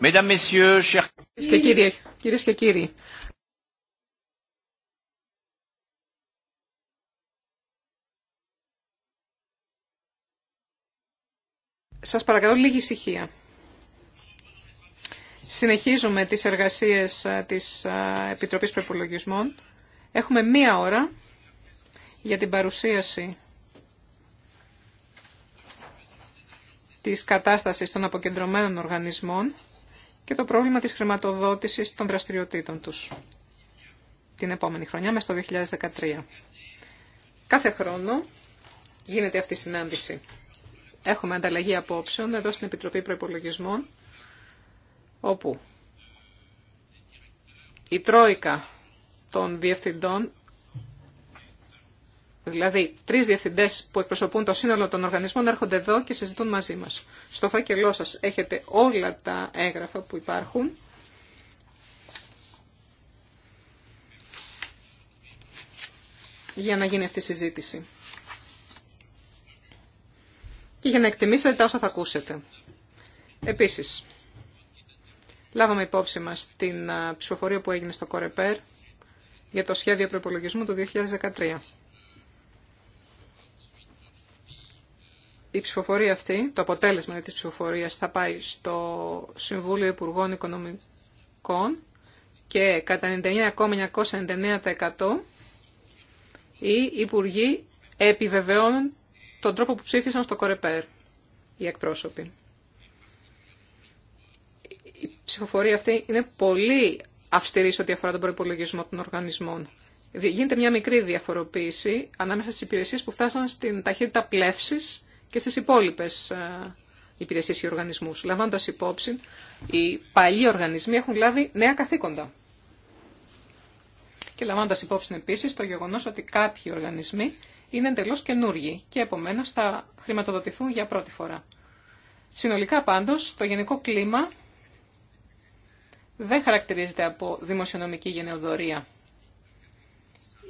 Κυρίες και κύριοι, Σας παρακαλώ λίγη ησυχία. Συνεχίζουμε τις εργασίες της Επιτροπής Προπολογισμών. Έχουμε μία ώρα για την παρουσίαση της κατάστασης των αποκεντρωμένων οργανισμών και το πρόβλημα της χρηματοδότησης των δραστηριοτήτων τους την επόμενη χρονιά, μέσα στο 2013. Κάθε χρόνο γίνεται αυτή η συνάντηση. Έχουμε ανταλλαγή απόψεων εδώ στην Επιτροπή Προϋπολογισμών, όπου η Τρόικα των Διευθυντών Δηλαδή, τρει διευθυντέ που εκπροσωπούν το σύνολο των οργανισμών έρχονται εδώ και συζητούν μαζί μα. Στο φάκελό σα έχετε όλα τα έγγραφα που υπάρχουν. για να γίνει αυτή η συζήτηση. Και για να εκτιμήσετε τα όσα θα ακούσετε. Επίσης, λάβαμε υπόψη μας την ψηφοφορία που έγινε στο Κορεπέρ για το σχέδιο προπολογισμού του 2013. η ψηφοφορία αυτή, το αποτέλεσμα της ψηφοφορίας θα πάει στο Συμβούλιο Υπουργών Οικονομικών και κατά 99,999% οι Υπουργοί επιβεβαιώνουν τον τρόπο που ψήφισαν στο Κορεπέρ οι εκπρόσωποι. Η ψηφοφορία αυτή είναι πολύ αυστηρή σε ό,τι αφορά τον προπολογισμό των οργανισμών. Γίνεται μια μικρή διαφοροποίηση ανάμεσα στις υπηρεσίες που φτάσαν στην ταχύτητα πλεύσης και στις υπόλοιπες ε, υπηρεσίες και οργανισμούς. Λαμβάνοντας υπόψη, οι παλιοί οργανισμοί έχουν λάβει νέα καθήκοντα. Και λαμβάνοντας υπόψη επίσης, το γεγονός ότι κάποιοι οργανισμοί είναι εντελώ καινούργοι και επομένως θα χρηματοδοτηθούν για πρώτη φορά. Συνολικά πάντως το γενικό κλίμα δεν χαρακτηρίζεται από δημοσιονομική γενεοδορία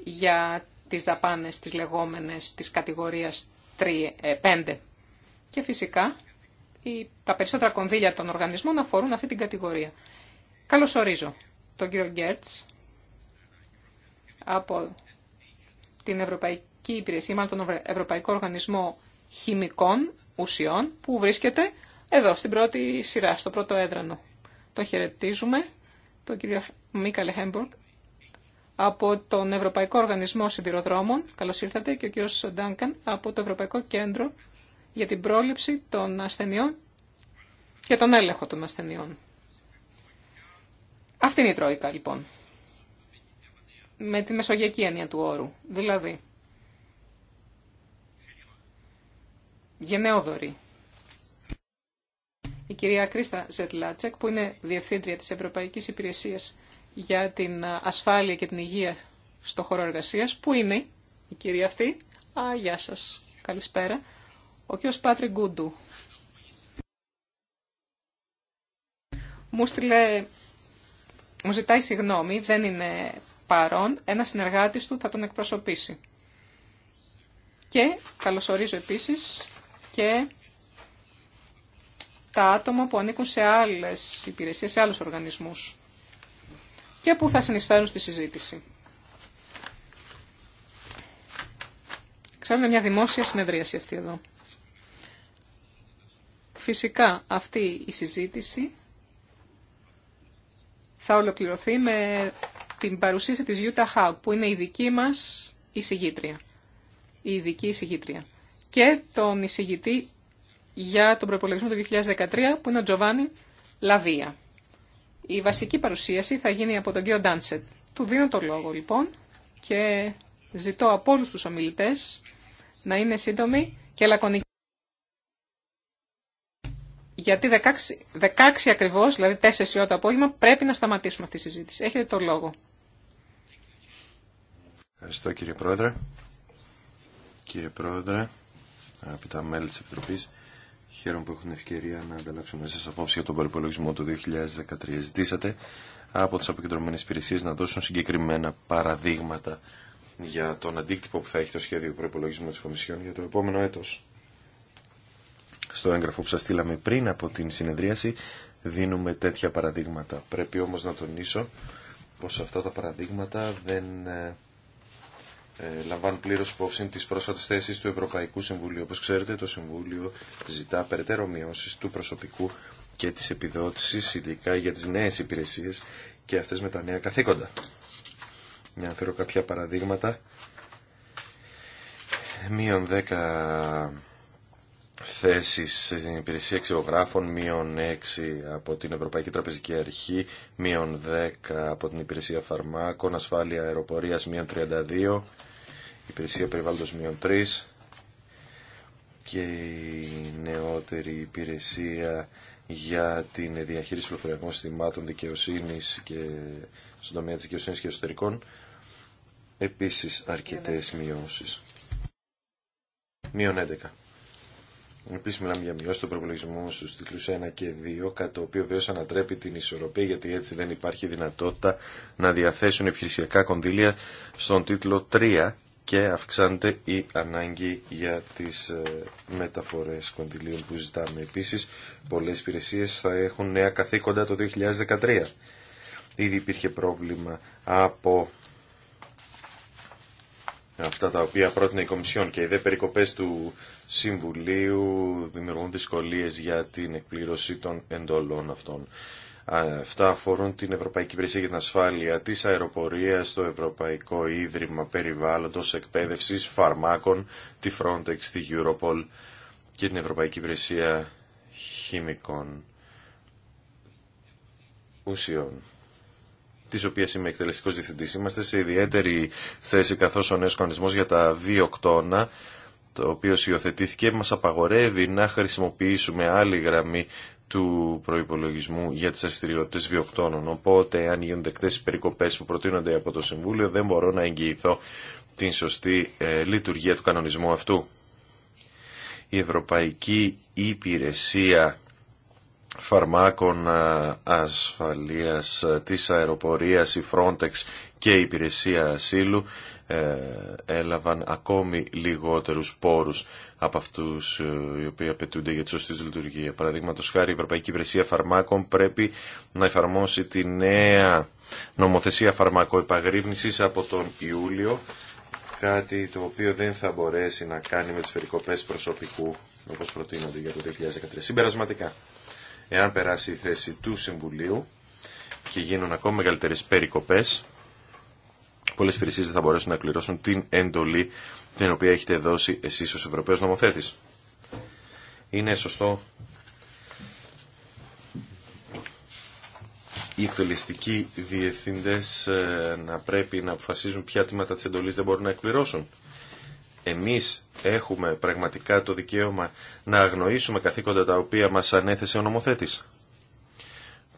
για τις δαπάνες, τις λεγόμενες, της κατηγορίας ε, Και φυσικά τα περισσότερα κονδύλια των οργανισμών αφορούν αυτή την κατηγορία. Καλώς ορίζω τον κύριο Γκέρτς από την Ευρωπαϊκή Υπηρεσία, μάλλον τον Ευρωπαϊκό Οργανισμό Χημικών Ουσιών που βρίσκεται εδώ στην πρώτη σειρά, στο πρώτο έδρανο. Το χαιρετίζουμε, τον κύριο Μίκαλε Χέμπορκ από τον Ευρωπαϊκό Οργανισμό Σιδηροδρόμων, καλώ ήρθατε, και ο κ. Ντάνκαν από το Ευρωπαϊκό Κέντρο για την πρόληψη των ασθενειών και τον έλεγχο των ασθενειών. Αυτή είναι η Τρόικα, λοιπόν, με τη μεσογειακή έννοια του όρου, δηλαδή γενναιόδορη. Η κυρία Κρίστα Ζετλάτσεκ, που είναι Διευθύντρια της Ευρωπαϊκής Υπηρεσίας για την ασφάλεια και την υγεία στο χώρο εργασία, Πού είναι η κυρία αυτή. Α, γεια σας. Καλησπέρα. Ο κ. Πάτρι Γκούντου. Μου στείλε... Μου ζητάει συγγνώμη, δεν είναι παρόν, ένα συνεργάτης του θα τον εκπροσωπήσει. Και καλωσορίζω επίσης και τα άτομα που ανήκουν σε άλλες υπηρεσίες, σε άλλους οργανισμούς και που θα συνεισφέρουν στη συζήτηση. Ξέρουμε μια δημόσια συνεδρίαση αυτή εδώ. Φυσικά αυτή η συζήτηση θα ολοκληρωθεί με την παρουσίαση της Utah Hawk, που είναι η δική μας εισηγήτρια. Η ειδική εισηγήτρια. Και τον εισηγητή για τον προπολογισμό του 2013, που είναι ο Τζοβάνι Λαβία. Η βασική παρουσίαση θα γίνει από τον κύριο Ντάνσετ. Του δίνω το λόγο λοιπόν και ζητώ από όλου τους ομιλητέ να είναι σύντομοι και λακωνικοί. Γιατί 16, 16 ακριβώς, δηλαδή 4 ώρα το απόγευμα, πρέπει να σταματήσουμε αυτή τη συζήτηση. Έχετε το λόγο. Ευχαριστώ κύριε Πρόεδρε. Κύριε Πρόεδρε, αγαπητά μέλη τη επιτροπή. Χαίρομαι που έχουν ευκαιρία να ανταλλάξουμε σας απόψη για τον προπολογισμό του 2013. Ζητήσατε από τι αποκεντρωμένε υπηρεσίε να δώσουν συγκεκριμένα παραδείγματα για τον αντίκτυπο που θα έχει το σχέδιο προπολογισμού τη Κομισιόν για το επόμενο έτο. Στο έγγραφο που σα στείλαμε πριν από την συνεδρίαση δίνουμε τέτοια παραδείγματα. Πρέπει όμω να τονίσω πω αυτά τα παραδείγματα δεν ε, ε, λαμβάνουν πλήρω υπόψη τι πρόσφατε θέσει του Ευρωπαϊκού Συμβουλίου. Όπω ξέρετε, το Συμβούλιο ζητά περαιτέρω μειώσει του προσωπικού και τη επιδότηση, ειδικά για τι νέε υπηρεσίε και αυτέ με τα νέα καθήκοντα. Για να φέρω κάποια παραδείγματα. Μείον 10 θέσει στην υπηρεσία αξιογράφων, μείον 6 από την Ευρωπαϊκή Τραπεζική Αρχή, μείον 10 από την υπηρεσία φαρμάκων, ασφάλεια ασφάλεια μείον 32 υπηρεσία περιβάλλοντος μειών 3 και η νεότερη υπηρεσία για την διαχείριση πληροφοριακών συστημάτων δικαιοσύνης και στον τομέα της δικαιοσύνης και εσωτερικών επίσης αρκετέ μειώσει. Μείον 11. Επίση, μιλάμε για μειώσει των προπολογισμού στου τίτλου 1 και 2, κατά το οποίο βεβαίω ανατρέπει την ισορροπία, γιατί έτσι δεν υπάρχει δυνατότητα να διαθέσουν επιχειρησιακά κονδύλια στον τίτλο 3 και αυξάνεται η ανάγκη για τις ε, μεταφορές κοντιλίων που ζητάμε. Επίσης, πολλές υπηρεσίες θα έχουν νέα καθήκοντα το 2013. Ήδη υπήρχε πρόβλημα από αυτά τα οποία πρότεινε η Κομισιόν και οι δε περικοπές του Συμβουλίου δημιουργούν δυσκολίες για την εκπλήρωση των εντολών αυτών. Αυτά αφορούν την Ευρωπαϊκή Υπηρεσία για την Ασφάλεια της Αεροπορίας, το Ευρωπαϊκό Ίδρυμα Περιβάλλοντος εκπαίδευση Φαρμάκων, τη Frontex, τη Europol και την Ευρωπαϊκή Υπηρεσία Χημικών Ουσιών τη οποία είμαι εκτελεστικό διευθυντή. Είμαστε σε ιδιαίτερη θέση καθώ ο νέο κανονισμό για τα βιοκτώνα, το οποίο υιοθετήθηκε, μα απαγορεύει να χρησιμοποιήσουμε άλλη γραμμή του προπολογισμού για τι αστηριότητε βιοκτώνων. Οπότε, αν γίνονται εκτές οι που προτείνονται από το Συμβούλιο, δεν μπορώ να εγγυηθώ την σωστή ε, λειτουργία του κανονισμού αυτού. Η Ευρωπαϊκή Υπηρεσία Φαρμάκων ε, Ασφαλείας ε, της Αεροπορίας, η Frontex και η Υπηρεσία Ασύλου έλαβαν ακόμη λιγότερους πόρους από αυτού ε, οι οποίοι απαιτούνται για τη σωστή λειτουργία. Παραδείγματο χάρη, η Ευρωπαϊκή Υπηρεσία Φαρμάκων πρέπει να εφαρμόσει τη νέα νομοθεσία φαρμακοϊπαγρύπνηση από τον Ιούλιο. Κάτι το οποίο δεν θα μπορέσει να κάνει με τι περικοπέ προσωπικού όπω προτείνονται για το 2013. Συμπερασματικά, εάν περάσει η θέση του Συμβουλίου και γίνουν ακόμα μεγαλύτερε περικοπέ, πολλέ υπηρεσίε δεν θα μπορέσουν να κληρώσουν την εντολή την οποία έχετε δώσει εσείς ως Ευρωπαίος νομοθέτης. Είναι σωστό οι εκτελεστικοί διευθυντές ε, να πρέπει να αποφασίζουν ποια τμήματα της εντολής δεν μπορούν να εκπληρώσουν. Εμείς έχουμε πραγματικά το δικαίωμα να αγνοήσουμε καθήκοντα τα οποία μας ανέθεσε ο νομοθέτης.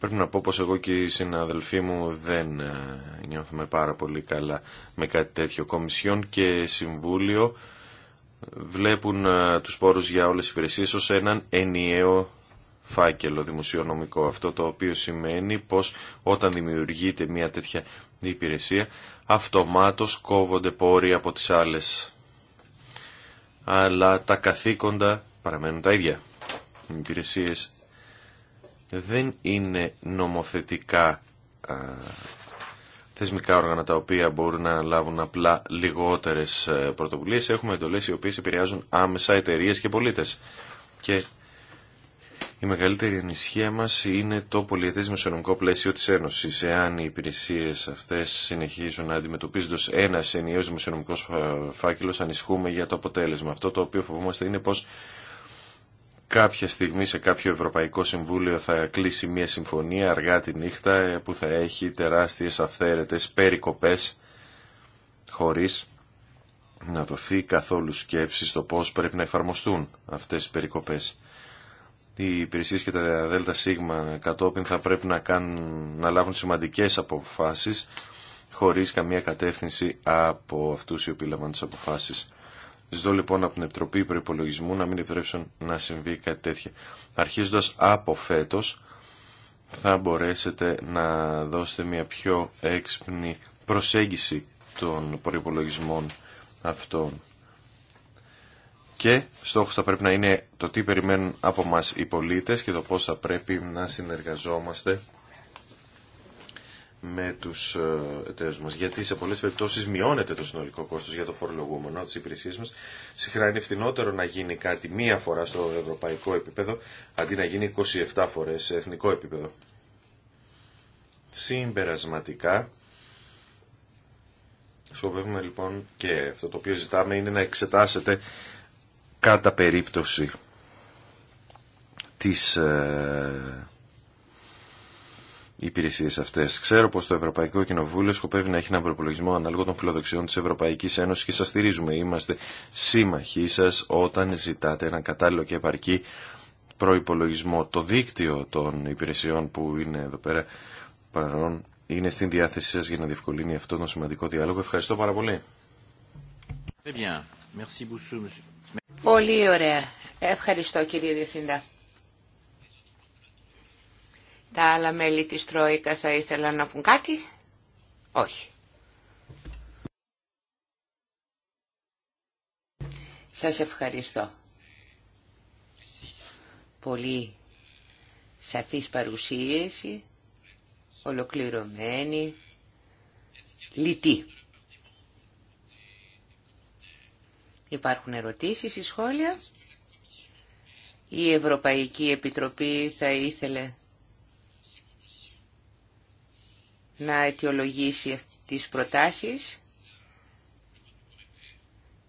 Πρέπει να πω πως εγώ και οι συναδελφοί μου δεν ε, νιώθουμε πάρα πολύ καλά με κάτι τέτοιο. Κομισιόν και Συμβούλιο βλέπουν ε, τους πόρους για όλες τις υπηρεσίες ως έναν ενιαίο φάκελο δημοσιονομικό. Αυτό το οποίο σημαίνει πως όταν δημιουργείται μια τέτοια υπηρεσία αυτομάτως κόβονται πόροι από τις άλλες. Αλλά τα καθήκοντα παραμένουν τα ίδια. Οι υπηρεσίες δεν είναι νομοθετικά θεσμικά όργανα τα οποία μπορούν να λάβουν απλά λιγότερες ε, πρωτοβουλίες. Έχουμε εντολές οι οποίες επηρεάζουν άμεσα εταιρείες και πολίτες. Και η μεγαλύτερη ανησυχία μας είναι το πολιετές μεσονομικό πλαίσιο της Ένωσης. Εάν οι υπηρεσίες αυτές συνεχίζουν να αντιμετωπίζοντας ένας ενιαίος μεσονομικός ε, φάκελος, ανησυχούμε για το αποτέλεσμα. Αυτό το οποίο φοβόμαστε είναι πως κάποια στιγμή σε κάποιο Ευρωπαϊκό Συμβούλιο θα κλείσει μια συμφωνία αργά τη νύχτα ε, που θα έχει τεράστιες αυθαίρετες περικοπές χωρίς να δοθεί καθόλου σκέψη στο πώς πρέπει να εφαρμοστούν αυτές οι περικοπές. Οι υπηρεσίε και τα ΔΕΛΤΑ κατόπιν θα πρέπει να, κάνουν, να λάβουν σημαντικές αποφάσεις χωρίς καμία κατεύθυνση από αυτούς οι οποίοι λαμβάνουν τις αποφάσεις. Ζητώ λοιπόν από την Επιτροπή Προπολογισμού να μην επιτρέψουν να συμβεί κάτι τέτοιο. Αρχίζοντας από φέτο, θα μπορέσετε να δώσετε μια πιο έξυπνη προσέγγιση των προπολογισμών αυτών. Και στόχος θα πρέπει να είναι το τι περιμένουν από μας οι πολίτες και το πώς θα πρέπει να συνεργαζόμαστε με τους ε, εταίρους μας. Γιατί σε πολλέ περιπτώσει μειώνεται το συνολικό κόστος για το φορολογούμενο τη υπηρεσία μας. Συχνά είναι φθηνότερο να γίνει κάτι μία φορά στο ευρωπαϊκό επίπεδο, αντί να γίνει 27 φορές σε εθνικό επίπεδο. Συμπερασματικά, σκοπεύουμε λοιπόν και αυτό το οποίο ζητάμε είναι να εξετάσετε κατά περίπτωση τις ε, υπηρεσίε αυτέ. Ξέρω πω το Ευρωπαϊκό Κοινοβούλιο σκοπεύει να έχει ένα προπολογισμό ανάλογο των φιλοδοξιών τη Ευρωπαϊκή Ένωση και σα στηρίζουμε. Είμαστε σύμμαχοί σα όταν ζητάτε έναν κατάλληλο και επαρκή προπολογισμό. Το δίκτυο των υπηρεσιών που είναι εδώ πέρα παρόν είναι στην διάθεσή σα για να διευκολύνει αυτόν τον σημαντικό διάλογο. Ευχαριστώ πάρα πολύ. Πολύ ωραία. Ευχαριστώ κύριε Διευθυντά. Τα άλλα μέλη της Τρόικα θα ήθελαν να πούν κάτι. Όχι. Σας ευχαριστώ. Πολύ σαφής παρουσίαση, ολοκληρωμένη, λιτή. Υπάρχουν ερωτήσεις ή σχόλια. Η Ευρωπαϊκή Επιτροπή θα ήθελε να αιτιολογήσει τις προτάσεις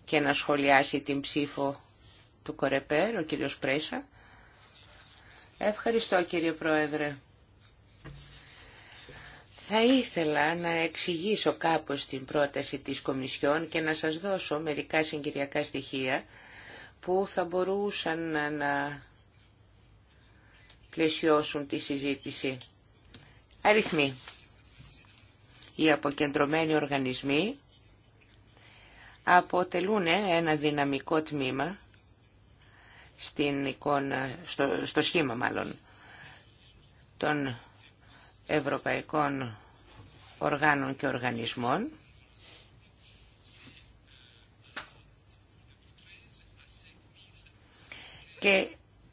και να σχολιάσει την ψήφο του Κορεπέρ, ο κύριος Πρέσα. Ευχαριστώ κύριε Πρόεδρε. Θα ήθελα να εξηγήσω κάπως την πρόταση της Κομισιόν και να σας δώσω μερικά συγκυριακά στοιχεία που θα μπορούσαν να πλαισιώσουν τη συζήτηση. Αριθμοί οι αποκεντρωμένοι οργανισμοί αποτελούν ένα δυναμικό τμήμα στην στο, στο σχήμα μάλλον των ευρωπαϊκών οργάνων και οργανισμών και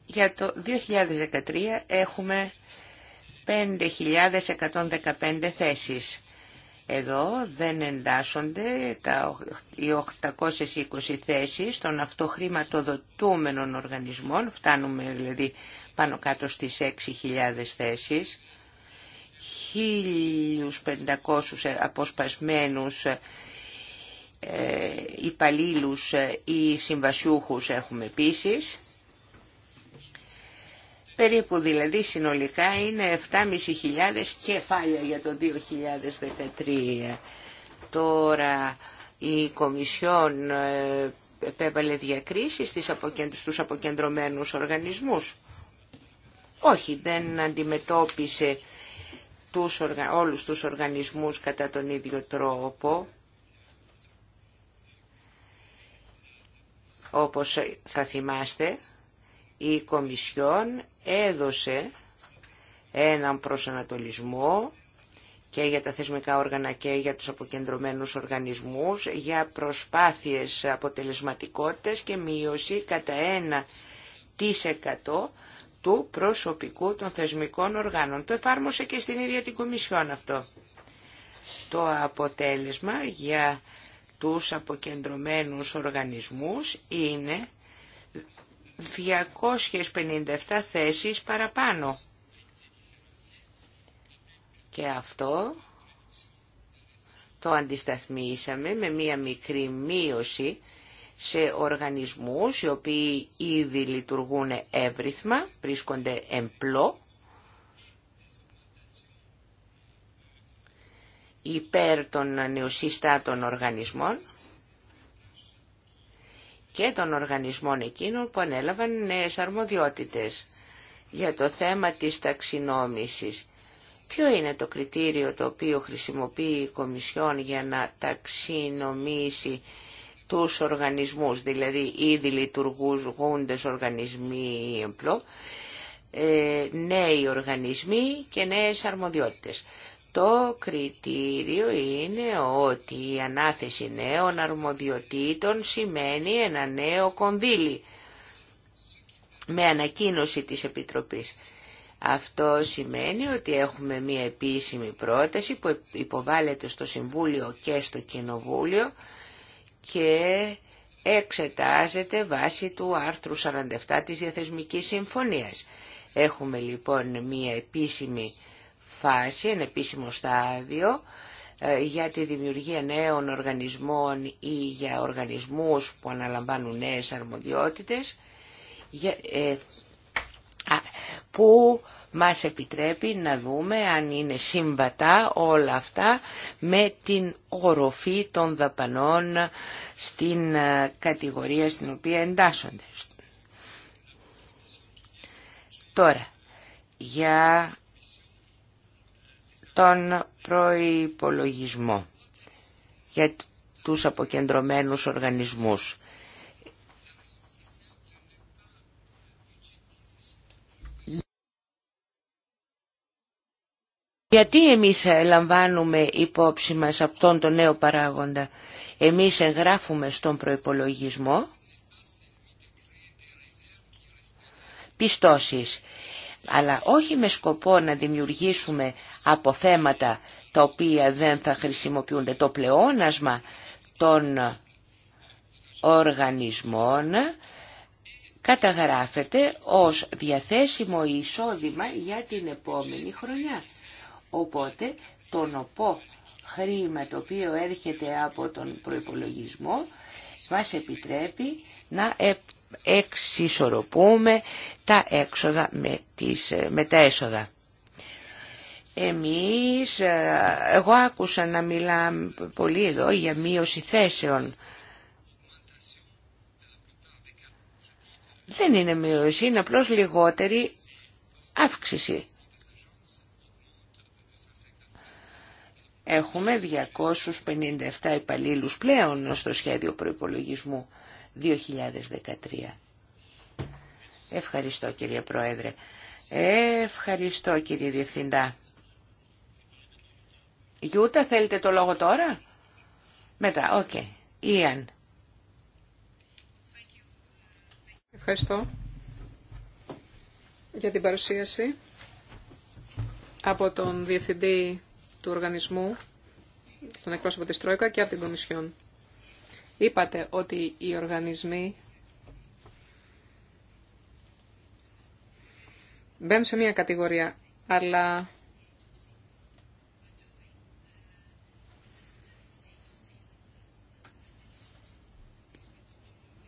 για το 2013 έχουμε 5.115 θέσεις εδώ δεν εντάσσονται τα, οι 820 θέσεις των αυτοχρηματοδοτούμενων οργανισμών, φτάνουμε δηλαδή πάνω κάτω στις 6.000 θέσεις, 1.500 αποσπασμένους ε, υπαλλήλους ή συμβασιούχους έχουμε επίσης Περίπου δηλαδή συνολικά είναι 7.500 κεφάλια για το 2013. Τώρα η Κομισιόν ε, επέβαλε διακρίσεις στους αποκεντρωμένους οργανισμούς. Όχι, δεν αντιμετώπισε τους, όλους τους οργανισμούς κατά τον ίδιο τρόπο. Όπως θα θυμάστε, η Κομισιόν έδωσε έναν προσανατολισμό και για τα θεσμικά όργανα και για τους αποκεντρωμένους οργανισμούς για προσπάθειες αποτελεσματικότητας και μείωση κατά 1% του προσωπικού των θεσμικών οργάνων. Το εφάρμοσε και στην ίδια την Κομισιόν αυτό. Το αποτέλεσμα για τους αποκεντρωμένους οργανισμούς είναι 257 θέσεις παραπάνω. Και αυτό το αντισταθμίσαμε με μία μικρή μείωση σε οργανισμούς οι οποίοι ήδη λειτουργούν εύρυθμα, βρίσκονται εμπλό, υπέρ των νεοσύστατων οργανισμών και των οργανισμών εκείνων που ανέλαβαν νέες αρμοδιότητες για το θέμα της ταξινόμησης. Ποιο είναι το κριτήριο το οποίο χρησιμοποιεί η Κομισιόν για να ταξινομήσει τους οργανισμούς, δηλαδή ήδη λειτουργούντες οργανισμοί έμπλο, ε, νέοι οργανισμοί και νέες αρμοδιότητες. Το κριτήριο είναι ότι η ανάθεση νέων αρμοδιοτήτων σημαίνει ένα νέο κονδύλι με ανακοίνωση της Επιτροπής. Αυτό σημαίνει ότι έχουμε μία επίσημη πρόταση που υποβάλλεται στο Συμβούλιο και στο Κοινοβούλιο και εξετάζεται βάσει του άρθρου 47 της Διαθεσμικής Συμφωνίας. Έχουμε λοιπόν μία επίσημη φάση, ένα επίσημο στάδιο ε, για τη δημιουργία νέων οργανισμών ή για οργανισμούς που αναλαμβάνουν νέες αρμοδιότητες ε, που μας επιτρέπει να δούμε αν είναι σύμβατα όλα αυτά με την οροφή των δαπανών στην ε, κατηγορία στην οποία εντάσσονται. Τώρα, για τον προϋπολογισμό για τους αποκεντρωμένους οργανισμούς. Γιατί εμείς λαμβάνουμε υπόψη μας αυτόν τον νέο παράγοντα. Εμείς εγγράφουμε στον προϋπολογισμό πιστώσεις αλλά όχι με σκοπό να δημιουργήσουμε αποθέματα τα οποία δεν θα χρησιμοποιούνται. Το πλεόνασμα των οργανισμών καταγράφεται ως διαθέσιμο εισόδημα για την επόμενη χρονιά. Οπότε το νοπό χρήμα το οποίο έρχεται από τον προϋπολογισμό μας επιτρέπει να εξισορροπούμε τα έξοδα με, τις, ε, τα έσοδα. Εμείς, ε, εγώ άκουσα να μιλάμε πολύ εδώ για μείωση θέσεων. Δεν είναι μείωση, είναι απλώς λιγότερη αύξηση. Έχουμε 257 υπαλλήλους πλέον στο σχέδιο προϋπολογισμού. 2013. Ευχαριστώ κύριε Πρόεδρε. Ευχαριστώ κύριε Διευθυντά. Γιούτα θέλετε το λόγο τώρα. Μετά, οκ. Okay. Ιαν. Ευχαριστώ για την παρουσίαση από τον Διευθυντή του Οργανισμού, τον εκπρόσωπο της Τρόικα και από την Κομισιόν. Είπατε ότι οι οργανισμοί μπαίνουν σε μία κατηγορία, αλλά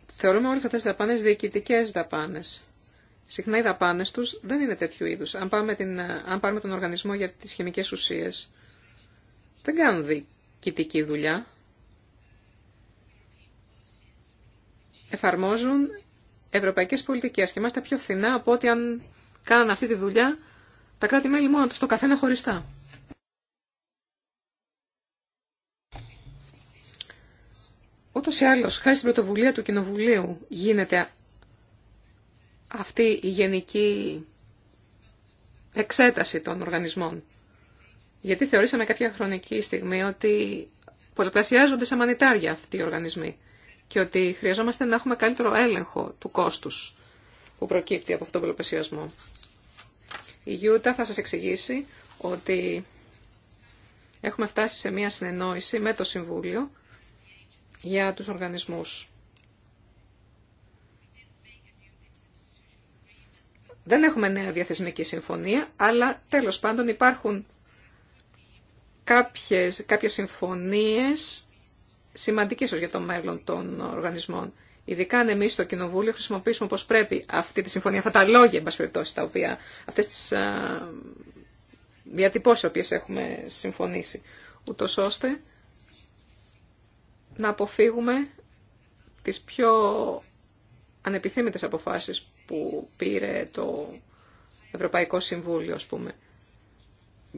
θεωρούμε όλες αυτές τις δαπάνες διοικητικές δαπάνες. Συχνά οι δαπάνες τους δεν είναι τέτοιου είδους. Αν, πάμε την, αν πάρουμε τον οργανισμό για τις χημικές ουσίες, δεν κάνουν διοικητική δουλειά. εφαρμόζουν ευρωπαϊκές πολιτικές και είμαστε πιο φθηνά από ότι αν κάνανε αυτή τη δουλειά τα κράτη-μέλη μόνο τους, το καθένα χωριστά. Ούτως ή άλλως, χάρη στην πρωτοβουλία του Κοινοβουλίου γίνεται αυτή η γενική εξέταση των οργανισμών. Γιατί θεωρήσαμε κάποια χρονική στιγμή ότι πολλαπλασιάζονται σαν μανιτάρια αυτοί οι οργανισμοί και ότι χρειαζόμαστε να έχουμε καλύτερο έλεγχο του κόστους που προκύπτει από αυτόν τον πολλαπλασιασμό. Η Γιούτα θα σας εξηγήσει ότι έχουμε φτάσει σε μια συνεννόηση με το Συμβούλιο για τους οργανισμούς. Δεν έχουμε νέα διαθεσμική συμφωνία, αλλά τέλος πάντων υπάρχουν κάποιες, κάποιες συμφωνίες σημαντική ίσως για το μέλλον των οργανισμών. Ειδικά αν εμεί στο Κοινοβούλιο χρησιμοποιήσουμε όπω πρέπει αυτή τη συμφωνία, αυτά τα λόγια, εν τα οποία, αυτέ τι διατυπώσει οποίε έχουμε συμφωνήσει, ούτω ώστε να αποφύγουμε τις πιο ανεπιθύμητες αποφάσεις που πήρε το Ευρωπαϊκό Συμβούλιο, πούμε.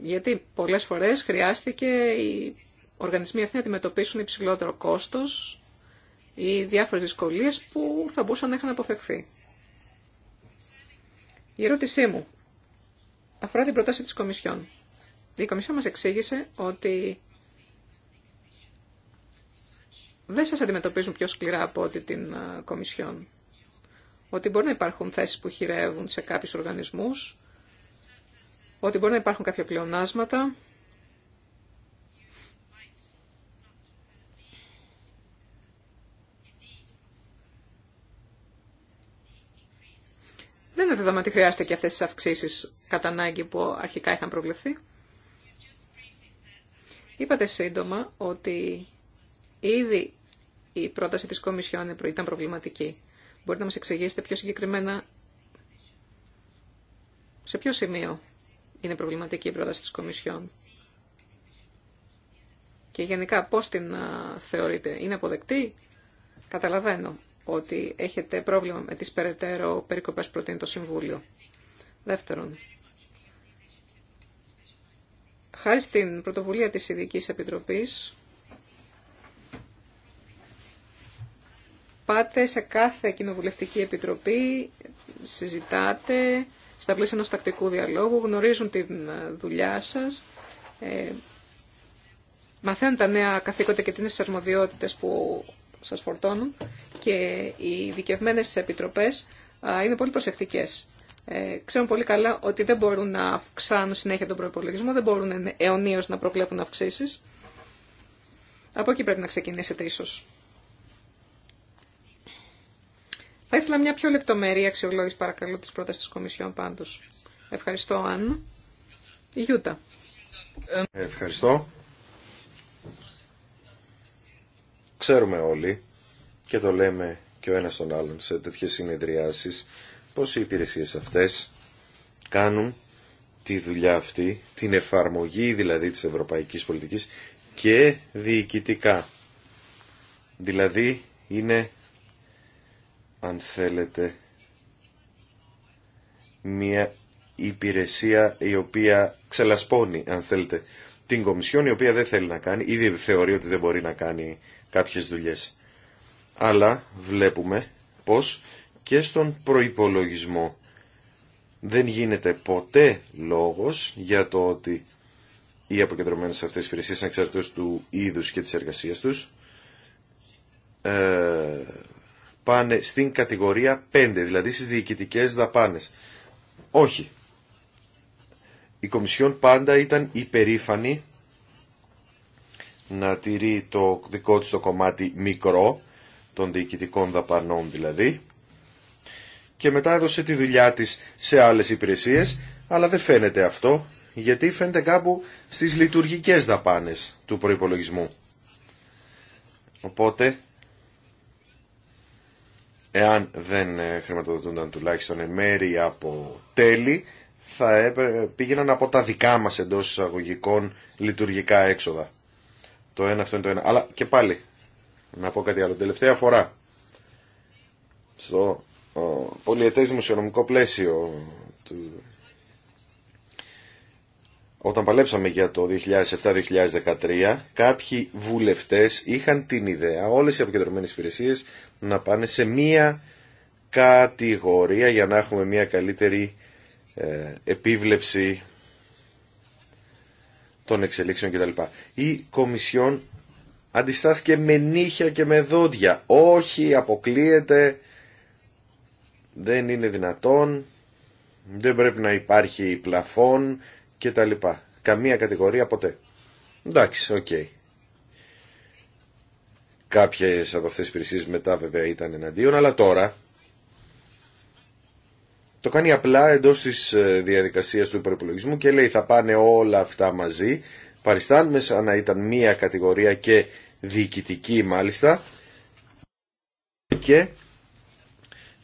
Γιατί πολλές φορές χρειάστηκε η οργανισμοί αυτοί να αντιμετωπίσουν υψηλότερο κόστος ή διάφορες δυσκολίες που θα μπορούσαν να είχαν αποφευθεί. Η ερώτησή μου αφορά την προτάση της Κομισιόν. Η Κομισιόν μας εξήγησε ότι δεν σας αντιμετωπίζουν πιο σκληρά από ότι την Κομισιόν. Ότι μπορεί να υπάρχουν θέσεις που χειρεύουν σε κάποιους οργανισμούς, ότι μπορεί να υπάρχουν κάποια πλεονάσματα Δεν είναι δεδομένο ότι χρειάζεται και αυτές τις αυξήσεις κατά ανάγκη που αρχικά είχαν προβλεφθεί. Είπατε σύντομα ότι ήδη η πρόταση της Κομισιόν ήταν προβληματική. Μπορείτε να μας εξηγήσετε πιο συγκεκριμένα σε ποιο σημείο είναι προβληματική η πρόταση της Κομισιόν. Και γενικά πώς την ε, θεωρείτε. Είναι αποδεκτή. Καταλαβαίνω ότι έχετε πρόβλημα με τις περαιτέρω περικοπές προτείνει το Συμβούλιο. Δεύτερον, χάρη στην πρωτοβουλία της ειδική Επιτροπής, πάτε σε κάθε κοινοβουλευτική επιτροπή, συζητάτε στα πλαίσια ενός τακτικού διαλόγου, γνωρίζουν τη ε, δουλειά σας, ε, μαθαίνουν τα νέα καθήκοντα και τις αρμοδιότητες που σας φορτώνουν και οι δικευμένε επιτροπές είναι πολύ προσεκτικές. Ε, ξέρουν πολύ καλά ότι δεν μπορούν να αυξάνουν συνέχεια τον προπολογισμό, δεν μπορούν αιωνίως να προβλέπουν αυξήσεις. Από εκεί πρέπει να ξεκινήσετε ίσως. Θα ήθελα μια πιο λεπτομερή αξιολόγηση παρακαλώ της πρότασης της Κομισιόν πάντως. Ευχαριστώ, Άννα. Η Γιούτα. Ευχαριστώ. Ξέρουμε όλοι και το λέμε και ο ένας τον άλλον σε τέτοιες συνεδριάσεις πως οι υπηρεσίες αυτές κάνουν τη δουλειά αυτή, την εφαρμογή δηλαδή της ευρωπαϊκής πολιτικής και διοικητικά. Δηλαδή είναι, αν θέλετε, μια υπηρεσία η οποία ξελασπώνει, αν θέλετε, την Κομισιόν η οποία δεν θέλει να κάνει, ήδη θεωρεί ότι δεν μπορεί να κάνει κάποιες δουλειές. Αλλά βλέπουμε πως και στον προϋπολογισμό δεν γίνεται ποτέ λόγος για το ότι οι αποκεντρωμένες αυτές οι υπηρεσίες ανεξαρτήτως του είδους και της εργασίας τους ε, πάνε στην κατηγορία 5, δηλαδή στις διοικητικές δαπάνες. Όχι. Η Κομισιόν πάντα ήταν υπερήφανη να τηρεί το δικό της το κομμάτι μικρό, των διοικητικών δαπανών δηλαδή, και μετά έδωσε τη δουλειά της σε άλλες υπηρεσίες, αλλά δεν φαίνεται αυτό, γιατί φαίνεται κάπου στις λειτουργικές δαπάνες του προϋπολογισμού. Οπότε, εάν δεν ε, χρηματοδοτούνταν τουλάχιστον εν μέρη από τέλη, θα πήγαιναν από τα δικά μας εντός εισαγωγικών λειτουργικά έξοδα. Το ένα αυτό είναι το ένα. Αλλά και πάλι, να πω κάτι άλλο. Τελευταία φορά, στο πολιετέ δημοσιονομικό πλαίσιο του... Όταν παλέψαμε για το 2007-2013, κάποιοι βουλευτές είχαν την ιδέα όλες οι αποκεντρωμένες υπηρεσίε, να πάνε σε μία κατηγορία για να έχουμε μία καλύτερη ε, επίβλεψη των εξελίξεων κτλ. Η Κομισιόν αντιστάθηκε με νύχια και με δόντια. Όχι, αποκλείεται, δεν είναι δυνατόν, δεν πρέπει να υπάρχει πλαφόν κτλ. Καμία κατηγορία ποτέ. Εντάξει, οκ. Okay. Κάποιες από αυτές τις υπηρεσίες μετά βέβαια ήταν εναντίον, αλλά τώρα το κάνει απλά εντό της ε, διαδικασία του υπερπολογισμού και λέει θα πάνε όλα αυτά μαζί, παριστάνουμε σαν να ήταν μία κατηγορία και διοικητική μάλιστα και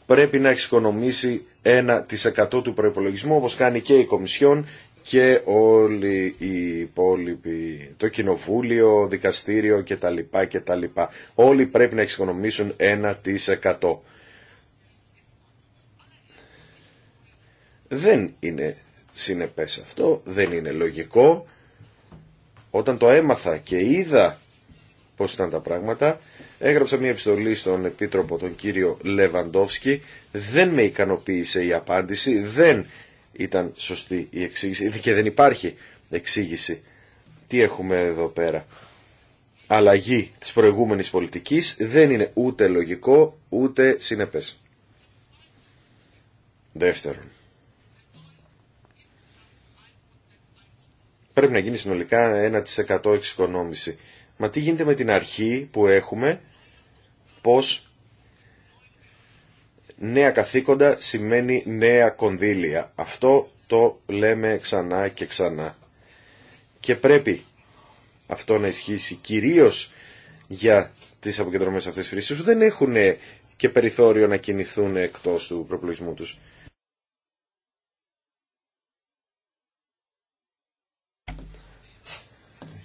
πρέπει να εξοικονομήσει 1% του προϋπολογισμού όπως κάνει και η Κομισιόν και όλοι οι υπόλοιποι, το κοινοβούλιο, δικαστήριο κτλ. κτλ. Όλοι πρέπει να εξοικονομήσουν 1%. Δεν είναι συνεπές αυτό, δεν είναι λογικό. Όταν το έμαθα και είδα πώς ήταν τα πράγματα, έγραψα μια επιστολή στον Επίτροπο τον κύριο Λεβαντόφσκι, δεν με ικανοποίησε η απάντηση, δεν ήταν σωστή η εξήγηση και δεν υπάρχει εξήγηση. Τι έχουμε εδώ πέρα. Αλλαγή της προηγούμενης πολιτικής δεν είναι ούτε λογικό ούτε συνεπές. Δεύτερον, πρέπει να γίνει συνολικά 1% εξοικονόμηση. Μα τι γίνεται με την αρχή που έχουμε πως νέα καθήκοντα σημαίνει νέα κονδύλια. Αυτό το λέμε ξανά και ξανά. Και πρέπει αυτό να ισχύσει κυρίως για τις αποκεντρωμένες αυτές τις που δεν έχουν και περιθώριο να κινηθούν εκτός του προπλογισμού τους.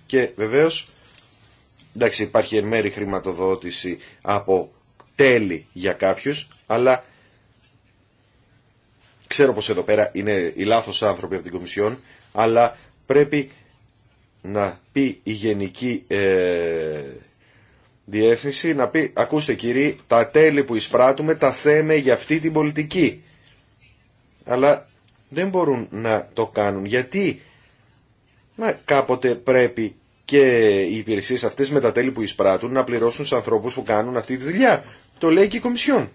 Και βεβαίω, εντάξει υπάρχει εν μέρη χρηματοδότηση από τέλη για κάποιους, αλλά ξέρω πως εδώ πέρα είναι οι λάθος άνθρωποι από την Κομισιόν, αλλά πρέπει να πει η Γενική ε, Διεύθυνση, να πει, ακούστε κύριοι, τα τέλη που εισπράττουμε τα θέμε για αυτή την πολιτική. Αλλά δεν μπορούν να το κάνουν. Γιατί Μα κάποτε πρέπει και οι υπηρεσίε αυτές με τα τέλη που εισπράττουν να πληρώσουν του ανθρώπου που κάνουν αυτή τη δουλειά. Το λέει και η Κομισιόν.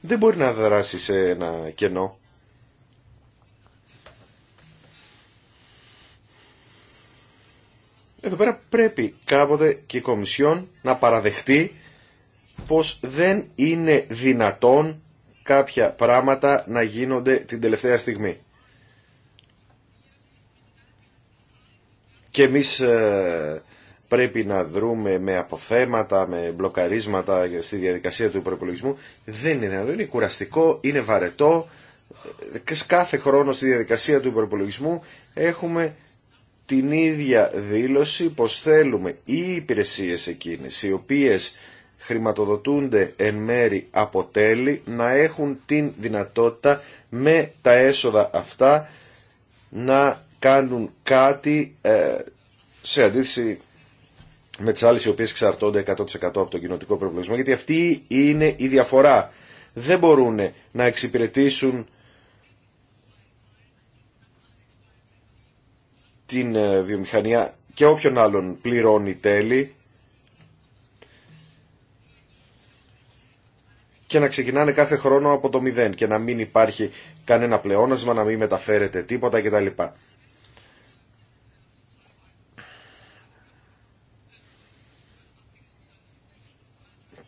Δεν μπορεί να δράσει σε ένα κενό. Εδώ πέρα πρέπει κάποτε και η Κομισιόν να παραδεχτεί πως δεν είναι δυνατόν κάποια πράγματα να γίνονται την τελευταία στιγμή. Και εμείς ε, πρέπει να δρούμε με αποθέματα, με μπλοκαρίσματα στη διαδικασία του προπολογισμού. Δεν είναι δυνατόν, είναι κουραστικό, είναι βαρετό. Ε, κάθε χρόνο στη διαδικασία του υπολογισμού έχουμε την ίδια δήλωση πως θέλουμε οι υπηρεσίες εκείνες οι οποίες χρηματοδοτούνται εν μέρη από τέλη να έχουν την δυνατότητα με τα έσοδα αυτά να κάνουν κάτι ε, σε αντίθεση με τις άλλες οι οποίες εξαρτώνται 100% από τον κοινοτικό προβληματισμό γιατί αυτή είναι η διαφορά. Δεν μπορούν να εξυπηρετήσουν την ε, βιομηχανία και όποιον άλλον πληρώνει τέλη και να ξεκινάνε κάθε χρόνο από το μηδέν και να μην υπάρχει κανένα πλεόνασμα, να μην μεταφέρεται τίποτα κτλ.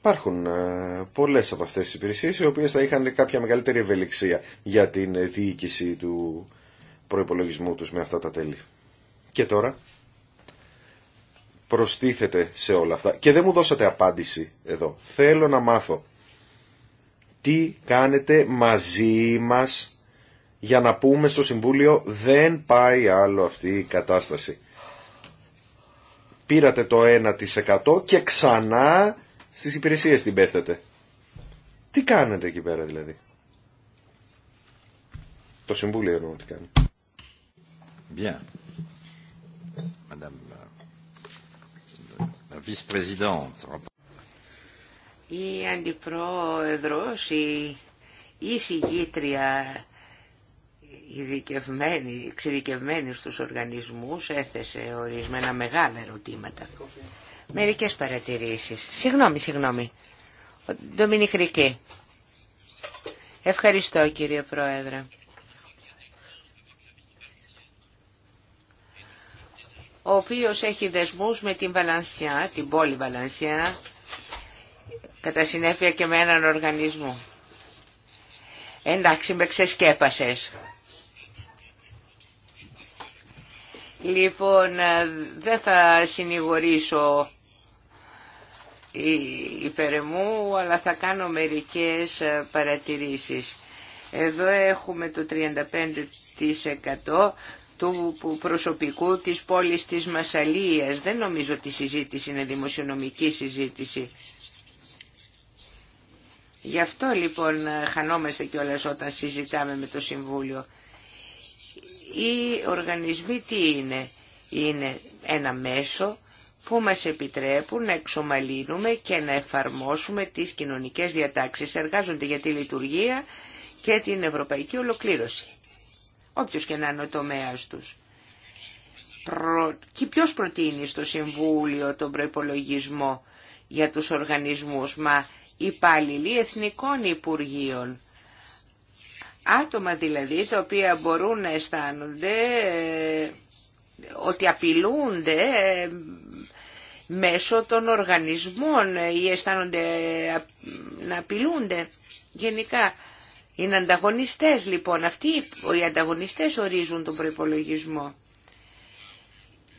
Υπάρχουν ε, πολλές από αυτέ τι υπηρεσίε οι οποίες θα είχαν κάποια μεγαλύτερη ευελιξία για την διοίκηση του προπολογισμού τους με αυτά τα τέλη. Και τώρα προστίθεται σε όλα αυτά. Και δεν μου δώσατε απάντηση εδώ. Θέλω να μάθω τι κάνετε μαζί μας για να πούμε στο Συμβούλιο δεν πάει άλλο αυτή η κατάσταση. Πήρατε το 1% και ξανά Στι υπηρεσίες την πέφτατε. Τι κάνετε εκεί πέρα δηλαδή. Το Συμβούλιο εννοώ τι κάνει. Bien. Madame la vice-présidente. Η αντιπρόεδρος, η, εισηγήτρια ειδικευμένη, εξειδικευμένη στους οργανισμούς έθεσε ορισμένα μεγάλα ερωτήματα. Μερικές παρατηρήσεις. Συγγνώμη, συγγνώμη. Ντομινίκ Ευχαριστώ κύριε Πρόεδρε. ο οποίος έχει δεσμούς με την Βαλανσιά, την πόλη Βαλανσιά, κατά συνέπεια και με έναν οργανισμό. Εντάξει, με ξεσκέπασες. Λοιπόν, ε, δεν θα συνηγορήσω μου, αλλά θα κάνω μερικές ε, παρατηρήσεις. Εδώ έχουμε το 35% του προσωπικού της πόλης της Μασαλίας. Δεν νομίζω ότι η συζήτηση είναι δημοσιονομική συζήτηση. Γι' αυτό λοιπόν ε, χανόμαστε κιόλας όταν συζητάμε με το Συμβούλιο. Οι οργανισμοί τι είναι. Είναι ένα μέσο που μας επιτρέπουν να εξομαλύνουμε και να εφαρμόσουμε τις κοινωνικές διατάξεις. Εργάζονται για τη λειτουργία και την ευρωπαϊκή ολοκλήρωση. Όποιος και να είναι ο τομέας τους. Και ποιος προτείνει στο Συμβούλιο τον προϋπολογισμό για τους οργανισμούς, μα υπάλληλοι εθνικών υπουργείων Άτομα δηλαδή τα οποία μπορούν να αισθάνονται ε, ότι απειλούνται ε, μέσω των οργανισμών ε, ή αισθάνονται να απειλούνται γενικά. Είναι ανταγωνιστές λοιπόν. Αυτοί οι ανταγωνιστές ορίζουν τον προϋπολογισμό.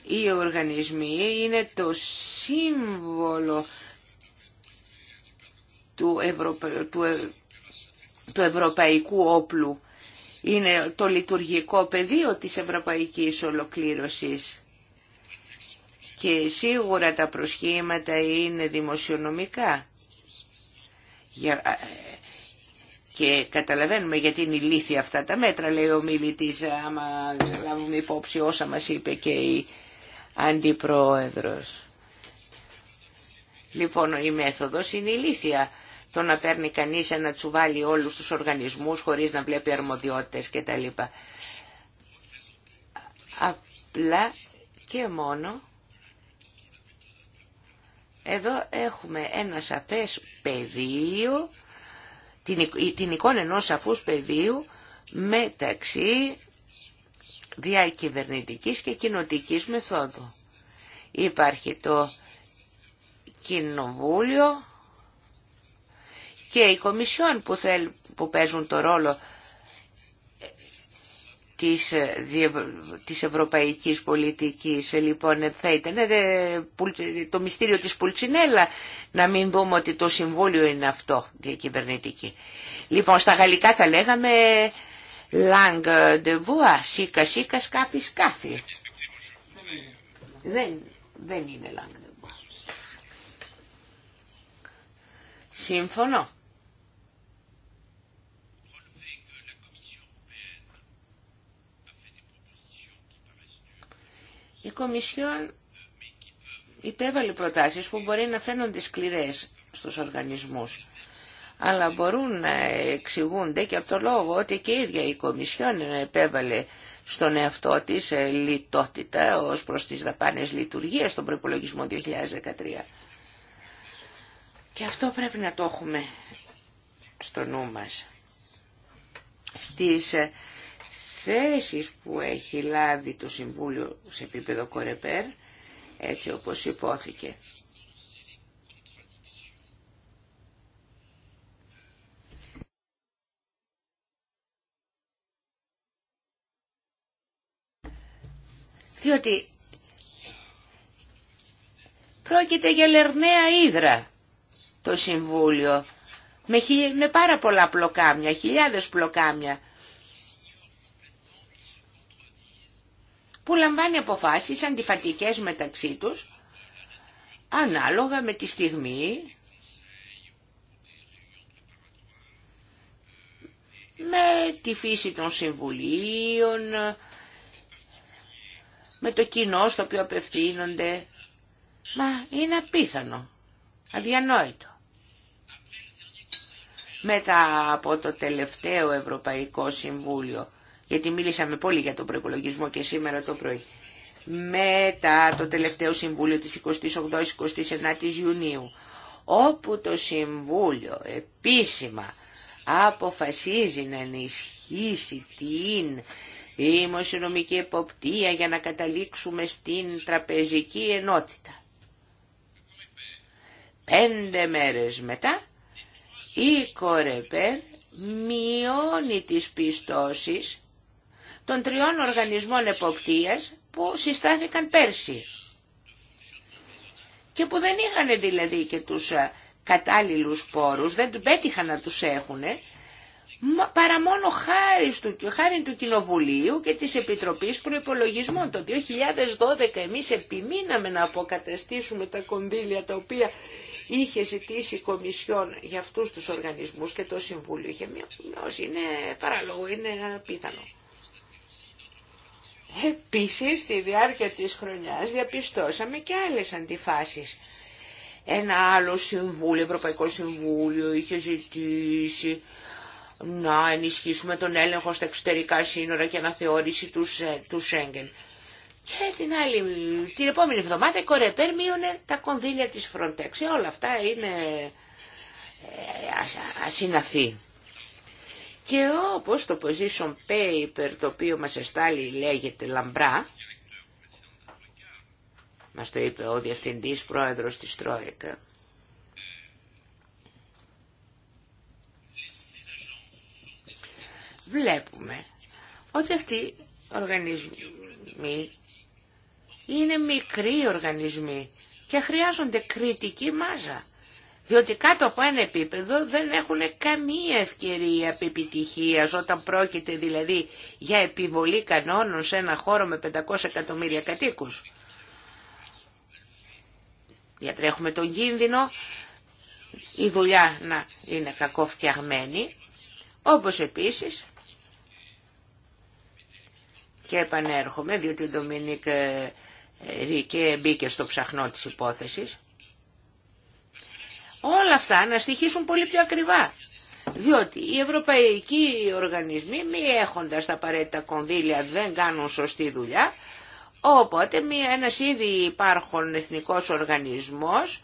Οι οργανισμοί είναι το σύμβολο του, Ευρωπα... του του ευρωπαϊκού όπλου είναι το λειτουργικό πεδίο της ευρωπαϊκής ολοκλήρωσης. Και σίγουρα τα προσχήματα είναι δημοσιονομικά. Για... Και καταλαβαίνουμε γιατί είναι ηλίθια αυτά τα μέτρα, λέει ο μιλητής, άμα λάβουμε υπόψη όσα μας είπε και η αντιπρόεδρος. Λοιπόν, η μέθοδος είναι ηλίθια το να παίρνει κανείς ένα τσουβάλι όλους τους οργανισμούς χωρίς να βλέπει αρμοδιότητες κτλ. Απλά και μόνο εδώ έχουμε ένα σαφές πεδίο, την, την εικόνα ενός σαφούς πεδίου μεταξύ διακυβερνητικής και κοινοτικής μεθόδου. Υπάρχει το κοινοβούλιο και οι Κομισιόν που, θέλ, που παίζουν το ρόλο της, της ευρωπαϊκής πολιτικής. Λοιπόν, θα ήταν ε, το μυστήριο της Πουλτσινέλα να μην δούμε ότι το Συμβούλιο είναι αυτό διακυβερνητική. Λοιπόν, στα γαλλικά θα λέγαμε Λάγκ de σίκα σίκα σκάφη σκάφη». Δεν, είναι Λάγκ de Σύμφωνο. Η Κομισιόν υπέβαλε προτάσεις που μπορεί να φαίνονται σκληρές στους οργανισμούς αλλά μπορούν να εξηγούνται και από το λόγο ότι και η ίδια η Κομισιόν επέβαλε στον εαυτό της ε, λιτότητα ως προς τις δαπάνες λειτουργίας στον προπολογισμό 2013. Και αυτό πρέπει να το έχουμε στο νου μας. Στις ε, θέσεις που έχει λάβει το Συμβούλιο σε επίπεδο Κορεπέρ, έτσι όπως υπόθηκε. Διότι πρόκειται για λερναία ύδρα το Συμβούλιο, με, με πάρα πολλά πλοκάμια, χιλιάδες πλοκάμια. που λαμβάνει αποφάσεις αντιφατικές μεταξύ τους, ανάλογα με τη στιγμή, με τη φύση των συμβουλίων, με το κοινό στο οποίο απευθύνονται. Μα είναι απίθανο, αδιανόητο. Μετά από το τελευταίο Ευρωπαϊκό Συμβούλιο, γιατί μίλησαμε πολύ για τον προπολογισμό και σήμερα το πρωί. Μετά το τελευταίο Συμβούλιο της 28ης-29ης Ιουνίου, όπου το Συμβούλιο επίσημα αποφασίζει να ενισχύσει την δημοσιονομική εποπτεία για να καταλήξουμε στην τραπεζική ενότητα. Πέντε μέρες μετά η Κορεπέρ μειώνει τις πιστώσεις των τριών οργανισμών εποπτείας που συστάθηκαν πέρσι και που δεν είχαν δηλαδή και τους ε, κατάλληλους πόρους, δεν πέτυχαν να τους έχουν, παρά μόνο χάρη του, χάρη του Κοινοβουλίου και της Επιτροπής Προϋπολογισμών. Το 2012 εμείς επιμείναμε να αποκαταστήσουμε τα κονδύλια τα οποία είχε ζητήσει η Κομισιόν για αυτούς τους οργανισμούς και το Συμβούλιο είχε μειώσει. Είναι παράλογο, είναι απίθανο. Επίσης, στη διάρκεια της χρονιάς διαπιστώσαμε και άλλες αντιφάσεις. Ένα άλλο συμβούλιο, Ευρωπαϊκό Συμβούλιο, είχε ζητήσει να ενισχύσουμε τον έλεγχο στα εξωτερικά σύνορα και αναθεώρηση του, του Σέγγεν. Και την άλλη, την επόμενη εβδομάδα η Κορεπέρ μείωνε τα κονδύλια της Frontex. Ε, όλα αυτά είναι ε, ασυναφή. Και όπως το position paper το οποίο μας εστάλει λέγεται λαμπρά, μας το είπε ο Διευθυντής Πρόεδρος της Τρόικα, βλέπουμε ότι αυτοί οι οργανισμοί είναι μικροί οργανισμοί και χρειάζονται κριτική μάζα διότι κάτω από ένα επίπεδο δεν έχουν καμία ευκαιρία επιτυχίας όταν πρόκειται δηλαδή για επιβολή κανόνων σε ένα χώρο με 500 εκατομμύρια κατοίκους. Διατρέχουμε τον κίνδυνο η δουλειά να είναι κακοφτιαγμένη, όπως επίσης και επανέρχομαι διότι ο Ντομινίκ ε, ε, Ρίκε μπήκε στο ψαχνό της υπόθεσης όλα αυτά να στοιχήσουν πολύ πιο ακριβά. Διότι οι ευρωπαϊκοί οργανισμοί μη έχοντας τα απαραίτητα κονδύλια δεν κάνουν σωστή δουλειά, οπότε μία, ένας ήδη υπάρχον εθνικός οργανισμός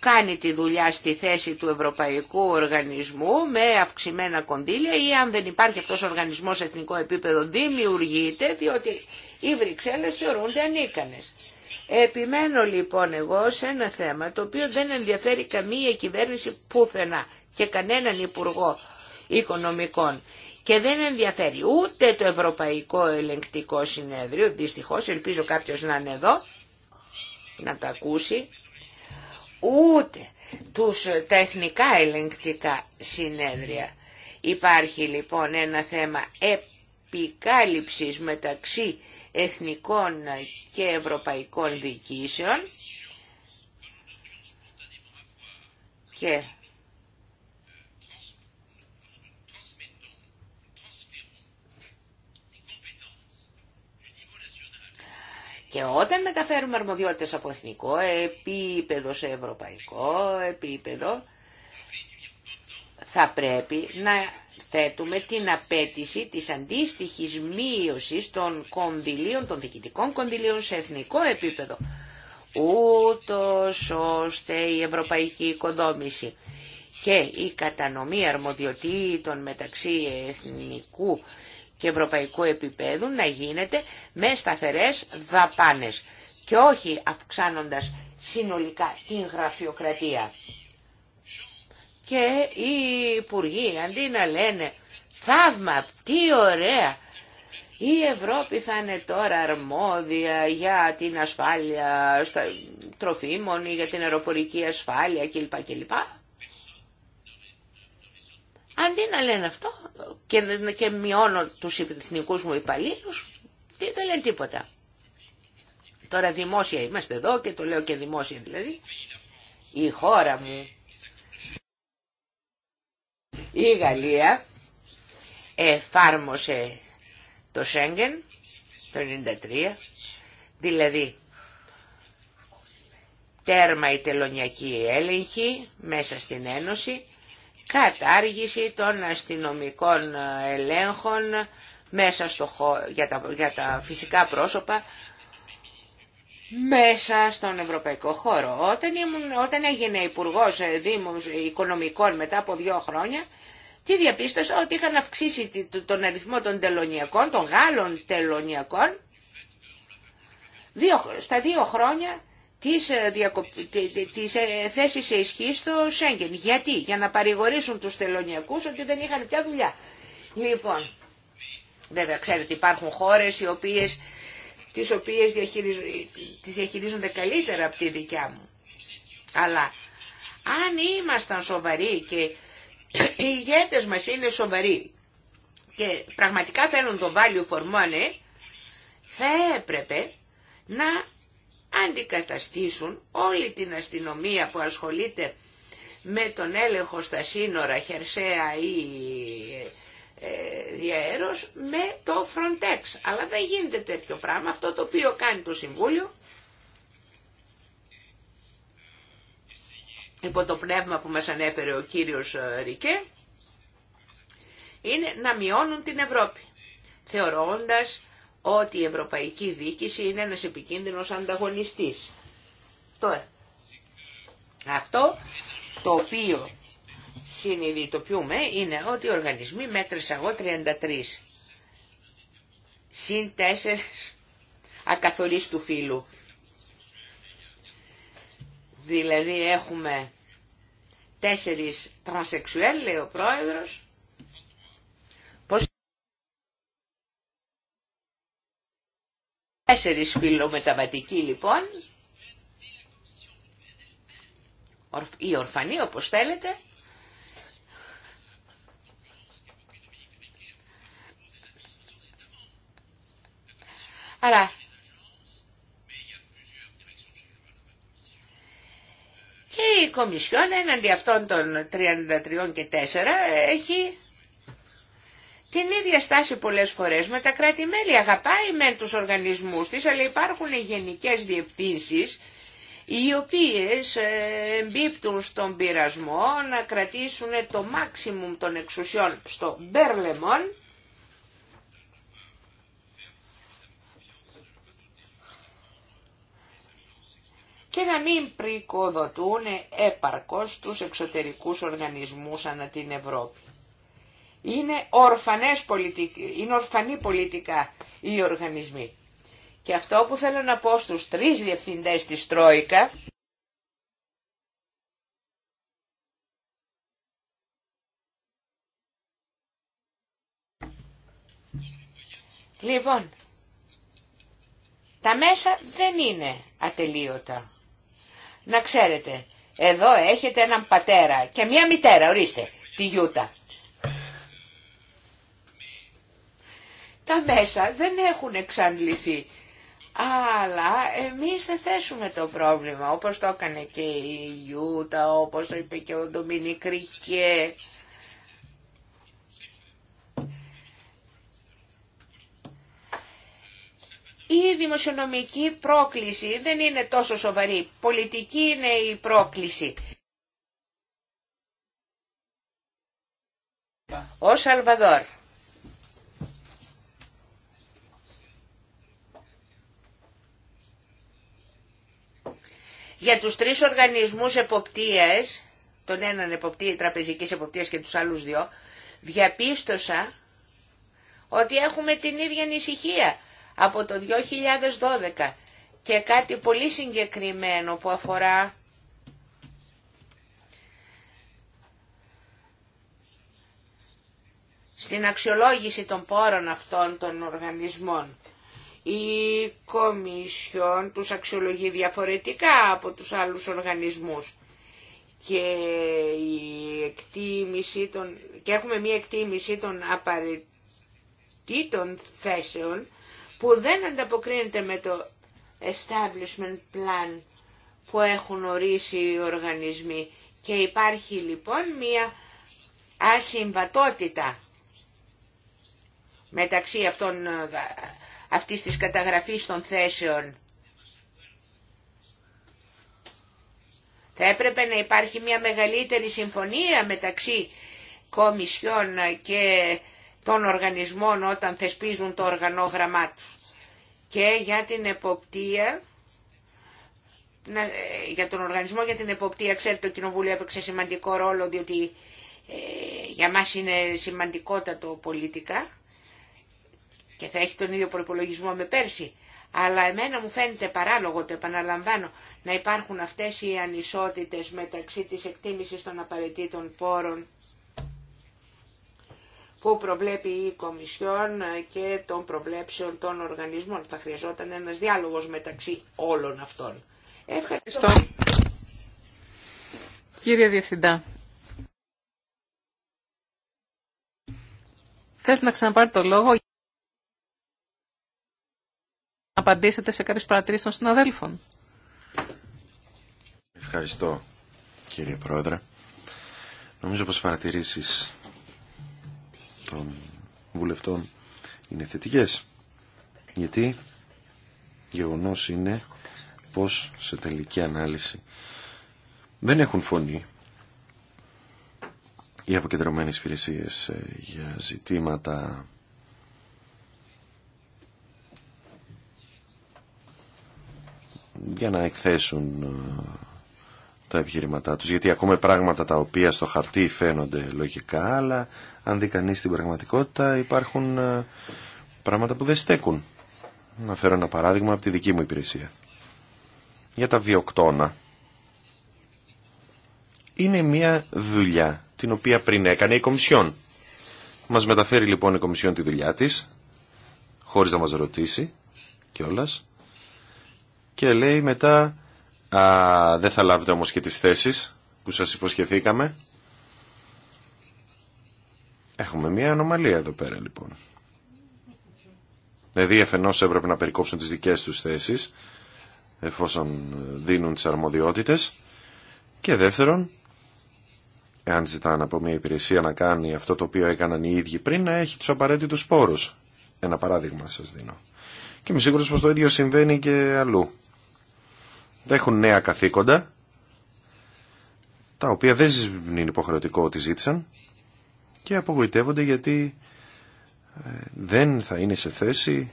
κάνει τη δουλειά στη θέση του ευρωπαϊκού οργανισμού με αυξημένα κονδύλια ή αν δεν υπάρχει αυτός ο οργανισμός σε εθνικό επίπεδο δημιουργείται διότι οι Βρυξέλλες θεωρούνται ανίκανες. Επιμένω λοιπόν εγώ σε ένα θέμα το οποίο δεν ενδιαφέρει καμία κυβέρνηση πουθενά και κανέναν υπουργό οικονομικών και δεν ενδιαφέρει ούτε το Ευρωπαϊκό Ελεγκτικό Συνέδριο, δυστυχώς ελπίζω κάποιος να είναι εδώ, να τα ακούσει, ούτε τους, τα εθνικά ελεγκτικά συνέδρια. Υπάρχει λοιπόν ένα θέμα επικάλυψης μεταξύ εθνικών και ευρωπαϊκών διοικήσεων και Και όταν μεταφέρουμε αρμοδιότητες από εθνικό επίπεδο σε ευρωπαϊκό επίπεδο, θα πρέπει να θέτουμε την απέτηση της αντίστοιχης μείωσης των κονδυλίων, των διοικητικών κονδυλίων σε εθνικό επίπεδο, ούτως ώστε η ευρωπαϊκή οικοδόμηση και η κατανομή αρμοδιοτήτων μεταξύ εθνικού και ευρωπαϊκού επίπεδου να γίνεται με σταθερές δαπάνες και όχι αυξάνοντας συνολικά την γραφειοκρατία. Και οι υπουργοί αντί να λένε θαύμα, τι ωραία, η Ευρώπη θα είναι τώρα αρμόδια για την ασφάλεια στα τροφίμων ή για την αεροπορική ασφάλεια κλπ. κλπ. Αντί να λένε αυτό και, και μειώνω τους εθνικούς μου υπαλλήλους, τι δεν λένε τίποτα. Τώρα δημόσια είμαστε εδώ και το λέω και δημόσια δηλαδή. Η χώρα μου η Γαλλία εφάρμοσε το Σέγγεν το 1993, δηλαδή τέρμα η τελωνιακή έλεγχη μέσα στην Ένωση, κατάργηση των αστυνομικών ελέγχων μέσα στο, για, για τα φυσικά πρόσωπα μέσα στον ευρωπαϊκό χώρο. Όταν, όταν έγινε υπουργό ε, Δήμου Οικονομικών μετά από δύο χρόνια, τι διαπίστωσα ότι είχαν αυξήσει τον αριθμό των τελωνιακών, των Γάλλων τελωνιακών, δύο, στα δύο χρόνια τις ε, διακοπ... της ε, σε ισχύ στο Σέγγεν. Γιατί, για να παρηγορήσουν τους τελωνιακούς ότι δεν είχαν πια δουλειά. Λοιπόν, βέβαια ξέρετε υπάρχουν χώρες οι οποίες τις οποίες τις διαχειρίζονται καλύτερα από τη δικιά μου. Αλλά αν ήμασταν σοβαροί και οι ηγέτες μας είναι σοβαροί και πραγματικά θέλουν το value for money, θα έπρεπε να αντικαταστήσουν όλη την αστυνομία που ασχολείται με τον έλεγχο στα σύνορα, χερσαία ή ε, διαέρος με το Frontex. Αλλά δεν γίνεται τέτοιο πράγμα. Αυτό το οποίο κάνει το Συμβούλιο υπό το πνεύμα που μας ανέφερε ο κύριος ε, Ρικέ είναι να μειώνουν την Ευρώπη θεωρώντας ότι η ευρωπαϊκή διοίκηση είναι ένας επικίνδυνος ανταγωνιστής. Τώρα, αυτό το οποίο συνειδητοποιούμε είναι ότι οι οργανισμοί μέτρησα εγώ 33 συν 4 ακαθορίστου φύλου. Δηλαδή έχουμε 4 τρανσεξουέλ, λέει ο πρόεδρος. Πώς... Τέσσερις φιλομεταβατικοί λοιπόν, ή ορφανοί όπως θέλετε, Αλλά και η Κομισιόν έναντι αυτών των 33 και 4 έχει την ίδια στάση πολλές φορές με τα κράτη-μέλη. Αγαπάει με τους οργανισμούς της, αλλά υπάρχουν γενικές διευθύνσεις οι οποίες ε, εμπίπτουν στον πειρασμό να κρατήσουν το μάξιμουμ των εξουσιών στο Μπέρλεμον και να μην πρικοδοτούν έπαρκος τους εξωτερικούς οργανισμούς ανά την Ευρώπη. Είναι, ορφανές είναι ορφανή πολιτικά οι οργανισμοί. Και αυτό που θέλω να πω στους τρεις διευθυντές της Τρόικα Λοιπόν, τα μέσα δεν είναι ατελείωτα. Να ξέρετε, εδώ έχετε έναν πατέρα και μία μητέρα, ορίστε, τη Γιούτα. Τα μέσα δεν έχουν εξαντληθεί. Αλλά εμείς δεν θέσουμε το πρόβλημα, όπως το έκανε και η Γιούτα, όπως το είπε και ο Ντομινίκ Η δημοσιονομική πρόκληση δεν είναι τόσο σοβαρή. Πολιτική είναι η πρόκληση. Ο Σαλβαδόρ. Για τους τρεις οργανισμούς εποπτείας, τον έναν εποπτεία, τραπεζικής εποπτείας και τους άλλους δύο, διαπίστωσα ότι έχουμε την ίδια ανησυχία από το 2012 και κάτι πολύ συγκεκριμένο που αφορά στην αξιολόγηση των πόρων αυτών των οργανισμών. Η Κομισιόν τους αξιολογεί διαφορετικά από τους άλλους οργανισμούς και, η εκτίμηση των, και έχουμε μία εκτίμηση των απαραίτητων θέσεων που δεν ανταποκρίνεται με το establishment plan που έχουν ορίσει οι οργανισμοί και υπάρχει λοιπόν μία ασυμβατότητα μεταξύ αυτών, αυτής της καταγραφής των θέσεων. Θα έπρεπε να υπάρχει μια μεγαλύτερη συμφωνία μεταξύ μεγαλυτερη συμφωνια μεταξυ κομισιών και των οργανισμών όταν θεσπίζουν το οργανόγραμμά τους και για την εποπτεία ε, για τον οργανισμό για την εποπτεία ξέρετε το κοινοβούλιο έπαιξε σημαντικό ρόλο διότι ε, για μας είναι σημαντικότατο πολιτικά και θα έχει τον ίδιο προπολογισμό με πέρσι αλλά εμένα μου φαίνεται παράλογο το επαναλαμβάνω να υπάρχουν αυτές οι ανισότητες μεταξύ της εκτίμησης των απαραίτητων πόρων που προβλέπει η Κομισιόν και των προβλέψεων των οργανισμών. Θα χρειαζόταν ένας διάλογος μεταξύ όλων αυτών. Ευχαριστώ. Κύριε Διευθυντά, θέλετε να ξαναπάρει το λόγο για να απαντήσετε σε κάποιες παρατηρήσεις των συναδέλφων. Ευχαριστώ κύριε Πρόεδρε. Νομίζω πως παρατηρήσεις των βουλευτών είναι θετικές. Γιατί γεγονός είναι πως σε τελική ανάλυση δεν έχουν φωνή οι αποκεντρωμένες υπηρεσίε ε, για ζητήματα για να εκθέσουν ε, τα επιχειρηματά τους γιατί ακόμα πράγματα τα οποία στο χαρτί φαίνονται λογικά αλλά αν δει κανεί την πραγματικότητα υπάρχουν ε, πράγματα που δεν στέκουν. Να φέρω ένα παράδειγμα από τη δική μου υπηρεσία. Για τα βιοκτώνα. Είναι μια δουλειά την οποία πριν έκανε η Κομισιόν. Μας μεταφέρει λοιπόν η Κομισιόν τη δουλειά τη, χωρίς να μα ρωτήσει κιόλα. και λέει μετά, α, δεν θα λάβετε όμω και τι θέσει που σας υποσχεθήκαμε, Έχουμε μια ανομαλία εδώ πέρα λοιπόν. Δηλαδή εφενός έπρεπε να περικόψουν τις δικές τους θέσεις εφόσον ε, δίνουν τις αρμοδιότητες και δεύτερον εάν ζητάνε από μια υπηρεσία να κάνει αυτό το οποίο έκαναν οι ίδιοι πριν να έχει τους απαραίτητους σπόρους. Ένα παράδειγμα σας δίνω. Και είμαι σίγουρος πως το ίδιο συμβαίνει και αλλού. Έχουν νέα καθήκοντα τα οποία δεν είναι υποχρεωτικό ότι ζήτησαν και απογοητεύονται γιατί ε, δεν θα είναι σε θέση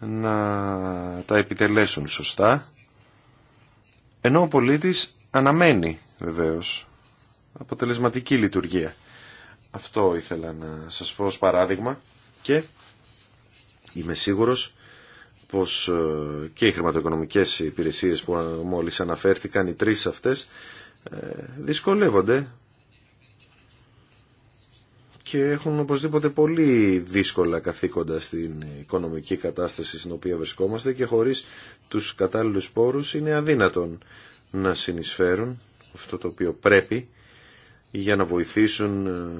να τα επιτελέσουν σωστά ενώ ο πολίτης αναμένει βεβαίως αποτελεσματική λειτουργία. Αυτό ήθελα να σας πω ως παράδειγμα και είμαι σίγουρος πως ε, και οι χρηματοοικονομικές υπηρεσίες που μόλις αναφέρθηκαν, οι τρεις αυτές, ε, δυσκολεύονται και έχουν οπωσδήποτε πολύ δύσκολα καθήκοντα στην οικονομική κατάσταση στην οποία βρισκόμαστε και χωρίς τους κατάλληλους πόρους είναι αδύνατον να συνεισφέρουν αυτό το οποίο πρέπει για να βοηθήσουν ε,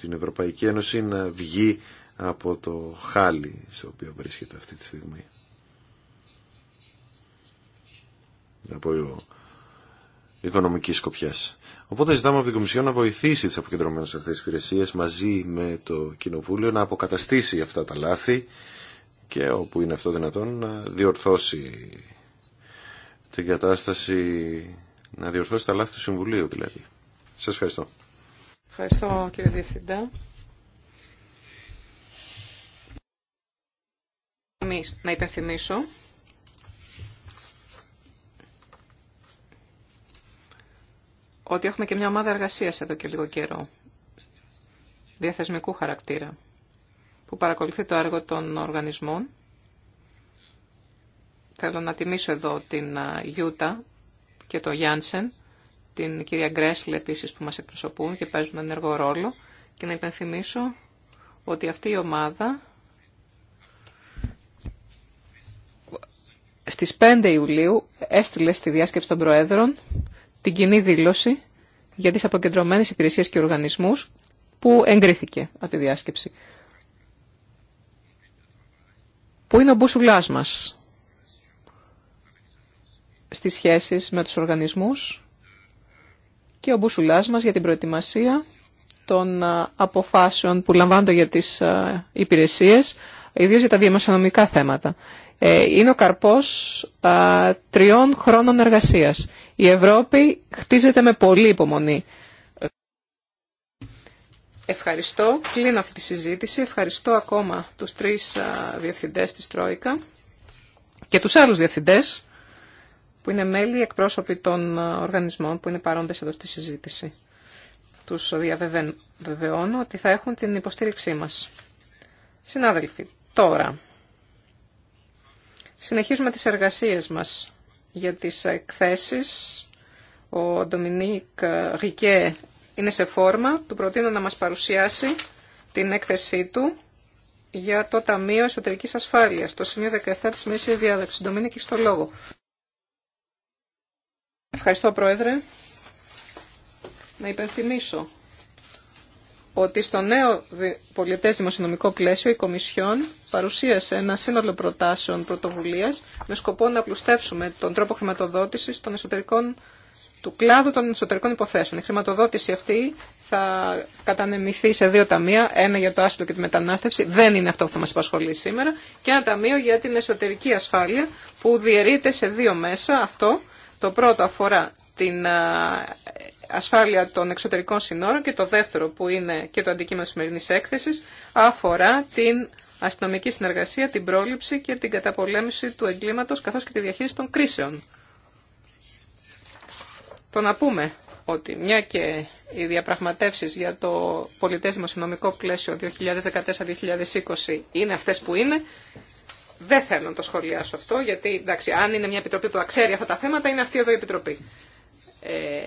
την Ευρωπαϊκή Ένωση να βγει από το χάλι στο οποίο βρίσκεται αυτή τη στιγμή. Από οικονομική σκοπιάς. Οπότε ζητάμε από την Κομισιόν να βοηθήσει τι αποκεντρωμένες αυτέ τι υπηρεσίε μαζί με το Κοινοβούλιο να αποκαταστήσει αυτά τα λάθη και όπου είναι αυτό δυνατόν να διορθώσει την κατάσταση, να διορθώσει τα λάθη του Συμβουλίου δηλαδή. Σα ευχαριστώ. Ευχαριστώ κύριε Διευθυντά. Να υπενθυμίσω ότι έχουμε και μια ομάδα εργασίας εδώ και λίγο καιρό, διαθεσμικού χαρακτήρα, που παρακολουθεί το έργο των οργανισμών. Θέλω να τιμήσω εδώ την Γιούτα και τον Γιάνσεν, την κυρία Γκρέσλε επίσης που μας εκπροσωπούν και παίζουν ενεργό ρόλο και να υπενθυμίσω ότι αυτή η ομάδα στις 5 Ιουλίου έστειλε στη διάσκεψη των Προέδρων την κοινή δήλωση για τις αποκεντρωμένες υπηρεσίες και οργανισμούς που εγκρίθηκε από τη διάσκεψη. Πού είναι ο μπούσουλάς μας στις σχέσεις με τους οργανισμούς και ο μπούσουλάς μας για την προετοιμασία των αποφάσεων που λαμβάνονται για τις υπηρεσίες, ιδίως για τα δημοσιονομικά θέματα. Ε, είναι ο καρπός τριών χρόνων εργασίας. Η Ευρώπη χτίζεται με πολύ υπομονή. Ευχαριστώ. Κλείνω αυτή τη συζήτηση. Ευχαριστώ ακόμα τους τρεις διευθυντές της Τρόικα και τους άλλους διευθυντές που είναι μέλη εκπρόσωποι των οργανισμών που είναι παρόντες εδώ στη συζήτηση. Τους διαβεβαιώνω ότι θα έχουν την υποστήριξή μας. Συνάδελφοι, τώρα συνεχίζουμε τις εργασίες μας για τις εκθέσεις. Ο Ντομινίκ Ρικέ είναι σε φόρμα. Του προτείνω να μας παρουσιάσει την έκθεσή του για το Ταμείο Εσωτερικής Ασφάλειας, το σημείο 17 της Μέσης Διάδαξης. Ντομινίκ, στο λόγο. Ευχαριστώ, Πρόεδρε. Να υπενθυμίσω ότι στο νέο πολιτές δημοσιονομικό πλαίσιο η Κομισιόν παρουσίασε ένα σύνολο προτάσεων πρωτοβουλία με σκοπό να πλουστεύσουμε τον τρόπο χρηματοδότηση των εσωτερικών του κλάδου των εσωτερικών υποθέσεων. Η χρηματοδότηση αυτή θα κατανεμηθεί σε δύο ταμεία, ένα για το άσυλο και τη μετανάστευση, δεν είναι αυτό που θα μας απασχολεί σήμερα, και ένα ταμείο για την εσωτερική ασφάλεια που διαιρείται σε δύο μέσα αυτό. Το πρώτο αφορά την ε, ασφάλεια των εξωτερικών συνόρων και το δεύτερο που είναι και το αντικείμενο της σημερινής έκθεσης αφορά την αστυνομική συνεργασία, την πρόληψη και την καταπολέμηση του εγκλήματος καθώς και τη διαχείριση των κρίσεων. Το να πούμε ότι μια και οι διαπραγματεύσεις για το πολιτές δημοσιονομικό πλαίσιο 2014-2020 είναι αυτές που είναι, δεν θέλω να το σχολιάσω αυτό, γιατί εντάξει, αν είναι μια επιτροπή που τα ξέρει αυτά τα θέματα, είναι αυτή εδώ η επιτροπή. Ε,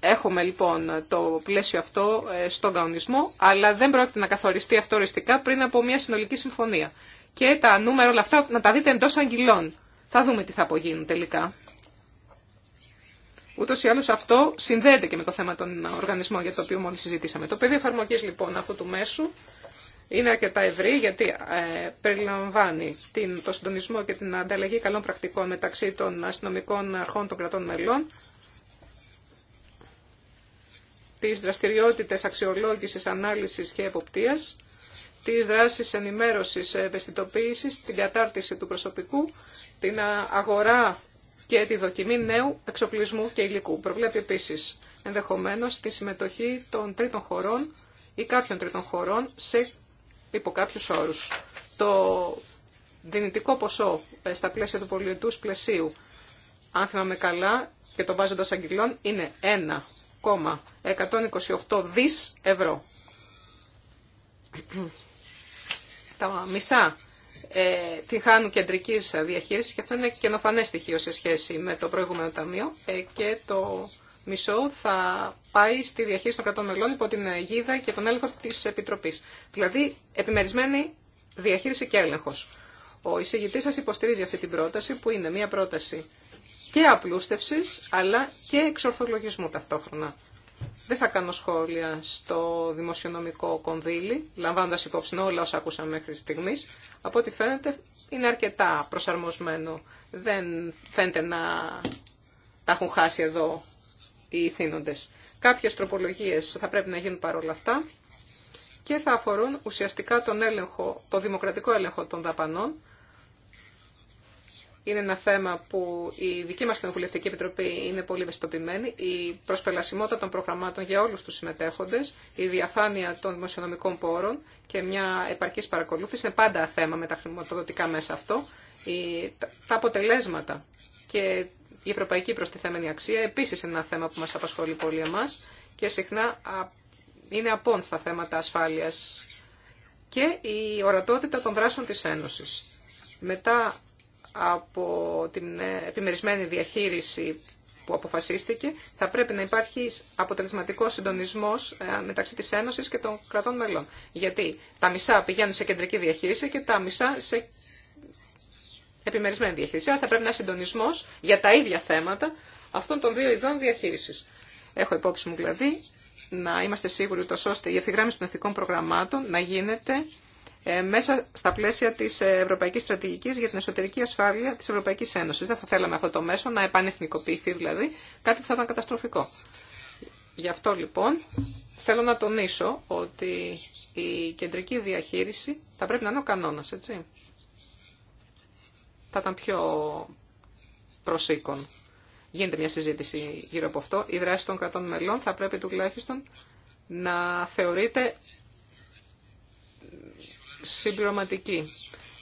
έχουμε λοιπόν το πλαίσιο αυτό ε, στον κανονισμό, αλλά δεν πρόκειται να καθοριστεί αυτό οριστικά πριν από μια συνολική συμφωνία. Και τα νούμερα όλα αυτά να τα δείτε εντό αγγυλών. Θα δούμε τι θα απογίνουν τελικά. Ούτω ή άλλω αυτό συνδέεται και με το θέμα των οργανισμών για το οποίο μόλι συζητήσαμε. Το πεδίο εφαρμογή λοιπόν αυτού του μέσου είναι αρκετά ευρύ γιατί ε, περιλαμβάνει την, το συντονισμό και την ανταλλαγή καλών πρακτικών μεταξύ των αστυνομικών αρχών των κρατών μελών τις δραστηριότητες αξιολόγησης, ανάλυσης και εποπτείας, τις δράσεις ενημέρωσης, ευαισθητοποίησης, την κατάρτιση του προσωπικού, την αγορά και τη δοκιμή νέου εξοπλισμού και υλικού. Προβλέπει επίσης ενδεχομένως τη συμμετοχή των τρίτων χωρών ή κάποιων τρίτων χωρών σε υπό κάποιους όρους. Το δυνητικό ποσό ε, στα πλαίσια του πολιτού πλαισίου αν θυμάμαι καλά, και το βάζοντα αγγελών, είναι 1,128 δις ευρώ. Τα μισά ε, τη χάνουν κεντρική διαχείριση και αυτό είναι καινοφανέ στοιχείο σε σχέση με το προηγούμενο ταμείο ε, και το μισό θα πάει στη διαχείριση των κρατών μελών υπό την αιγίδα και τον έλεγχο της Επιτροπής. Δηλαδή, επιμερισμένη διαχείριση και έλεγχος. Ο εισηγητής σας υποστηρίζει αυτή την πρόταση που είναι μια πρόταση και απλούστευσης αλλά και εξορθολογισμού ταυτόχρονα. Δεν θα κάνω σχόλια στο δημοσιονομικό κονδύλι, λαμβάνοντα υπόψη όλα όσα ακούσαμε μέχρι στιγμή. Από ό,τι φαίνεται είναι αρκετά προσαρμοσμένο. Δεν φαίνεται να τα έχουν χάσει εδώ οι θύνοντε. Κάποιε τροπολογίε θα πρέπει να γίνουν παρόλα αυτά και θα αφορούν ουσιαστικά τον έλεγχο, το δημοκρατικό έλεγχο των δαπανών είναι ένα θέμα που η δική μας Κοινοβουλευτική Επιτροπή είναι πολύ ευαισθητοποιημένη. Η προσπελασιμότητα των προγραμμάτων για όλους τους συμμετέχοντες, η διαφάνεια των δημοσιονομικών πόρων και μια επαρκής παρακολούθηση είναι πάντα θέμα με τα χρηματοδοτικά μέσα αυτό. τα αποτελέσματα και η ευρωπαϊκή προστιθέμενη αξία επίσης είναι ένα θέμα που μας απασχολεί πολύ εμάς και συχνά είναι απόν στα θέματα ασφάλειας και η ορατότητα των δράσεων της Ένωσης. Μετά από την επιμερισμένη διαχείριση που αποφασίστηκε, θα πρέπει να υπάρχει αποτελεσματικό συντονισμό ε, μεταξύ τη Ένωση και των κρατών μελών. Γιατί τα μισά πηγαίνουν σε κεντρική διαχείριση και τα μισά σε επιμερισμένη διαχείριση. Άρα θα πρέπει να είναι συντονισμό για τα ίδια θέματα αυτών των δύο ειδών διαχείριση. Έχω υπόψη μου δηλαδή να είμαστε σίγουροι τόσο ώστε η ευθυγράμμιση των εθνικών προγραμμάτων να γίνεται ε, μέσα στα πλαίσια τη Ευρωπαϊκή Στρατηγική για την Εσωτερική Ασφάλεια τη Ευρωπαϊκή Ένωση. Δεν θα θέλαμε αυτό το μέσο να επανεθνικοποιηθεί δηλαδή, κάτι που θα ήταν καταστροφικό. Γι' αυτό λοιπόν θέλω να τονίσω ότι η κεντρική διαχείριση θα πρέπει να είναι ο κανόνας, έτσι. Θα ήταν πιο προσήκον. Γίνεται μια συζήτηση γύρω από αυτό. Η δράση των κρατών μελών θα πρέπει τουλάχιστον να θεωρείται συμπληρωματική.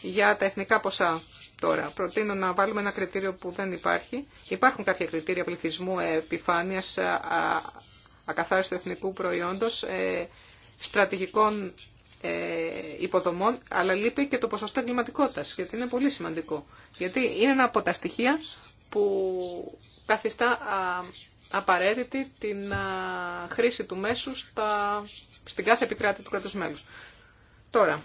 Για τα εθνικά ποσά τώρα, προτείνω να βάλουμε ένα κριτήριο που δεν υπάρχει. Υπάρχουν κάποια κριτήρια πληθυσμού, ε, επιφάνειας, ε, ακαθάριστου εθνικού προϊόντος, ε, στρατηγικών υποδομών, αλλά λείπει και το ποσοστό εγκληματικότητα, γιατί είναι πολύ σημαντικό. Γιατί είναι ένα από τα στοιχεία που καθιστά απαραίτητη την χρήση του μέσου στην κάθε επικράτη του κράτους μέλους. Τώρα,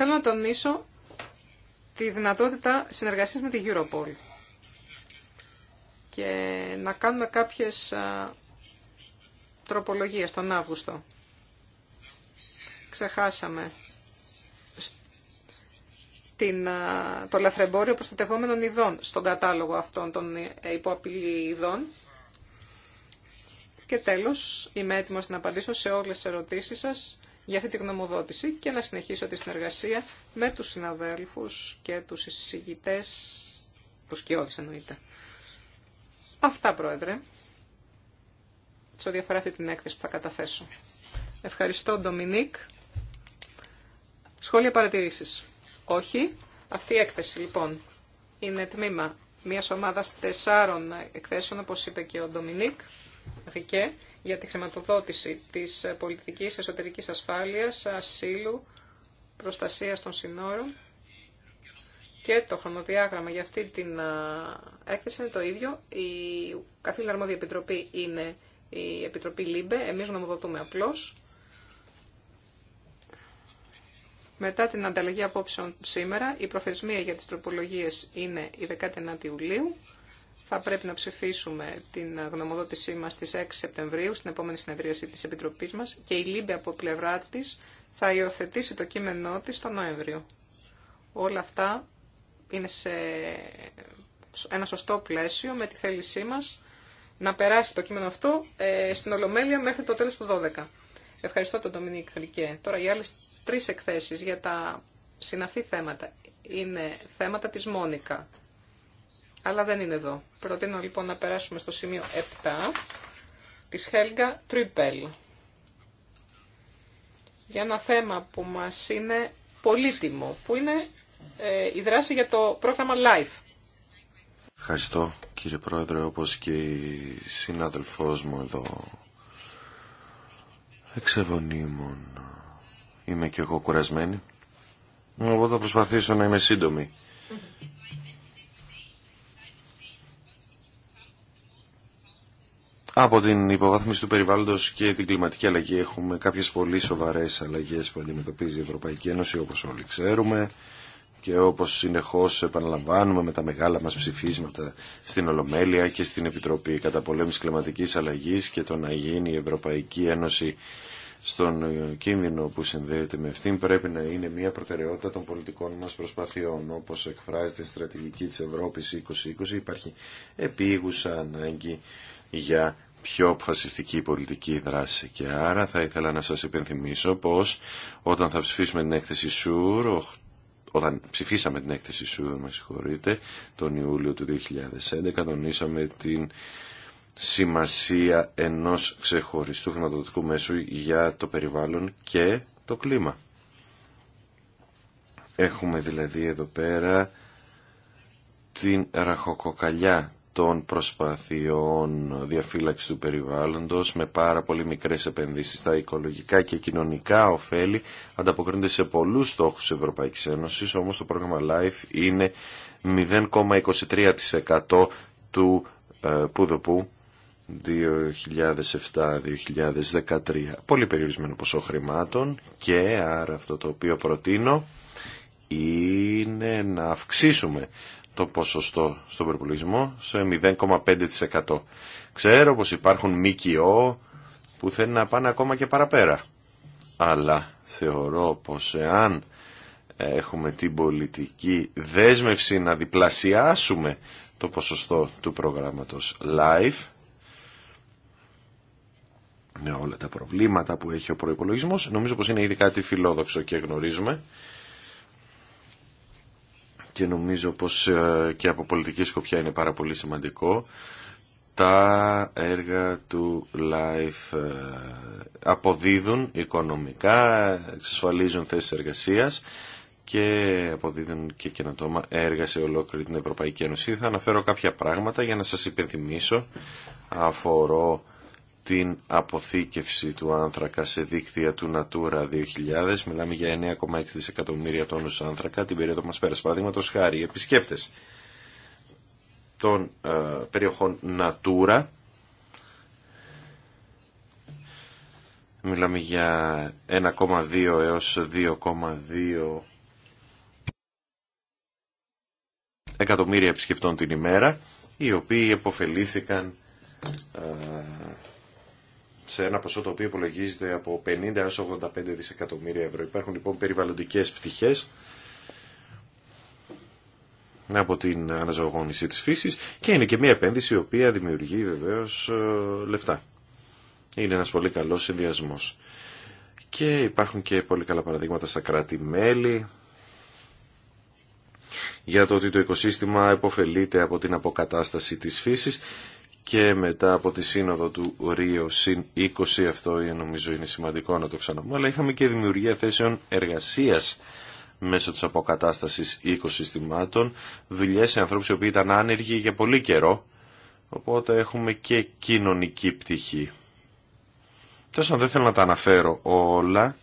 Θέλω να τονίσω τη δυνατότητα συνεργασίας με τη Europol και να κάνουμε κάποιες τροπολογίες τον Αύγουστο. Ξεχάσαμε την, το λαθρεμπόριο προστατευόμενων ειδών στον κατάλογο αυτών των ε, υποαπειλή ειδών. Και τέλος, είμαι έτοιμος να απαντήσω σε όλες τις ερωτήσεις σας για αυτή την γνωμοδότηση και να συνεχίσω τη συνεργασία με τους συναδέλφους και τους εισηγητές, τους κοιόδης εννοείται. Αυτά, Πρόεδρε, σε ό,τι αυτή την έκθεση που θα καταθέσω. Ευχαριστώ, Ντομινίκ. Σχόλια παρατηρήσεις. Όχι. Αυτή η έκθεση, λοιπόν, είναι τμήμα μια ομάδα τεσσάρων εκθέσεων, όπως είπε και ο Ντομινίκ Ρικέ, για τη χρηματοδότηση της πολιτικής εσωτερικής ασφάλειας, ασύλου, προστασίας των συνόρων και το χρονοδιάγραμμα για αυτή την έκθεση είναι το ίδιο. Η καθήλυνα αρμόδια επιτροπή είναι η Επιτροπή ΛΥΜΠΕ, εμείς νομοδοτούμε απλώς. Μετά την ανταλλαγή απόψεων σήμερα, η προθεσμία για τις τροπολογίες είναι η 19η Ιουλίου θα πρέπει να ψηφίσουμε την γνωμοδότησή μας στις 6 Σεπτεμβρίου στην επόμενη συνεδρίαση της Επιτροπής μας και η Λίμπε από πλευρά της θα υιοθετήσει το κείμενό της το Νοέμβριο. Όλα αυτά είναι σε ένα σωστό πλαίσιο με τη θέλησή μας να περάσει το κείμενο αυτό ε, στην Ολομέλεια μέχρι το τέλος του 12. Ευχαριστώ τον Ντομινίκ Χρικέ. Τώρα οι άλλες τρεις εκθέσεις για τα συναφή θέματα είναι θέματα της Μόνικα αλλά δεν είναι εδώ. Προτείνω λοιπόν να περάσουμε στο σημείο 7 της Helga Τριπέλ για ένα θέμα που μας είναι πολύτιμο, που είναι ε, η δράση για το πρόγραμμα LIFE. Ευχαριστώ κύριε Πρόεδρε, όπως και η συνάδελφός μου εδώ εξεβονίμων. Είμαι και εγώ κουρασμένη. Εγώ θα προσπαθήσω να είμαι σύντομη. από την υποβάθμιση του περιβάλλοντος και την κλιματική αλλαγή έχουμε κάποιες πολύ σοβαρές αλλαγές που αντιμετωπίζει η Ευρωπαϊκή Ένωση όπως όλοι ξέρουμε και όπως συνεχώς επαναλαμβάνουμε με τα μεγάλα μας ψηφίσματα στην Ολομέλεια και στην Επιτροπή Καταπολέμησης Κλιματικής Αλλαγής και το να γίνει η Ευρωπαϊκή Ένωση στον κίνδυνο που συνδέεται με αυτήν πρέπει να είναι μια προτεραιότητα των πολιτικών μας προσπαθειών. Όπως εκφράζεται η στρατηγική της Ευρώπης 2020 υπάρχει επίγουσα ανάγκη για πιο αποφασιστική πολιτική δράση. Και άρα θα ήθελα να σας υπενθυμίσω πως όταν θα ψηφίσουμε την έκθεση ΣΟΥΡ, όταν ψηφίσαμε την έκθεση ΣΟΥΡ, με συγχωρείτε, τον Ιούλιο του 2011, τονίσαμε την σημασία ενός ξεχωριστού χρηματοδοτικού μέσου για το περιβάλλον και το κλίμα. Έχουμε δηλαδή εδώ πέρα την ραχοκοκαλιά των προσπαθειών διαφύλαξη του περιβάλλοντος με πάρα πολύ μικρές επενδύσεις στα οικολογικά και κοινωνικά ωφέλη ανταποκρίνονται σε πολλούς στόχου τη Ευρωπαϊκής Ένωσης όμως το πρόγραμμα LIFE είναι 0,23% του ε, πουδοπού 2007-2013 πολύ περιορισμένο ποσό χρημάτων και άρα αυτό το οποίο προτείνω είναι να αυξήσουμε το ποσοστό στον προπολογισμό σε 0,5%. Ξέρω πως υπάρχουν ΜΚΟ που θέλουν να πάνε ακόμα και παραπέρα. Αλλά θεωρώ πως εάν έχουμε την πολιτική δέσμευση να διπλασιάσουμε το ποσοστό του προγράμματος Life με όλα τα προβλήματα που έχει ο προϋπολογισμός νομίζω πως είναι ήδη κάτι φιλόδοξο και γνωρίζουμε και νομίζω πως ε, και από πολιτική σκοπιά είναι πάρα πολύ σημαντικό τα έργα του LIFE ε, αποδίδουν οικονομικά, εξασφαλίζουν θέσεις εργασίας και αποδίδουν και καινοτόμα έργα σε ολόκληρη την Ευρωπαϊκή Ένωση. Θα αναφέρω κάποια πράγματα για να σας υπενθυμίσω αφορώ την αποθήκευση του άνθρακα σε δίκτυα του Natura 2000. Μιλάμε για 9,6 δισεκατομμύρια τόνους άνθρακα την περίοδο που μας πέρασε. Παραδείγματο χάρη, οι επισκέπτες των ε, περιοχών Natura Μιλάμε για 1,2 έως 2,2 εκατομμύρια επισκεπτών την ημέρα, οι οποίοι επωφελήθηκαν ε, σε ένα ποσό το οποίο υπολογίζεται από 50 έως 85 δισεκατομμύρια ευρώ. Υπάρχουν λοιπόν περιβαλλοντικές πτυχές από την αναζωογόνηση της φύσης και είναι και μια επένδυση η οποία δημιουργεί βεβαίως ε, λεφτά. Είναι ένας πολύ καλός συνδυασμό. Και υπάρχουν και πολύ καλά παραδείγματα στα κράτη-μέλη για το ότι το οικοσύστημα υποφελείται από την αποκατάσταση της φύσης και μετά από τη σύνοδο του Ρίο συν 20 αυτό νομίζω είναι σημαντικό να το ξαναπούμε αλλά είχαμε και δημιουργία θέσεων εργασία μέσω της αποκατάστασης οικοσυστημάτων δουλειέ σε ανθρώπου οι οποίοι ήταν άνεργοι για πολύ καιρό οπότε έχουμε και κοινωνική πτυχή τόσο δεν θέλω να τα αναφέρω όλα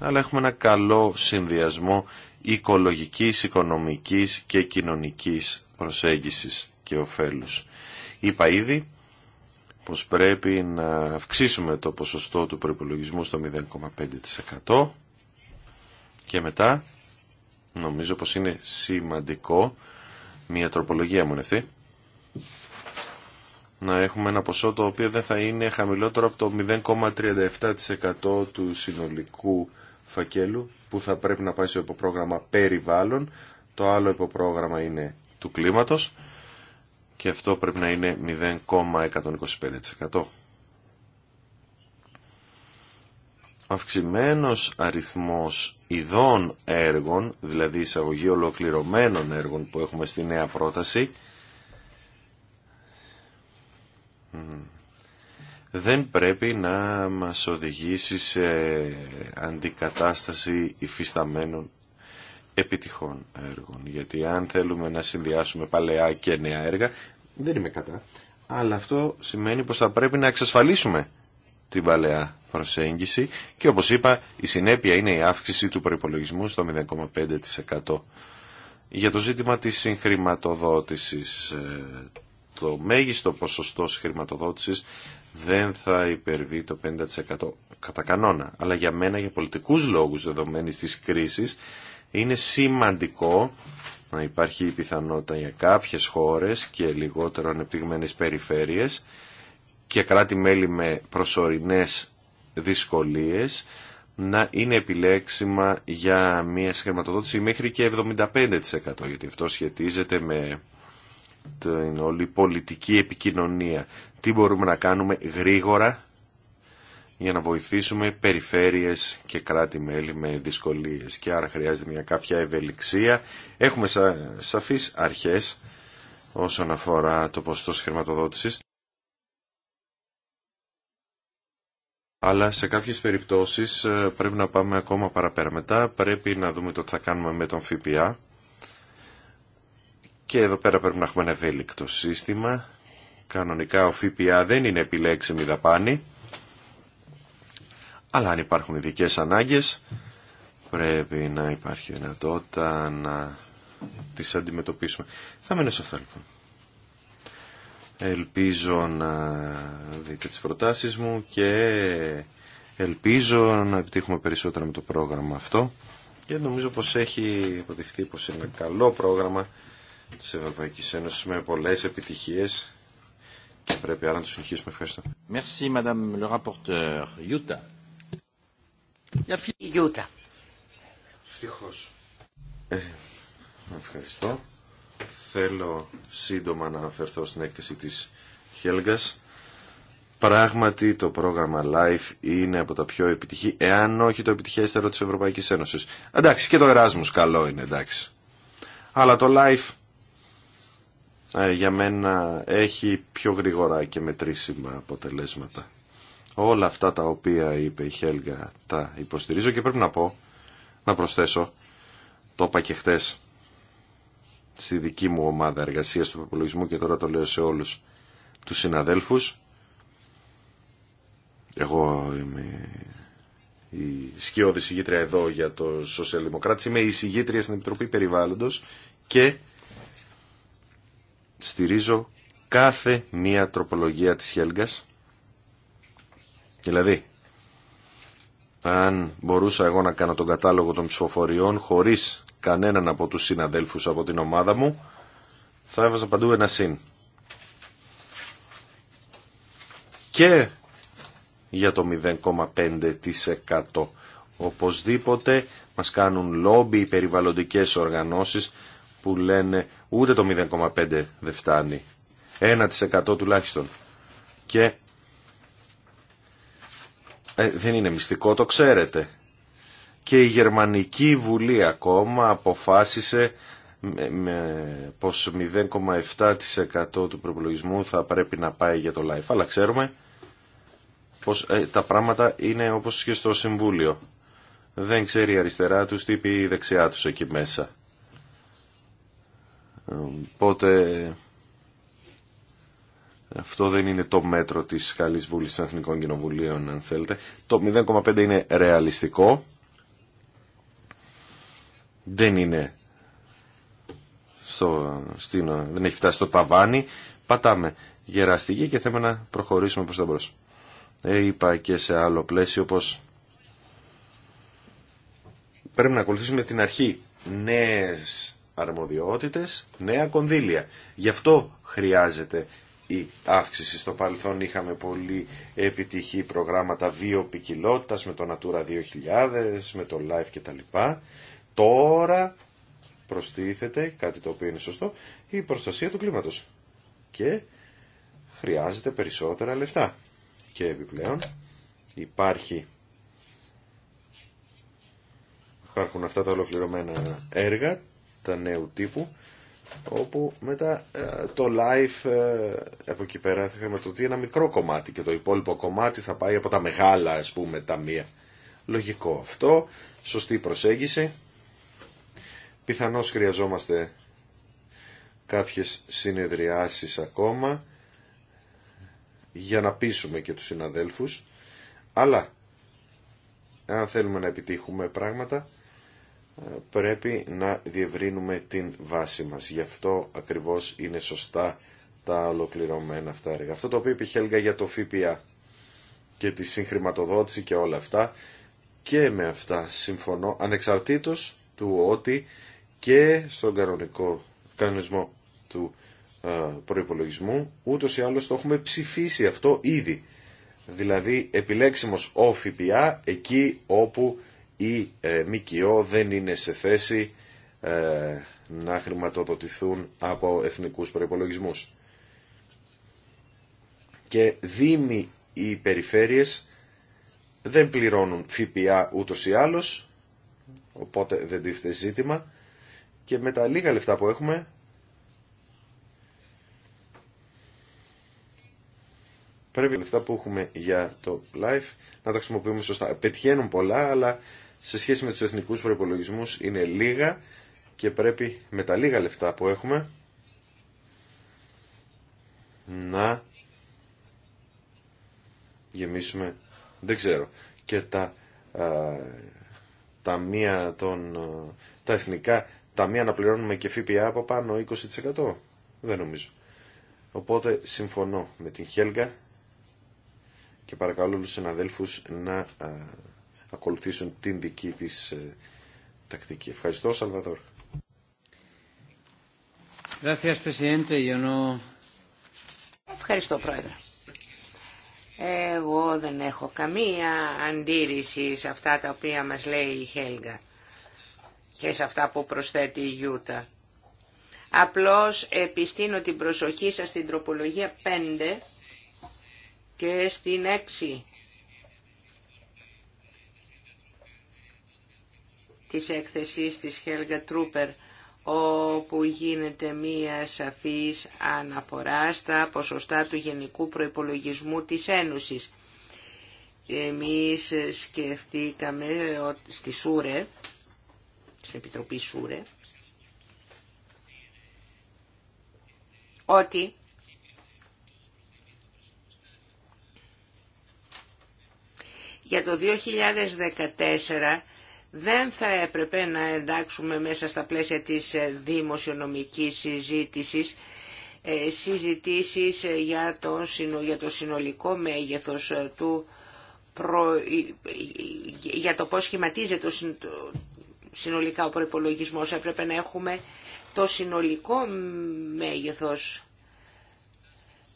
αλλά έχουμε ένα καλό συνδυασμό οικολογικής, οικονομικής και κοινωνικής προσέγγισης και ωφέλους. Είπα ήδη πως πρέπει να αυξήσουμε το ποσοστό του προϋπολογισμού στο 0,5% και μετά νομίζω πως είναι σημαντικό μια τροπολογία μου να έχουμε ένα ποσό το οποίο δεν θα είναι χαμηλότερο από το 0,37% του συνολικού φακέλου που θα πρέπει να πάει στο υποπρόγραμμα περιβάλλον το άλλο υποπρόγραμμα είναι του κλίματος και αυτό πρέπει να είναι 0,125%. Αυξημένος αριθμός ειδών έργων, δηλαδή εισαγωγή ολοκληρωμένων έργων που έχουμε στη νέα πρόταση, δεν πρέπει να μας οδηγήσει σε αντικατάσταση υφισταμένων επιτυχών έργων. Γιατί αν θέλουμε να συνδυάσουμε παλαιά και νέα έργα, δεν είμαι κατά. Αλλά αυτό σημαίνει πως θα πρέπει να εξασφαλίσουμε την παλαιά προσέγγιση και όπως είπα η συνέπεια είναι η αύξηση του προϋπολογισμού στο 0,5%. Για το ζήτημα της συγχρηματοδότησης, ε, το μέγιστο ποσοστό συγχρηματοδότησης δεν θα υπερβεί το 50% κατά κανόνα. Αλλά για μένα, για πολιτικούς λόγους δεδομένης της κρίσης, είναι σημαντικό να υπάρχει η πιθανότητα για κάποιες χώρες και λιγότερο ανεπτυγμένες περιφέρειες και κράτη-μέλη με προσωρινές δυσκολίες να είναι επιλέξιμα για μια συγχρηματοδότηση μέχρι και 75% γιατί αυτό σχετίζεται με την όλη πολιτική επικοινωνία. Τι μπορούμε να κάνουμε γρήγορα για να βοηθήσουμε περιφέρειες και κράτη-μέλη με δυσκολίες και άρα χρειάζεται μια κάποια ευελιξία. Έχουμε σα, σαφείς αρχές όσον αφορά το ποστό χρηματοδότησης. Αλλά σε κάποιες περιπτώσεις ε, πρέπει να πάμε ακόμα παραπέρα. Μετά πρέπει να δούμε το τι θα κάνουμε με τον ΦΠΑ. Και εδώ πέρα πρέπει να έχουμε ένα ευέλικτο σύστημα. Κανονικά ο ΦΠΑ δεν είναι επιλέξιμη δαπάνη αλλά αν υπάρχουν ειδικέ ανάγκες πρέπει να υπάρχει δυνατότητα να τις αντιμετωπίσουμε. Θα μείνω σε αυτό, λοιπόν. Ελπίζω να δείτε τις προτάσεις μου και ελπίζω να επιτύχουμε περισσότερα με το πρόγραμμα αυτό και νομίζω πως έχει αποδειχθεί πως είναι ένα καλό πρόγραμμα της Ευρωπαϊκής Ένωσης με πολλές επιτυχίες και πρέπει άρα να το συνεχίσουμε. Ευχαριστώ. Γιούτα. Ε, ευχαριστώ. Θέλω σύντομα να αναφερθώ στην έκθεση της Χέλγας. Πράγματι το πρόγραμμα LIFE είναι από τα πιο επιτυχή, εάν όχι το επιτυχέστερο της Ευρωπαϊκής Ένωσης. Εντάξει και το Εράσμους καλό είναι εντάξει. Αλλά το LIFE ε, για μένα έχει πιο γρήγορα και μετρήσιμα αποτελέσματα. Όλα αυτά τα οποία είπε η Χέλγα τα υποστηρίζω και πρέπει να πω, να προσθέσω, το είπα και χθες, στη δική μου ομάδα εργασίας του προπολογισμού και τώρα το λέω σε όλους τους συναδέλφους. Εγώ είμαι η σκιώδη συγγήτρια εδώ για το Σοσιαλδημοκράτη. Είμαι η συγγήτρια στην Επιτροπή Περιβάλλοντος και στηρίζω κάθε μία τροπολογία της Χέλγκας Δηλαδή, αν μπορούσα εγώ να κάνω τον κατάλογο των ψηφοφοριών χωρίς κανέναν από τους συναδέλφους από την ομάδα μου, θα έβαζα παντού ένα συν. Και για το 0,5%. Οπωσδήποτε μας κάνουν λόμπι οι περιβαλλοντικές οργανώσεις που λένε ούτε το 0,5 δεν φτάνει. 1% τουλάχιστον. Και ε, δεν είναι μυστικό, το ξέρετε. Και η Γερμανική Βουλή ακόμα αποφάσισε με, πως 0,7% του προπολογισμού θα πρέπει να πάει για το ΛΑΙΦ. Αλλά ξέρουμε πως ε, τα πράγματα είναι όπως και στο Συμβούλιο. Δεν ξέρει η αριστερά τους τι πει η δεξιά τους εκεί μέσα. Ε, οπότε αυτό δεν είναι το μέτρο της καλής βούλης των Εθνικών Κοινοβουλίων, αν θέλετε. Το 0,5 είναι ρεαλιστικό. Δεν είναι στο, στην, δεν έχει φτάσει στο ταβάνι. Πατάμε γεραστική και θέλουμε να προχωρήσουμε προς τα μπρος. Ε, είπα και σε άλλο πλαίσιο πως πρέπει να ακολουθήσουμε την αρχή νέες αρμοδιότητες, νέα κονδύλια. Γι' αυτό χρειάζεται η αύξηση. Στο παρελθόν είχαμε πολύ επιτυχή προγράμματα βιοπικιλότητας με το Natura 2000, με το Life κτλ. Τώρα προστίθεται, κάτι το οποίο είναι σωστό, η προστασία του κλίματος. Και χρειάζεται περισσότερα λεφτά. Και επιπλέον υπάρχει υπάρχουν αυτά τα ολοκληρωμένα έργα, τα νέου τύπου, όπου μετά ε, το live ε, από εκεί πέρα θα χρηματοδοτεί ένα μικρό κομμάτι και το υπόλοιπο κομμάτι θα πάει από τα μεγάλα ας πούμε ταμεία. Λογικό αυτό, σωστή προσέγγιση. Πιθανώς χρειαζόμαστε κάποιες συνεδριάσεις ακόμα για να πείσουμε και τους συναδέλφους αλλά αν θέλουμε να επιτύχουμε πράγματα πρέπει να διευρύνουμε την βάση μας. Γι' αυτό ακριβώς είναι σωστά τα ολοκληρωμένα αυτά έργα. Αυτό το οποίο είπε Χέλγα για το ΦΠΑ και τη συγχρηματοδότηση και όλα αυτά και με αυτά συμφωνώ ανεξαρτήτως του ότι και στον κανονικό κανονισμό του ε, προϋπολογισμού ούτως ή άλλως το έχουμε ψηφίσει αυτό ήδη. Δηλαδή επιλέξιμος ο ΦΠΑ εκεί όπου οι ε, ΜΚΟ δεν είναι σε θέση ε, να χρηματοδοτηθούν από εθνικούς προϋπολογισμούς. Και δήμοι η περιφέρειες δεν πληρώνουν ΦΠΑ ούτως ή άλλως, οπότε δεν τίθεται ζήτημα και με τα λίγα λεφτά που έχουμε πρέπει λεφτά που έχουμε για το live να τα χρησιμοποιούμε σωστά. Πετυχαίνουν πολλά αλλά σε σχέση με τους εθνικούς προϋπολογισμούς είναι λίγα και πρέπει με τα λίγα λεφτά που έχουμε να γεμίσουμε, δεν ξέρω, και τα α, των, τα εθνικά ταμεία να πληρώνουμε και ΦΠΑ από πάνω 20%. Δεν νομίζω. Οπότε συμφωνώ με την Χέλγα και παρακαλώ τους συναδέλφους να α, ακολουθήσουν την δική της ε, τακτική. Ευχαριστώ, Σαλβαδόρ. Ευχαριστώ, Πρόεδρε. Εγώ δεν έχω καμία αντίρρηση σε αυτά τα οποία μας λέει η Χέλγα και σε αυτά που προσθέτει η Γιούτα. Απλώς επιστήνω την προσοχή σας στην τροπολογία 5 και στην 6 της έκθεσης της Helga Τρούπερ όπου γίνεται μία σαφής αναφορά στα ποσοστά του Γενικού Προϋπολογισμού της Ένωσης. Εμείς σκεφτήκαμε στη ΣΟΥΡΕ, στην Επιτροπή ΣΟΥΡΕ, ότι για το 2014 δεν θα έπρεπε να εντάξουμε μέσα στα πλαίσια της ε, δημοσιονομικής συζήτησης ε, συζητήσεις ε, για το, το συνολικό μέγεθος του για το πώς σχηματίζεται συνολικά ο προϋπολογισμός έπρεπε να έχουμε το συνολικό μέγεθος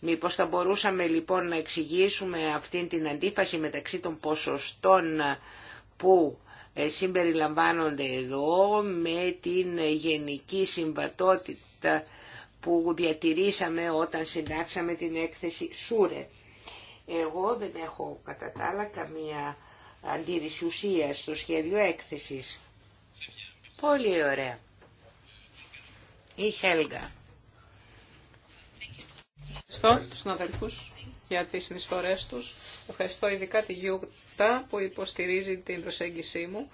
Μήπως θα μπορούσαμε λοιπόν να εξηγήσουμε αυτήν την αντίφαση μεταξύ των ποσοστών που ε, συμπεριλαμβάνονται εδώ με την γενική συμβατότητα που διατηρήσαμε όταν συντάξαμε την έκθεση ΣΟΥΡΕ. Εγώ δεν έχω κατά τα άλλα καμία αντίρρηση ουσίας στο σχέδιο έκθεσης. Πολύ ωραία. Η Χέλγα. Ευχαριστώ τους συναδελφούς για τις συνεισφορές τους. Ευχαριστώ ειδικά τη Γιούτα που υποστηρίζει την προσέγγισή μου.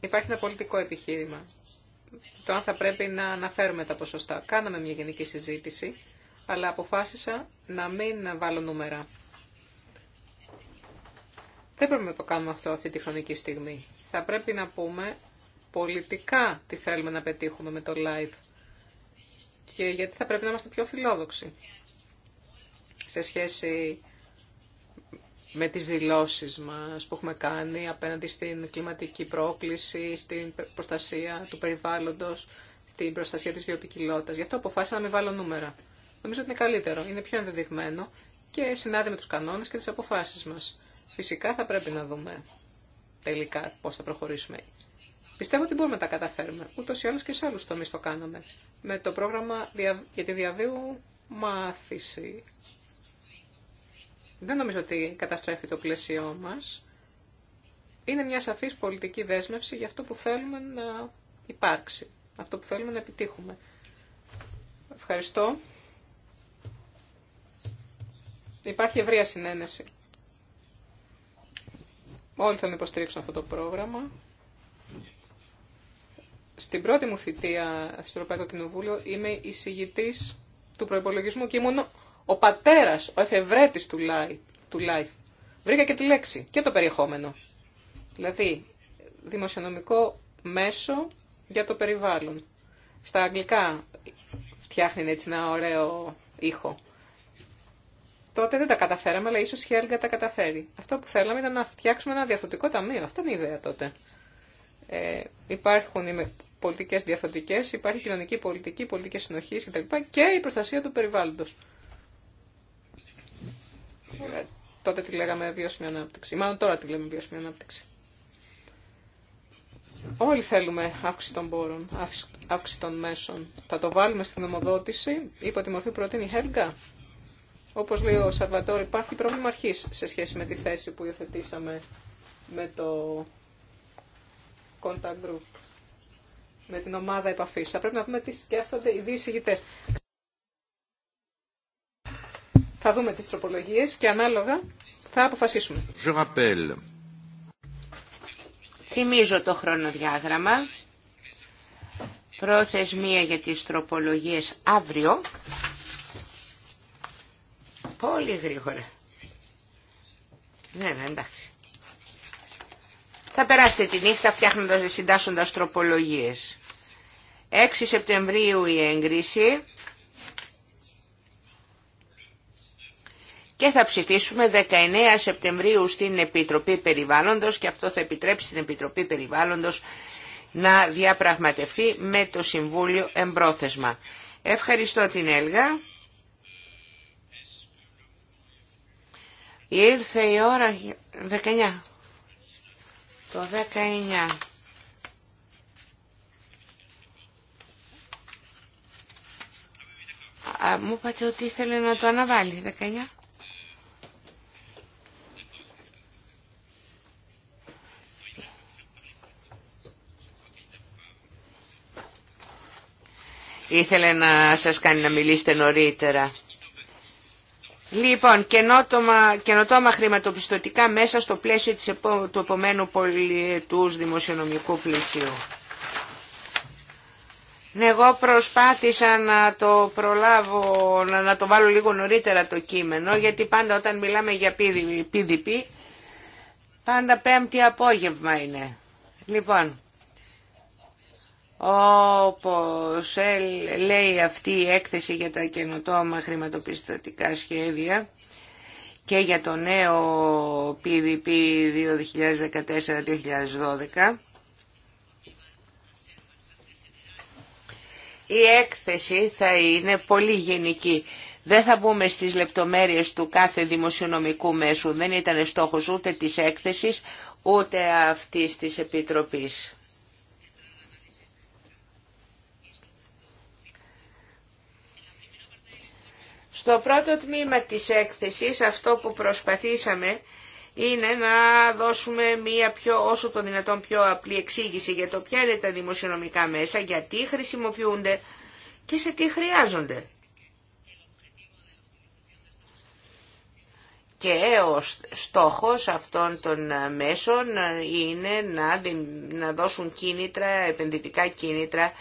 Υπάρχει ένα πολιτικό επιχείρημα. Το αν θα πρέπει να αναφέρουμε τα ποσοστά. Κάναμε μια γενική συζήτηση, αλλά αποφάσισα να μην βάλω νούμερα. Δεν πρέπει να το κάνουμε αυτό αυτή τη χρονική στιγμή. Θα πρέπει να πούμε πολιτικά τι θέλουμε να πετύχουμε με το live και γιατί θα πρέπει να είμαστε πιο φιλόδοξοι σε σχέση με τις δηλώσεις μας που έχουμε κάνει απέναντι στην κλιματική πρόκληση, στην προστασία του περιβάλλοντος, την προστασία της βιοπικιλότητας. Γι' αυτό αποφάσισα να μην βάλω νούμερα. Νομίζω ότι είναι καλύτερο, είναι πιο ενδεδειγμένο και συνάδει με τους κανόνες και τις αποφάσεις μας. Φυσικά θα πρέπει να δούμε τελικά πώς θα προχωρήσουμε. Πιστεύω ότι μπορούμε να τα καταφέρουμε. Ούτω ή άλλω και σε άλλου τομεί το κάναμε. Με το πρόγραμμα για τη διαβίου μάθηση. Δεν νομίζω ότι καταστρέφει το πλαίσιό μας. Είναι μια σαφής πολιτική δέσμευση για αυτό που θέλουμε να υπάρξει, αυτό που θέλουμε να επιτύχουμε. Ευχαριστώ. Υπάρχει ευρεία συνένεση. Όλοι θέλουν να υποστηρίξουν αυτό το πρόγραμμα. Στην πρώτη μου θητεία στο Ευρωπαϊκό Κοινοβούλιο είμαι εισηγητή του προπολογισμού και ήμουν ο πατέρα, ο εφευρέτη του, του LIFE. Βρήκα και τη λέξη και το περιεχόμενο. Δηλαδή, δημοσιονομικό μέσο για το περιβάλλον. Στα αγγλικά φτιάχνει έτσι ένα ωραίο ήχο. Τότε δεν τα καταφέραμε, αλλά ίσως η Χέλγα τα καταφέρει. Αυτό που θέλαμε ήταν να φτιάξουμε ένα διαφορετικό ταμείο. Αυτή είναι η ιδέα τότε. Ε, υπάρχουν οι πολιτικέ διαφορετικέ, υπάρχει η κοινωνική πολιτική, πολιτικέ συνοχή κτλ. και η προστασία του περιβάλλοντο. Ε, τότε τη λέγαμε βιώσιμη ανάπτυξη. Μάλλον τώρα τη λέμε βιώσιμη ανάπτυξη. Όλοι θέλουμε αύξηση των πόρων, αύξηση των μέσων. Θα το βάλουμε στην ομοδότηση. υπό τη μορφή προτείνει η Χέλγκα. Όπως λέει ο Σαρβατόρ, υπάρχει πρόβλημα αρχής σε σχέση με τη θέση που υιοθετήσαμε με το contact group, με την ομάδα επαφής. Θα πρέπει να δούμε τι σκέφτονται οι δύο Θα δούμε τις τροπολογίες και ανάλογα θα αποφασίσουμε. Θυμίζω το χρονοδιάγραμμα. Προθεσμία για τις τροπολογίες αύριο. Πολύ γρήγορα. Ναι, ναι, εντάξει. Θα περάσετε τη νύχτα φτιάχνοντας, συντάσσοντας τροπολογίες. 6 Σεπτεμβρίου η έγκριση και θα ψηφίσουμε 19 Σεπτεμβρίου στην Επιτροπή Περιβάλλοντος και αυτό θα επιτρέψει στην Επιτροπή Περιβάλλοντος να διαπραγματευτεί με το Συμβούλιο εμπρόθεσμα. Ευχαριστώ την Έλγα. Ήρθε η ώρα 19. Το 19. Α, μου είπατε ότι ήθελε να το αναβάλει. 19. Ήθελε να σας κάνει να μιλήσετε νωρίτερα. Λοιπόν, καινοτόμα, καινοτόμα χρηματοπιστωτικά μέσα στο πλαίσιο της, του επομένου πολιετούς δημοσιονομικού πλαισίου. Ναι, εγώ προσπάθησα να το προλάβω, να, να το βάλω λίγο νωρίτερα το κείμενο, γιατί πάντα όταν μιλάμε για PDP, πάντα πέμπτη απόγευμα είναι. Λοιπόν, όπως λέει αυτή η έκθεση για τα καινοτόμα χρηματοπιστωτικά σχέδια και για το νέο PVP 2014-2012, η έκθεση θα είναι πολύ γενική. Δεν θα μπούμε στις λεπτομέρειες του κάθε δημοσιονομικού μέσου. Δεν ήταν στόχος ούτε της έκθεσης, ούτε αυτής της Επιτροπής. Στο πρώτο τμήμα της έκθεσης αυτό που προσπαθήσαμε είναι να δώσουμε μία πιο, όσο το δυνατόν πιο απλή εξήγηση για το ποια είναι τα δημοσιονομικά μέσα, γιατί χρησιμοποιούνται και σε τι χρειάζονται. Και ο στόχος αυτών των μέσων είναι να, να δώσουν κίνητρα, επενδυτικά κίνητρα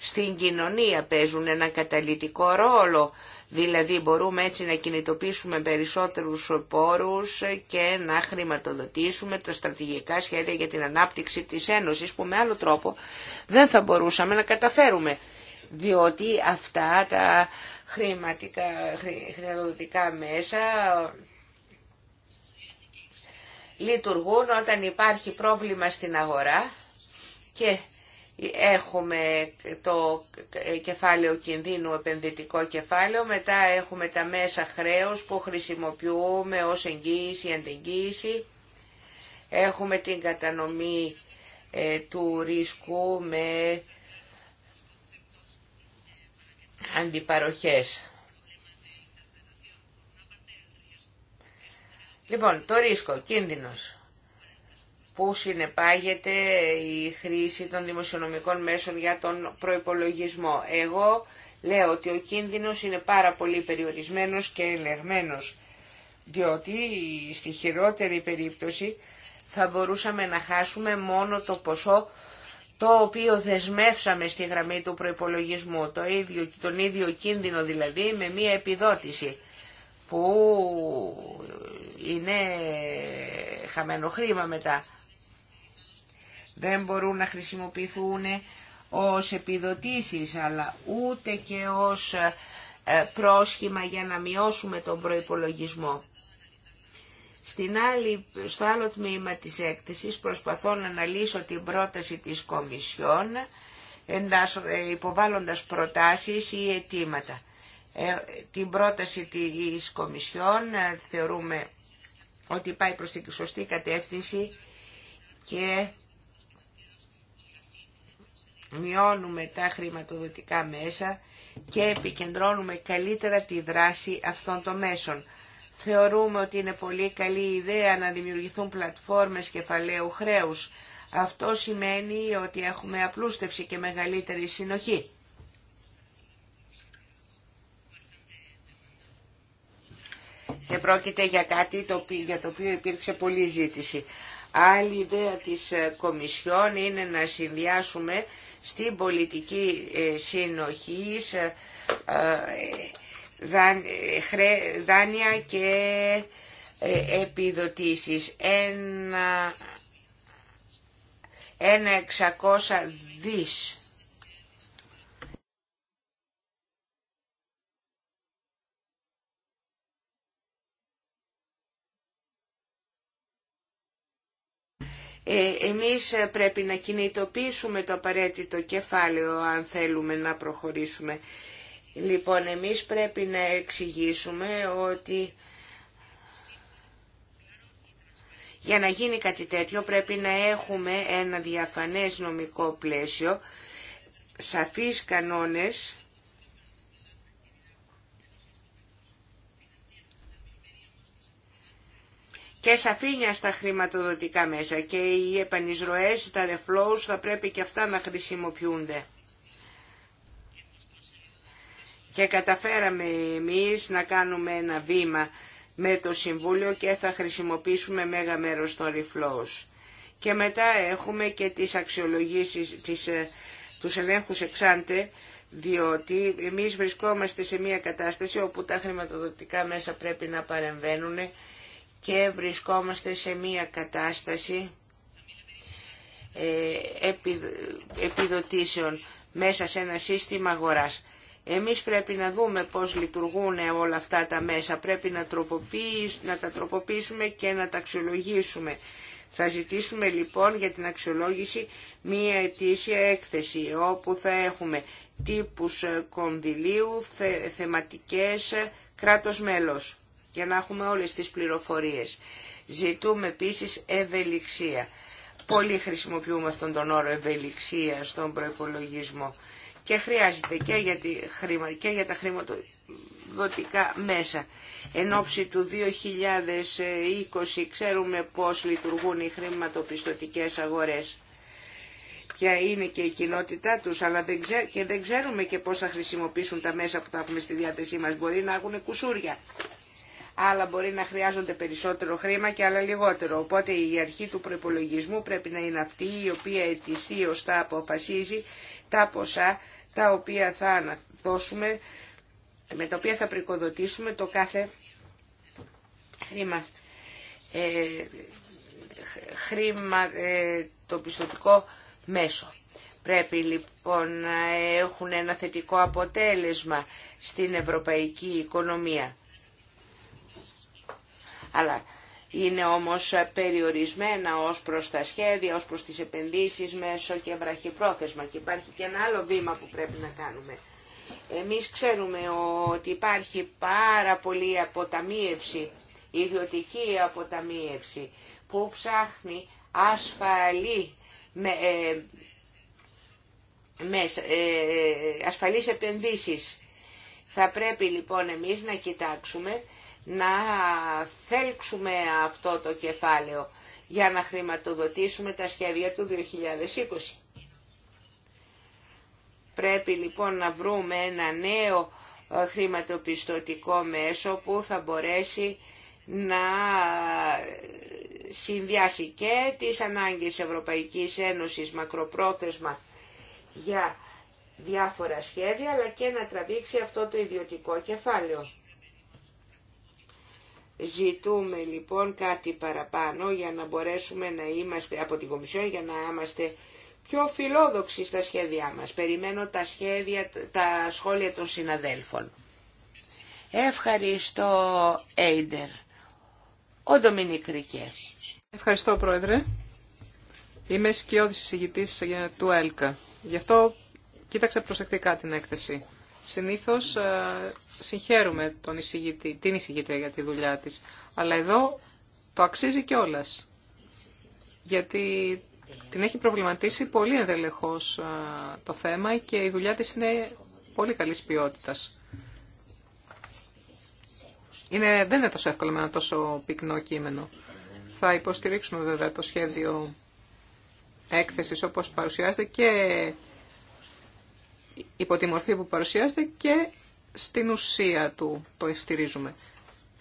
στην κοινωνία. Παίζουν ένα καταλητικό ρόλο Δηλαδή μπορούμε έτσι να κινητοποιήσουμε περισσότερους πόρους και να χρηματοδοτήσουμε τα στρατηγικά σχέδια για την ανάπτυξη της Ένωσης που με άλλο τρόπο δεν θα μπορούσαμε να καταφέρουμε. Διότι αυτά τα χρηματικά, χρηματοδοτικά μέσα λειτουργούν όταν υπάρχει πρόβλημα στην αγορά και Έχουμε το κεφάλαιο κινδύνου, επενδυτικό κεφάλαιο, μετά έχουμε τα μέσα χρέους που χρησιμοποιούμε ως εγγύηση, αντεγγύηση. Έχουμε την κατανομή ε, του ρίσκου με αντιπαροχές. Λοιπόν, το ρίσκο, κίνδυνος που συνεπάγεται η χρήση των δημοσιονομικών μέσων για τον προϋπολογισμό. Εγώ λέω ότι ο κίνδυνος είναι πάρα πολύ περιορισμένος και ελεγμένος, διότι στη χειρότερη περίπτωση θα μπορούσαμε να χάσουμε μόνο το ποσό το οποίο δεσμεύσαμε στη γραμμή του προϋπολογισμού, το ίδιο, τον ίδιο κίνδυνο δηλαδή με μία επιδότηση που είναι χαμένο χρήμα μετά δεν μπορούν να χρησιμοποιηθούν ως επιδοτήσεις αλλά ούτε και ως ε, πρόσχημα για να μειώσουμε τον προϋπολογισμό. Στην άλλη, στο άλλο τμήμα της έκθεσης προσπαθώ να αναλύσω την πρόταση της Κομισιόν ε, υποβάλλοντας προτάσεις ή αιτήματα. Ε, την πρόταση της Κομισιόν θεωρούμε ότι πάει προς την σωστή κατεύθυνση και μειώνουμε τα χρηματοδοτικά μέσα και επικεντρώνουμε καλύτερα τη δράση αυτών των μέσων. Θεωρούμε ότι είναι πολύ καλή ιδέα να δημιουργηθούν πλατφόρμες κεφαλαίου χρέους. Αυτό σημαίνει ότι έχουμε απλούστευση και μεγαλύτερη συνοχή. Και πρόκειται για κάτι το για το οποίο υπήρξε πολλή ζήτηση. Άλλη ιδέα της ε, Κομισιόν είναι να συνδυάσουμε στην πολιτική ε, συνοχή ε, ε, δάνεια και επιδοτήσεις. Ένα, ένα 600 δις. Ε, εμείς ε, πρέπει να κινητοποιήσουμε το απαραίτητο κεφάλαιο αν θέλουμε να προχωρήσουμε. Λοιπόν, εμείς πρέπει να εξηγήσουμε ότι για να γίνει κάτι τέτοιο πρέπει να έχουμε ένα διαφανές νομικό πλαίσιο, σαφείς κανόνες και σαφήνια στα χρηματοδοτικά μέσα και οι επανεισρωές, τα reflows θα πρέπει και αυτά να χρησιμοποιούνται. Και καταφέραμε εμείς να κάνουμε ένα βήμα με το Συμβούλιο και θα χρησιμοποιήσουμε μέγα μέρος των reflows. Και μετά έχουμε και τις αξιολογήσεις, τις, ε, τους ελέγχους εξάντε, διότι εμείς βρισκόμαστε σε μια κατάσταση όπου τα χρηματοδοτικά μέσα πρέπει να παρεμβαίνουν και βρισκόμαστε σε μία κατάσταση ε, επιδοτήσεων μέσα σε ένα σύστημα αγοράς. Εμείς πρέπει να δούμε πώς λειτουργούν όλα αυτά τα μέσα. Πρέπει να, να τα τροποποιήσουμε και να τα αξιολογήσουμε. Θα ζητήσουμε λοιπόν για την αξιολόγηση μία ετήσια έκθεση όπου θα έχουμε τύπους ε, κονδυλίου, θε, θεματικές, ε, κράτος μέλος για να έχουμε όλες τις πληροφορίες. Ζητούμε επίσης ευελιξία. Πολύ χρησιμοποιούμε αυτόν τον όρο ευελιξία στον προπολογισμό και χρειάζεται και για, τη χρημα... για τα χρηματοδοτικά μέσα. Εν ώψη του 2020 ξέρουμε πώς λειτουργούν οι χρηματοπιστωτικές αγορές. Ποια είναι και η κοινότητά τους, αλλά δεν και δεν ξέρουμε και πώς θα χρησιμοποιήσουν τα μέσα που θα έχουμε στη διάθεσή μας. Μπορεί να έχουν κουσούρια άλλα μπορεί να χρειάζονται περισσότερο χρήμα και άλλα λιγότερο. Οπότε η αρχή του προπολογισμού πρέπει να είναι αυτή η οποία ετησίως θα αποφασίζει τα ποσά τα οποία θα αναδώσουμε, με τα οποία θα πρικοδοτήσουμε το κάθε χρήμα. Ε, χρήμα ε, το πιστοτικό μέσο. Πρέπει λοιπόν να έχουν ένα θετικό αποτέλεσμα στην ευρωπαϊκή οικονομία αλλά είναι όμως περιορισμένα ως προς τα σχέδια, ως προς τις επενδύσεις μέσω και βραχυπρόθεσμα και υπάρχει και ένα άλλο βήμα που πρέπει να κάνουμε. Εμείς ξέρουμε ότι υπάρχει πάρα πολύ αποταμίευση, ιδιωτική αποταμίευση, που ψάχνει ασφαλή με, ε, ε, ε, ασφαλείς επενδύσεις. Θα πρέπει λοιπόν εμείς να κοιτάξουμε να θέλξουμε αυτό το κεφάλαιο για να χρηματοδοτήσουμε τα σχέδια του 2020. Πρέπει λοιπόν να βρούμε ένα νέο ε, χρηματοπιστωτικό μέσο που θα μπορέσει να ε, συνδυάσει και τις ανάγκες Ευρωπαϊκής Ένωσης μακροπρόθεσμα για διάφορα σχέδια αλλά και να τραβήξει αυτό το ιδιωτικό κεφάλαιο. Ζητούμε λοιπόν κάτι παραπάνω για να μπορέσουμε να είμαστε από την Κομισιόν για να είμαστε πιο φιλόδοξοι στα σχέδιά μας. Περιμένω τα, σχέδια, τα σχόλια των συναδέλφων. Ευχαριστώ, Έιντερ. Ο Ντομινίκ Ευχαριστώ, Πρόεδρε. Είμαι σκιώδης εισηγητής του ΕΛΚΑ. Γι' αυτό κοίταξα προσεκτικά την έκθεση. Συνήθως ε, συγχαίρουμε τον εισηγητή, την εισηγητή για τη δουλειά της. Αλλά εδώ το αξίζει κιόλα. Γιατί την έχει προβληματίσει πολύ ενδελεχώς ε, το θέμα και η δουλειά της είναι πολύ καλής ποιότητας. Είναι, δεν είναι τόσο εύκολο με ένα τόσο πυκνό κείμενο. Θα υποστηρίξουμε βέβαια το σχέδιο έκθεσης όπως παρουσιάζεται και υπό τη μορφή που παρουσιάζεται και στην ουσία του το ευστηρίζουμε.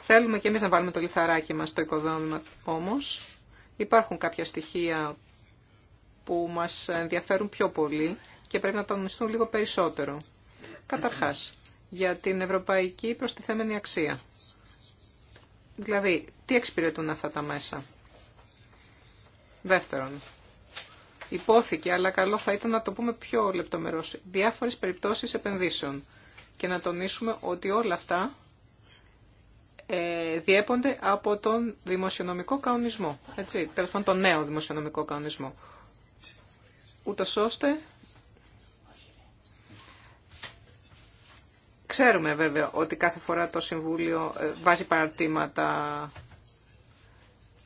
Θέλουμε και εμείς να βάλουμε το λιθαράκι μας στο οικοδόμημα όμως. Υπάρχουν κάποια στοιχεία που μας ενδιαφέρουν πιο πολύ και πρέπει να τονιστούν λίγο περισσότερο. Καταρχάς, για την ευρωπαϊκή προστιθέμενη αξία. Δηλαδή, τι εξυπηρετούν αυτά τα μέσα. Δεύτερον, υπόθηκε, αλλά καλό θα ήταν να το πούμε πιο λεπτομερώς. Διάφορες περιπτώσεις επενδύσεων και να τονίσουμε ότι όλα αυτά ε, διέπονται από τον δημοσιονομικό κανονισμό, έτσι, τέλος πάντων τον νέο δημοσιονομικό κανονισμό. Ούτως ώστε Ξέρουμε βέβαια ότι κάθε φορά το Συμβούλιο ε, βάζει παρατήματα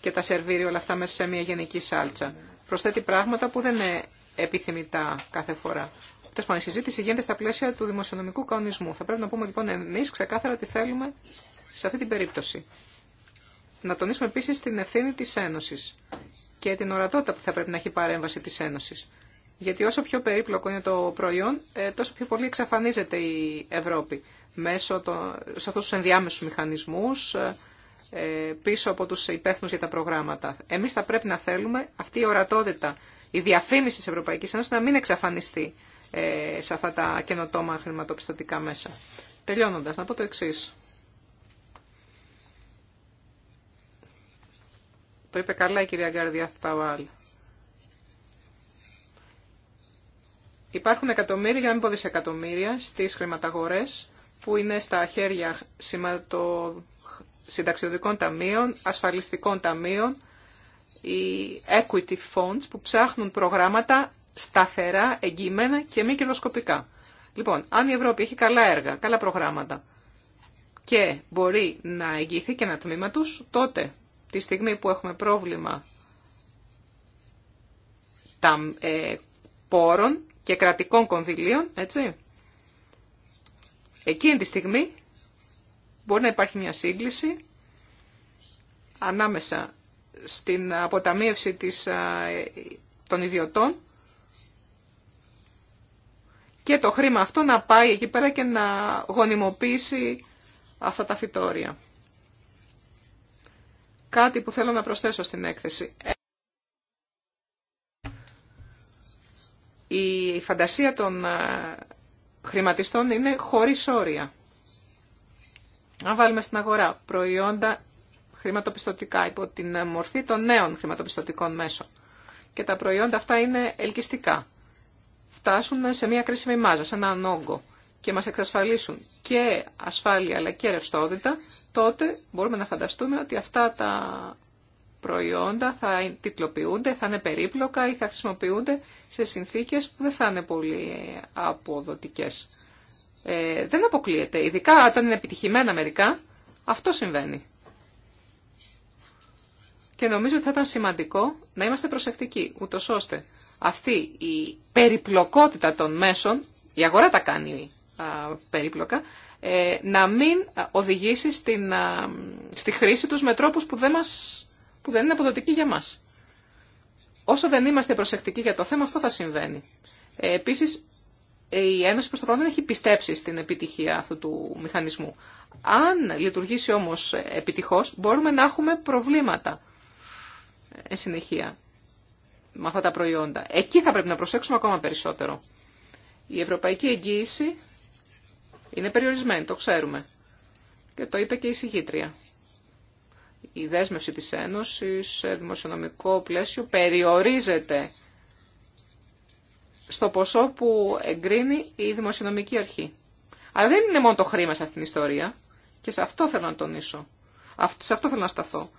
και τα σερβίρει όλα αυτά μέσα σε μια γενική σάλτσα προσθέτει πράγματα που δεν είναι επιθυμητά κάθε φορά. Τέλο πάντων, η συζήτηση γίνεται στα πλαίσια του δημοσιονομικού κανονισμού. Θα πρέπει να πούμε λοιπόν εμεί ξεκάθαρα τι θέλουμε σε αυτή την περίπτωση. Να τονίσουμε επίση την ευθύνη τη Ένωση και την ορατότητα που θα πρέπει να έχει η παρέμβαση τη Ένωση. Γιατί όσο πιο περίπλοκο είναι το προϊόν, ε, τόσο πιο πολύ εξαφανίζεται η Ευρώπη μέσω σε αυτού του ενδιάμεσου μηχανισμού. Ε, ε, πίσω από τους υπεύθυνου για τα προγράμματα. Εμείς θα πρέπει να θέλουμε αυτή η ορατότητα, η διαφήμιση της Ευρωπαϊκής Ένωσης να μην εξαφανιστεί ε, σε αυτά τα καινοτόμα χρηματοπιστωτικά μέσα. Τελειώνοντας, να πω το εξής. Το είπε καλά η κυρία Γκάρδια Ταβάλ. Υπάρχουν εκατομμύρια, για να μην πω δισεκατομμύρια, στις χρηματαγορές που είναι στα χέρια συνταξιοδικών ταμείων, ασφαλιστικών ταμείων, οι equity funds που ψάχνουν προγράμματα σταθερά, εγγυημένα και μη κερδοσκοπικά. Λοιπόν, αν η Ευρώπη έχει καλά έργα, καλά προγράμματα και μπορεί να εγγυηθεί και ένα τμήμα τους, τότε τη στιγμή που έχουμε πρόβλημα τα, ε, πόρων και κρατικών κονδυλίων, έτσι, εκείνη τη στιγμή Μπορεί να υπάρχει μια σύγκληση ανάμεσα στην αποταμίευση της, των ιδιωτών και το χρήμα αυτό να πάει εκεί πέρα και να γονιμοποιήσει αυτά τα φυτόρια. Κάτι που θέλω να προσθέσω στην έκθεση. Η φαντασία των χρηματιστών είναι χωρίς όρια αν βάλουμε στην αγορά προϊόντα χρηματοπιστωτικά υπό την ε, μορφή των νέων χρηματοπιστωτικών μέσων και τα προϊόντα αυτά είναι ελκυστικά, φτάσουν σε μια κρίσιμη μάζα, σε έναν όγκο και μας εξασφαλίσουν και ασφάλεια αλλά και ρευστότητα, τότε μπορούμε να φανταστούμε ότι αυτά τα προϊόντα θα τυπλοποιούνται, θα είναι περίπλοκα ή θα χρησιμοποιούνται σε συνθήκες που δεν θα είναι πολύ αποδοτικές. Ε, δεν αποκλείεται. Ειδικά όταν είναι επιτυχημένα μερικά, αυτό συμβαίνει. Και νομίζω ότι θα ήταν σημαντικό να είμαστε προσεκτικοί, ούτω ώστε αυτή η περιπλοκότητα των μέσων, η αγορά τα κάνει περίπλοκα, ε, να μην οδηγήσει στην, στη χρήση τους με τρόπους που δεν, μας, που δεν είναι αποδοτικοί για μας. Όσο δεν είμαστε προσεκτικοί για το θέμα, αυτό θα συμβαίνει. Ε, επίσης, η Ένωση προς το παρόν δεν έχει πιστέψει στην επιτυχία αυτού του μηχανισμού. Αν λειτουργήσει όμως επιτυχώς, μπορούμε να έχουμε προβλήματα εν συνεχεία με αυτά τα προϊόντα. Εκεί θα πρέπει να προσέξουμε ακόμα περισσότερο. Η ευρωπαϊκή εγγύηση είναι περιορισμένη, το ξέρουμε. Και το είπε και η συγκήτρια. Η δέσμευση της Ένωσης σε δημοσιονομικό πλαίσιο περιορίζεται στο ποσό που εγκρίνει η Δημοσιονομική Αρχή. Αλλά δεν είναι μόνο το χρήμα σε αυτήν την ιστορία και σε αυτό θέλω να τονίσω. Σε αυτό θέλω να σταθώ.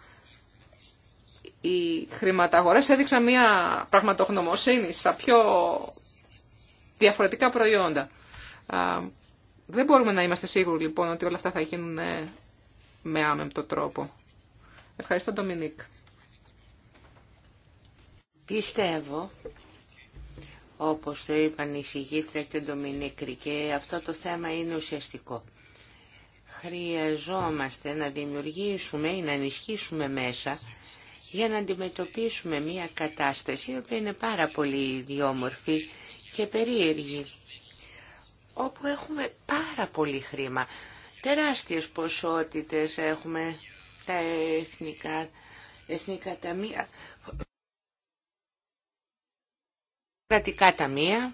Οι χρηματαγορές έδειξαν μια πραγματογνωμοσύνη στα πιο διαφορετικά προϊόντα. Δεν μπορούμε να είμαστε σίγουροι λοιπόν ότι όλα αυτά θα γίνουν ε, με άμεμπτο τρόπο. Ευχαριστώ Ντομινίκ. Πιστεύω όπως το είπαν η Σιγήτρια και το Ντομινίκρη και αυτό το θέμα είναι ουσιαστικό. Χρειαζόμαστε να δημιουργήσουμε ή να ενισχύσουμε μέσα για να αντιμετωπίσουμε μια κατάσταση που είναι πάρα πολύ ιδιόμορφη και περίεργη όπου έχουμε πάρα πολύ χρήμα τεράστιες ποσότητες έχουμε τα εθνικά, εθνικά ταμεία κρατικά ταμεία,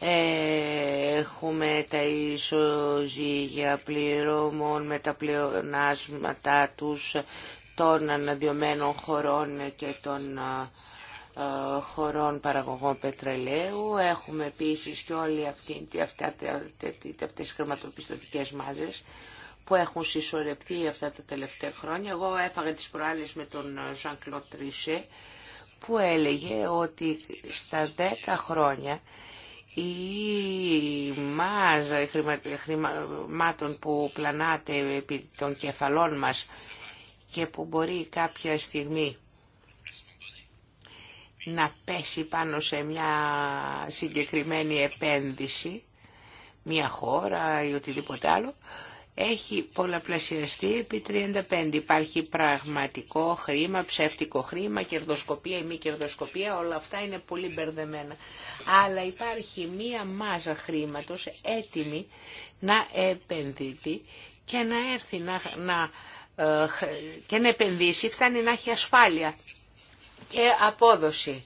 ε, έχουμε τα ισοζύγια πληρωμών με τα πλεονάσματα τους των αναδειωμένων χωρών και των ε, ε, χωρών παραγωγών πετρελαίου. Έχουμε επίσης και όλοι αυτοί, αυτά, αυτές τις χρηματοπιστωτικές μάζες που έχουν συσσωρευτεί αυτά τα τελευταία χρόνια. Εγώ έφαγα τις προάλλες με τον Jean-Claude που έλεγε ότι στα 10 χρόνια η μάζα χρημάτων που πλανάται επί των κεφαλών μας και που μπορεί κάποια στιγμή να πέσει πάνω σε μια συγκεκριμένη επένδυση, μια χώρα ή οτιδήποτε άλλο, έχει πολλαπλασιαστεί επί 35. Υπάρχει πραγματικό χρήμα, ψεύτικο χρήμα, κερδοσκοπία ή μη κερδοσκοπία, όλα αυτά είναι πολύ μπερδεμένα. Αλλά υπάρχει μία μάζα χρήματος έτοιμη να επενδύει και να έρθει να, να, ε, και να επενδύσει, φτάνει να έχει ασφάλεια και απόδοση.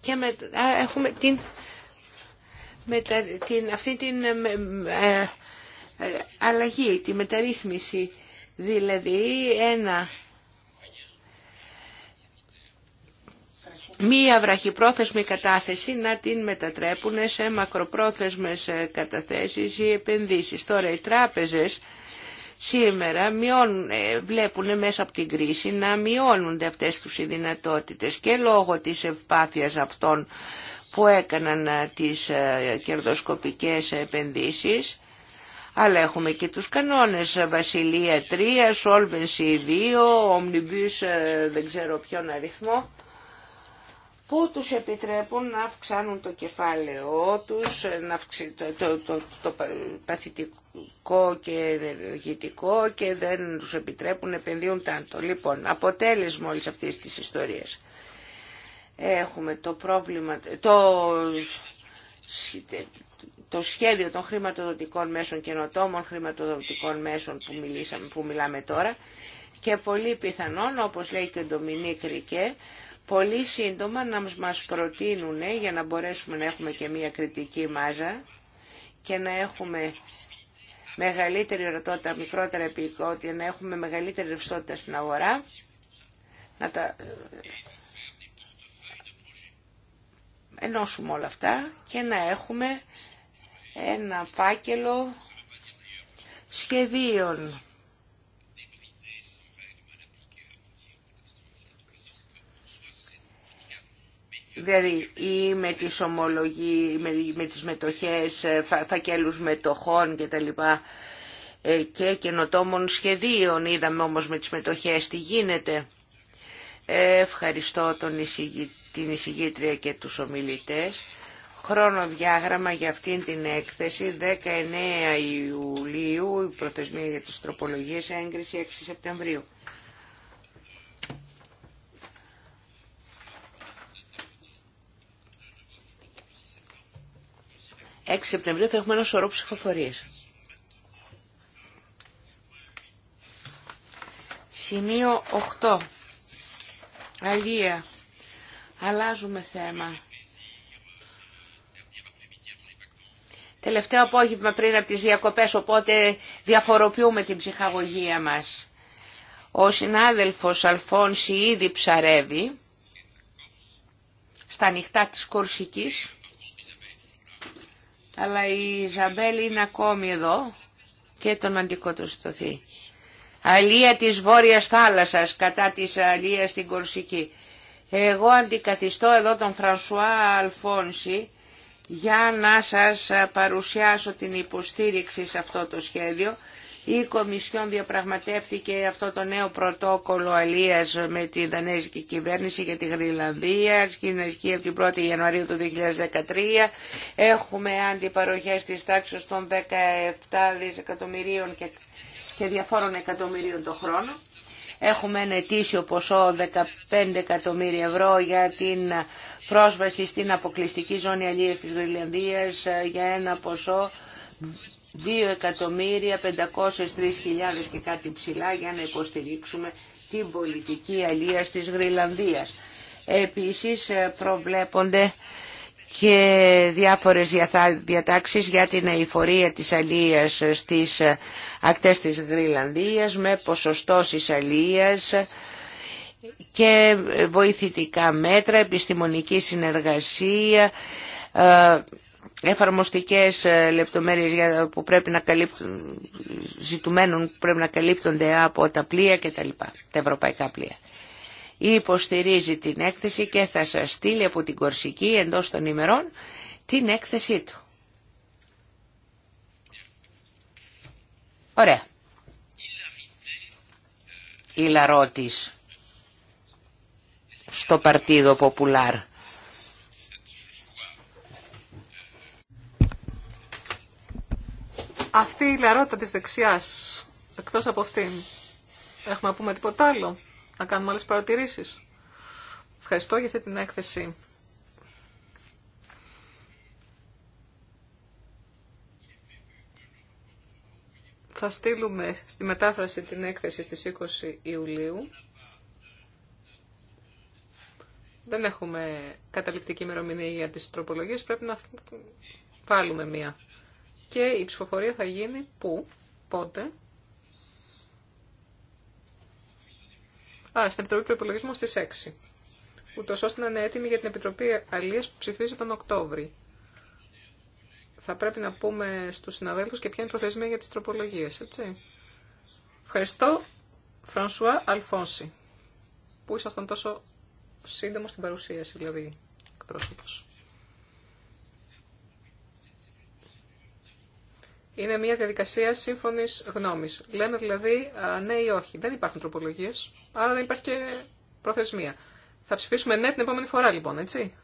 Και με, έχουμε την, με, την, αυτή την... Ε, ε, ε, αλλαγή, τη μεταρρύθμιση. Δηλαδή ένα μία βραχυπρόθεσμη κατάθεση να την μετατρέπουν σε μακροπρόθεσμες ε, καταθέσεις ή επενδύσεις. Τώρα οι τράπεζες σήμερα μειώνουν, ε, βλέπουν μέσα από την κρίση να μειώνονται αυτές τους οι δυνατότητες και λόγω της ευπάθειας αυτών που έκαναν τις κερδοσκοπικές επενδύσεις αλλά έχουμε και τους κανόνες ε, Βασιλεία 3, Solvency 2, Omnibus ε, δεν ξέρω ποιον αριθμό που τους επιτρέπουν να αυξάνουν το κεφάλαιό τους, ε, να αυξη... το, το, το, παθητικό και ενεργητικό και δεν τους επιτρέπουν να επενδύουν τάντο. Λοιπόν, αποτέλεσμα όλης αυτής της ιστορίας. Έχουμε το πρόβλημα, το, το σχέδιο των χρηματοδοτικών μέσων, καινοτόμων χρηματοδοτικών μέσων που, μιλήσαμε, που μιλάμε τώρα και πολύ πιθανόν, όπως λέει και ο Ντομινίκ Ρικέ, πολύ σύντομα να μας προτείνουν για να μπορέσουμε να έχουμε και μια κριτική μάζα και να έχουμε μεγαλύτερη ορατότητα, μικρότερα επικότητα, να έχουμε μεγαλύτερη ρευστότητα στην αγορά, να τα ε, ενώσουμε όλα αυτά και να έχουμε ένα φάκελο σχεδίων. δηλαδή ή με τις ομολογίες, με, με τις μετοχές, ε, φακέλους μετοχών και τα λοιπά ε, και καινοτόμων σχεδίων. Είδαμε όμως με τις μετοχές τι γίνεται. Ε, ευχαριστώ τον την εισηγήτρια και τους ομιλητές διάγραμμα για αυτήν την έκθεση 19 Ιουλίου, η προθεσμία για τις τροπολογίες έγκριση 6 Σεπτεμβρίου. ...6 Σεπτεμβρίου θα έχουμε ένα σωρό ψυχοφορίες. Σημείο 8. Αλία. Αλλάζουμε θέμα. τελευταίο απόγευμα πριν από τις διακοπές, οπότε διαφοροποιούμε την ψυχαγωγία μας. Ο συνάδελφος Αλφόνση ήδη ψαρεύει στα νυχτά της Κορσικής, αλλά η Ζαμπέλη είναι ακόμη εδώ και τον αντικό του στοθεί. Αλία της Βόρειας Θάλασσας κατά της Αλίας στην Κορσική. Εγώ αντικαθιστώ εδώ τον Φρανσουά Αλφόνση, για να σας παρουσιάσω την υποστήριξη σε αυτό το σχέδιο, η Κομισιόν διαπραγματεύτηκε αυτό το νέο πρωτόκολλο αλίας με την Δανέζικη κυβέρνηση για τη Γρυλανδία. Στην από την 1η Ιανουαρίου του 2013 έχουμε αντιπαροχές της τάξης των 17 δισεκατομμυρίων και, και διαφόρων εκατομμυρίων το χρόνο. Έχουμε ένα ετήσιο ποσό 15 εκατομμύρια ευρώ για την πρόσβαση στην αποκλειστική ζώνη αλλίας της Γρυλανδίας ε, για ένα ποσό 2.503.000 και κάτι ψηλά για να υποστηρίξουμε την πολιτική αλίας της Γρυλανδίας. Επίσης ε, προβλέπονται και διάφορες διατάξεις για την αηφορία της αλίας στις ε, ακτές της Γρυλανδίας με ποσοστό στις αλίας και βοηθητικά μέτρα, επιστημονική συνεργασία, ε, εφαρμοστικές ε, λεπτομέρειες που πρέπει να καλύπτουν, ζητουμένων που πρέπει να καλύπτονται από τα πλοία και τα λοιπά, τα ευρωπαϊκά πλοία. Υποστηρίζει την έκθεση και θα σας στείλει από την Κορσική εντός των ημερών την έκθεσή του. Ωραία. Η στο Παρτίδο Ποπουλάρ. Αυτή η λαρότητα της δεξιάς, εκτός από αυτήν, έχουμε να πούμε τίποτα άλλο, να κάνουμε άλλες παρατηρήσεις. Ευχαριστώ για αυτή την έκθεση. Θα στείλουμε στη μετάφραση την έκθεση στις 20 Ιουλίου. Δεν έχουμε καταληκτική ημερομηνία για τις τροπολογίες, πρέπει να βάλουμε μία. Και η ψηφοφορία θα γίνει πού, πότε. Α, στην Επιτροπή Προπολογισμού στις 6. Ούτως ώστε να είναι έτοιμη για την Επιτροπή Αλίας που ψηφίζει τον Οκτώβρη. Θα πρέπει να πούμε στους συναδέλφους και ποια είναι η προθεσμία για τις τροπολογίες, έτσι. Ευχαριστώ, Φρανσουά Αλφόνση, που ήσασταν τόσο σύντομο στην παρουσίαση, δηλαδή, εκπρόσωπος. Είναι μια διαδικασία σύμφωνη γνώμη. Λέμε δηλαδή α, ναι ή όχι. Δεν υπάρχουν τροπολογίε, άρα δεν υπάρχει και προθεσμία. Θα ψηφίσουμε ναι την επόμενη φορά λοιπόν, έτσι.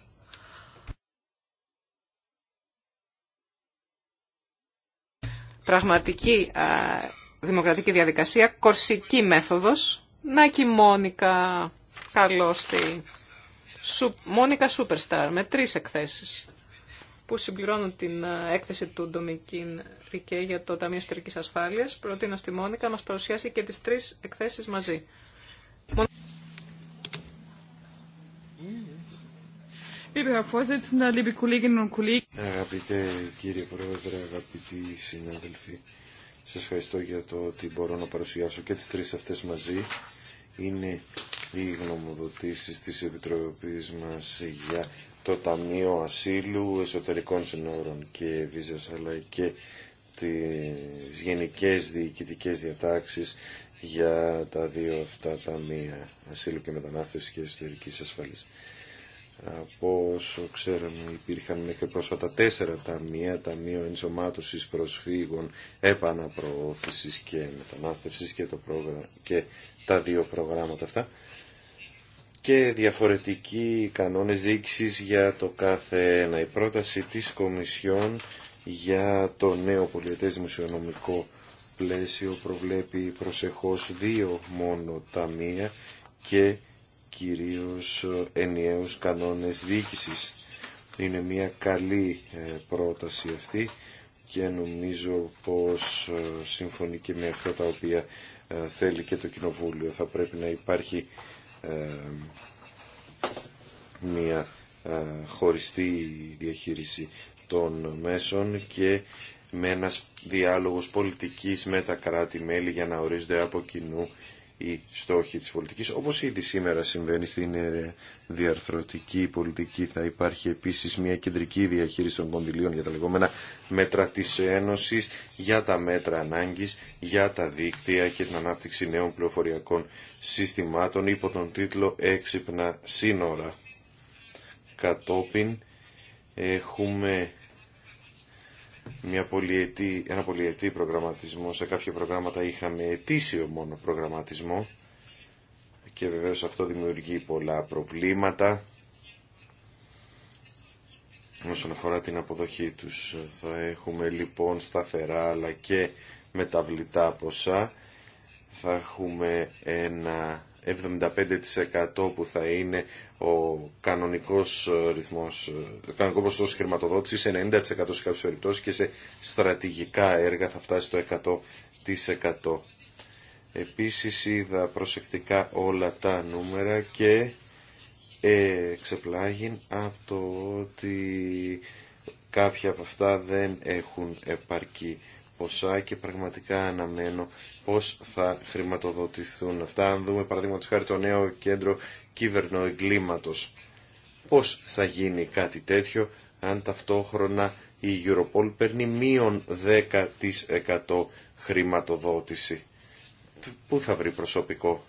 Πραγματική δημοκρατική διαδικασία, κορσική μέθοδος, να Μόνικα καλό στη Μόνικα σούπερσταρ με τρεις εκθέσεις που συμπληρώνουν την ε, έκθεση του Ντομικίν Ρικέ για το Ταμείο Ιστορικής Ασφάλειας. Προτείνω στη Μόνικα να μας παρουσιάσει και τις τρεις εκθέσεις μαζί. Αγαπητέ κύριε Πρόεδρε, αγαπητοί συνάδελφοι, σας ευχαριστώ για το ότι μπορώ να παρουσιάσω και τις τρεις αυτές μαζί είναι οι γνωμοδοτήσεις της Επιτροπής μας για το Ταμείο Ασύλου, Εσωτερικών Συνόρων και Βίζας, αλλά και τις γενικές διοικητικές διατάξεις για τα δύο αυτά ταμεία ασύλου και μετανάστευση και εσωτερικής ασφαλής. Από όσο ξέραμε υπήρχαν μέχρι πρόσφατα τέσσερα ταμεία, ταμείο ενσωμάτωσης προσφύγων, επαναπροώθησης και μετανάστευσης και το, πρόγραμμα, και τα δύο προγράμματα αυτά και διαφορετικοί κανόνες διοίκησης για το κάθε ένα. Η πρόταση της Κομισιόν για το νέο πολιετές δημοσιονομικό πλαίσιο προβλέπει προσεχώς δύο μόνο ταμεία και κυρίως ενιαίους κανόνες διοίκησης. Είναι μια καλή ε, πρόταση αυτή και νομίζω πως ε, συμφωνεί και με αυτά τα οποία ε, θέλει και το Κοινοβούλιο. Θα πρέπει να υπάρχει ε, μια ε, χωριστή διαχείριση των μέσων και με ένας διάλογος πολιτικής με τα κράτη-μέλη για να ορίζονται από κοινού οι στόχοι της πολιτικής, όπως ήδη σήμερα συμβαίνει στην ε, διαρθρωτική πολιτική. Θα υπάρχει επίσης μια κεντρική διαχείριση των κοντιλίων για τα λεγόμενα μέτρα της Ένωσης, για τα μέτρα ανάγκης, για τα δίκτυα και την ανάπτυξη νέων πληροφοριακών συστημάτων υπό τον τίτλο «Έξυπνα σύνορα». Κατόπιν έχουμε μια πολυετή, ένα πολυετή προγραμματισμό. Σε κάποια προγράμματα είχαμε ετήσιο μόνο προγραμματισμό και βεβαίως αυτό δημιουργεί πολλά προβλήματα όσον αφορά την αποδοχή τους. Θα έχουμε λοιπόν σταθερά αλλά και μεταβλητά ποσά. Θα έχουμε ένα 75% που θα είναι ο κανονικός ε, ρυθμός, το ε, κανονικό ποσοστό χρηματοδότηση χρηματοδότησης σε 90% σε κάποιε περιπτώσει και σε στρατηγικά έργα θα φτάσει στο 100%. Επίσης είδα προσεκτικά όλα τα νούμερα και ε, ξεπλάγει από το ότι κάποια από αυτά δεν έχουν επαρκή ποσά και πραγματικά αναμένω πώς θα χρηματοδοτηθούν αυτά. Αν δούμε παραδείγματος χάρη το νέο κέντρο κυβερνοεγκλήματος. Πώς θα γίνει κάτι τέτοιο αν ταυτόχρονα η Europol παίρνει μείον 10% χρηματοδότηση. Πού θα βρει προσωπικό.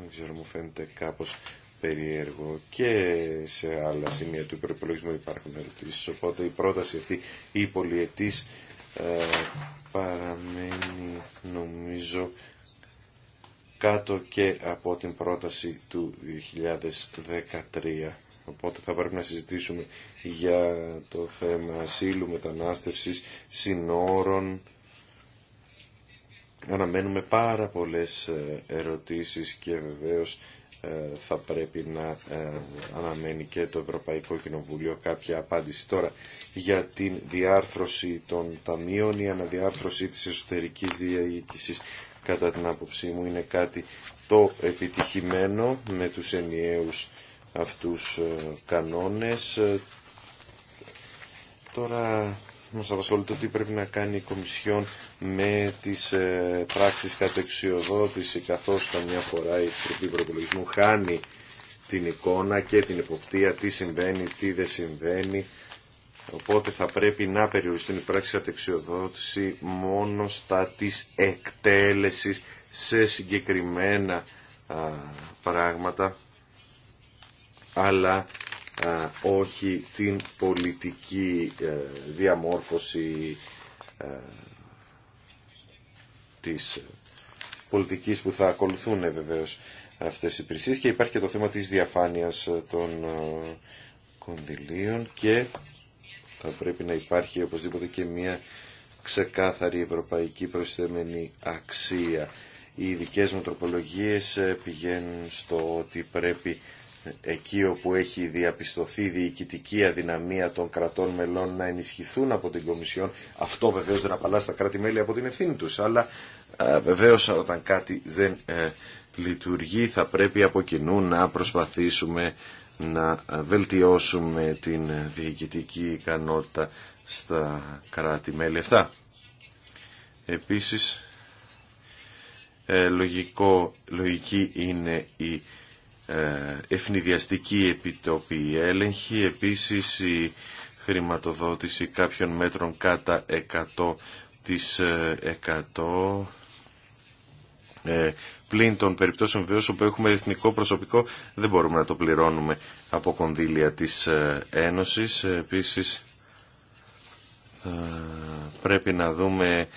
Δεν ξέρω, μου φαίνεται κάπως περίεργο και σε άλλα σημεία του υπερπολογισμού υπάρχουν ερωτήσει. Οπότε η πρόταση αυτή, η πολιετής, ε, παραμένει νομίζω κάτω και από την πρόταση του 2013. Οπότε θα πρέπει να συζητήσουμε για το θέμα ασύλου, μετανάστευσης, συνόρων. Αναμένουμε πάρα πολλές ε, ερωτήσεις και βεβαίως ε, θα πρέπει να ε, αναμένει και το Ευρωπαϊκό Κοινοβούλιο κάποια απάντηση τώρα για την διάρθρωση των ταμείων, η αναδιάρθρωση της εσωτερικής διοίκησης κατά την άποψή μου είναι κάτι το επιτυχημένο με τους ενιαίους αυτούς ε, κανόνες. Ε, τώρα μας απασχολεί το τι πρέπει να κάνει η Κομισιόν με τις ε, πράξεις κατεξιοδότηση καθώς καμιά φορά η εκτροπή Προπολογισμού χάνει την εικόνα και την εποπτεία τι συμβαίνει, τι δεν συμβαίνει Οπότε θα πρέπει να περιοριστούν οι πράξη κατεξιοδότηση μόνο στα της εκτέλεσης σε συγκεκριμένα πράγματα, αλλά όχι την πολιτική ε, διαμόρφωση ε, της ε, πολιτικής που θα ακολουθούν βεβαίως αυτές οι υπηρεσίες και υπάρχει και το θέμα της διαφάνειας των κονδυλίων και θα πρέπει να υπάρχει οπωσδήποτε και μια ξεκάθαρη ευρωπαϊκή προσθεμένη αξία. Οι ειδικέ μου τροπολογίες ε, πηγαίνουν στο ότι πρέπει εκεί όπου έχει διαπιστωθεί διοικητική αδυναμία των κρατών μελών να ενισχυθούν από την Κομισιόν. Αυτό βεβαίως δεν απαλλά τα κράτη-μέλη από την ευθύνη τους, αλλά ε, βεβαίως όταν κάτι δεν ε, λειτουργεί θα πρέπει από κοινού να προσπαθήσουμε να βελτιώσουμε την διοικητική ικανότητα στα κράτη-μέλη αυτά. Επίσης, ε, λογικό, λογική είναι η ε, ευνηδιαστική επιτοπή έλεγχη, επίσης η χρηματοδότηση κάποιων μέτρων κατά 100 της 100 ε, ε, πλην των περιπτώσεων βεβαίω όπου έχουμε εθνικό προσωπικό δεν μπορούμε να το πληρώνουμε από κονδύλια της ε, Ένωσης. Ε, επίσης θα πρέπει να δούμε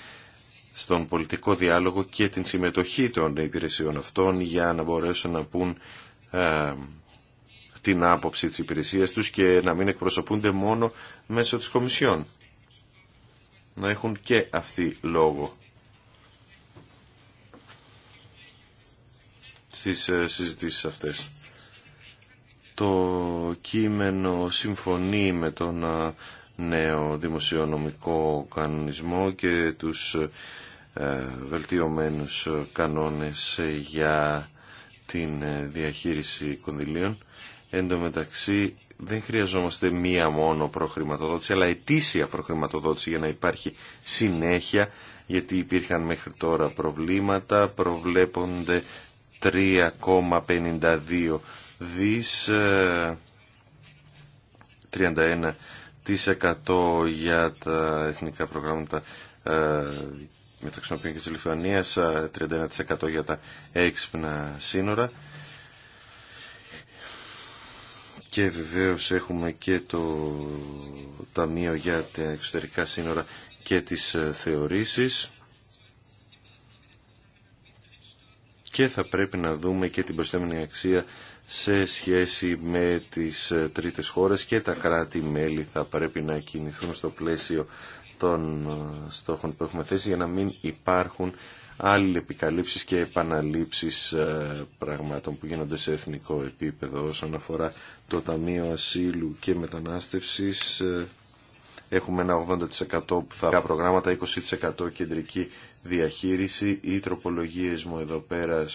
στον πολιτικό διάλογο και την συμμετοχή των υπηρεσιών αυτών για να μπορέσουν να πούν την άποψη της υπηρεσίας τους και να μην εκπροσωπούνται μόνο μέσω της Κομισιόν. Να έχουν και αυτή λόγο στις ε, συζητήσεις αυτές. Το κείμενο συμφωνεί με τον ε, νέο δημοσιονομικό κανονισμό και τους ε, βελτιωμένους κανόνες για την διαχείριση κονδυλίων. Εν τω μεταξύ δεν χρειαζόμαστε μία μόνο προχρηματοδότηση, αλλά ετήσια προχρηματοδότηση για να υπάρχει συνέχεια, γιατί υπήρχαν μέχρι τώρα προβλήματα, προβλέπονται 3,52 δις 31% ε, για τα εθνικά προγράμματα ε, μεταξύ των οποίων και της Λιθουανίας 31% ε, για τα έξυπνα σύνορα και βεβαίως έχουμε και το Ταμείο για τα εξωτερικά σύνορα και τις θεωρήσεις και θα πρέπει να δούμε και την προσθέμενη αξία σε σχέση με τις ε, τρίτες χώρες και τα κράτη-μέλη θα πρέπει να κινηθούν στο πλαίσιο των ε, στόχων που έχουμε θέσει για να μην υπάρχουν άλλοι επικαλύψεις και επαναλήψεις ε, πραγμάτων που γίνονται σε εθνικό επίπεδο όσον αφορά το Ταμείο Ασύλου και Μετανάστευσης έχουμε ένα 80% που θα προγράμματα, 20% κεντρική διαχείριση. Οι τροπολογίε μου εδώ πέρα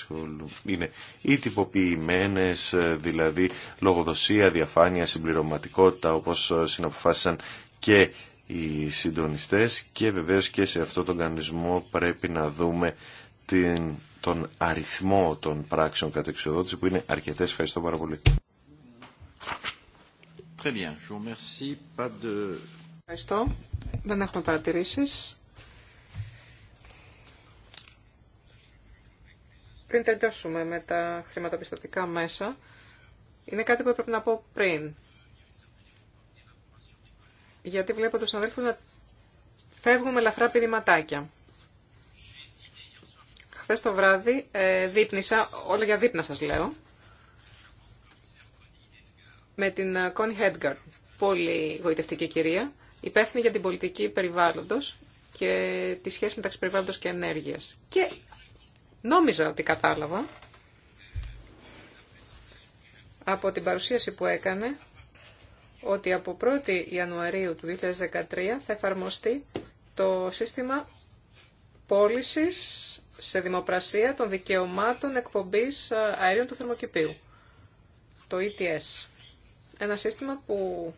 είναι οι τυποποιημένε, δηλαδή λογοδοσία, διαφάνεια, συμπληρωματικότητα όπως συναποφάσισαν και οι συντονιστές και βεβαίως και σε αυτό τον κανονισμό πρέπει να δούμε την, τον αριθμό των πράξεων κατεξοδότηση που είναι αρκετές. Ευχαριστώ πάρα πολύ. Ευχαριστώ. Δεν έχουμε παρατηρήσεις. Πριν τελειώσουμε με τα χρηματοπιστωτικά μέσα, είναι κάτι που έπρεπε να πω πριν. Γιατί βλέπω τους αδέλφους να φεύγουν με λαφρά πηδηματάκια. Χθες το βράδυ ε, δείπνησα, όλα για δείπνα σας λέω, με την Κόνι ε, Χέντγκαρτ, πολύ γοητευτική κυρία, υπεύθυνη για την πολιτική περιβάλλοντος και τη σχέση μεταξύ περιβάλλοντο και ενέργεια. Και νόμιζα ότι κατάλαβα από την παρουσίαση που έκανε ότι από 1η Ιανουαρίου του 2013 θα εφαρμοστεί το σύστημα πώληση σε δημοπρασία των δικαιωμάτων εκπομπής αέριων του θερμοκηπίου, το ETS. Ένα σύστημα που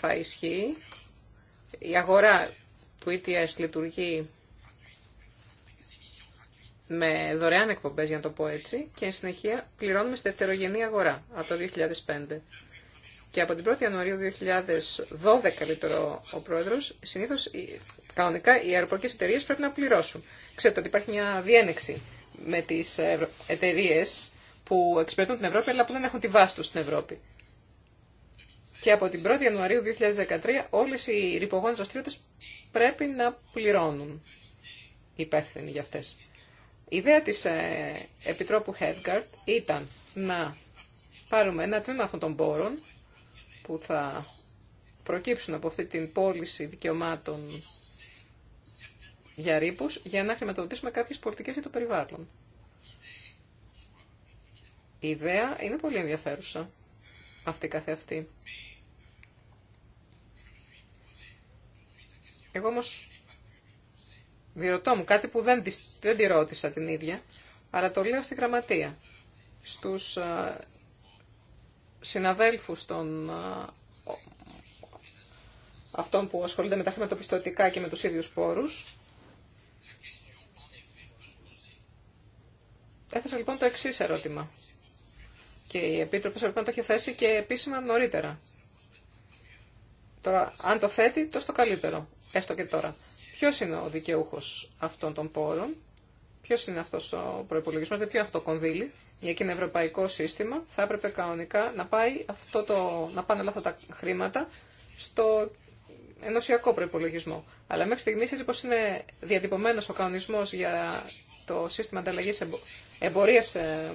θα ισχύει. Η αγορά του ETS λειτουργεί με δωρεάν εκπομπές, για να το πω έτσι, και συνεχεία πληρώνουμε στη δευτερογενή αγορά από το 2005. Και από την 1η Ιανουαρίου 2012, καλύτερο ο πρόεδρος, συνήθως κανονικά οι αεροπορικές εταιρείες πρέπει να πληρώσουν. Ξέρετε ότι υπάρχει μια διένεξη με τις εταιρείες που εξυπηρετούν την Ευρώπη, αλλά που δεν έχουν τη βάση τους στην Ευρώπη. Και από την 1η Ιανουαρίου 2013 όλες οι ρηπογόνες δραστηριότητες πρέπει να πληρώνουν οι υπεύθυνοι για αυτές. Η ιδέα της ε, Επιτρόπου Χέντγκαρτ ήταν να πληρωνουν υπευθυνοι για ένα τμήμα αυτών των πόρων που θα προκύψουν από αυτή την πώληση δικαιωμάτων για ρήπους για να χρηματοδοτήσουμε κάποιες πολιτικές για το περιβάλλον. Η ιδέα είναι πολύ ενδιαφέρουσα αυτή καθεαυτή. Εγώ όμως διερωτώ μου κάτι που δεν, δεν τη ρώτησα την ίδια, αλλά το λέω στη γραμματεία, στους συναδέλφους των αυτών που ασχολούνται με τα χρηματοπιστωτικά και με τους ίδιου πόρου. Έθεσα λοιπόν το εξή ερώτημα. Και η Επίτροπη λοιπόν το έχει θέσει και επίσημα νωρίτερα. Τώρα, αν το θέτει, το καλύτερο έστω και τώρα. Ποιο είναι ο δικαιούχο αυτών των πόρων, ποιο είναι αυτό ο προπολογισμό, δηλαδή ποιο είναι αυτό το κονδύλι, για εκείνο είναι ευρωπαϊκό σύστημα, θα έπρεπε κανονικά να, πάει αυτό το, να πάνε όλα αυτά τα χρήματα στο ενωσιακό προπολογισμό. Αλλά μέχρι στιγμή, έτσι όπω είναι διατυπωμένο ο κανονισμό για το σύστημα ανταλλαγή εμπορία ε,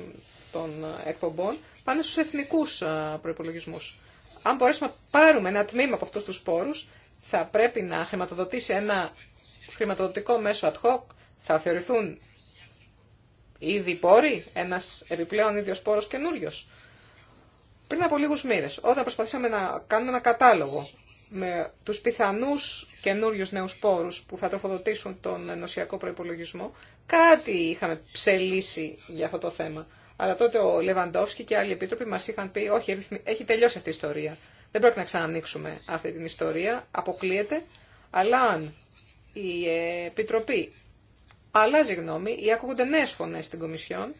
των εκπομπών, πάνε στου εθνικού ε, προπολογισμού. Αν μπορέσουμε να πάρουμε ένα τμήμα από αυτού του πόρου, θα πρέπει να χρηματοδοτήσει ένα χρηματοδοτικό μέσο ad hoc, θα θεωρηθούν ήδη πόροι, ένας επιπλέον ίδιος πόρος καινούριο. Πριν από λίγους μήνες, όταν προσπαθήσαμε να κάνουμε ένα κατάλογο με τους πιθανούς καινούριου νέους πόρους που θα τροφοδοτήσουν τον ενωσιακό προϋπολογισμό, κάτι είχαμε ψελίσει για αυτό το θέμα. Αλλά τότε ο Λεβαντόφσκι και άλλοι επίτροποι μας είχαν πει, όχι, έχει τελειώσει αυτή η ιστορία. Δεν πρέπει να ξανανοίξουμε αυτή την ιστορία, αποκλείεται, αλλά αν η Επιτροπή αλλάζει γνώμη ή ακούγονται νέε φωνέ στην Κομισιόν,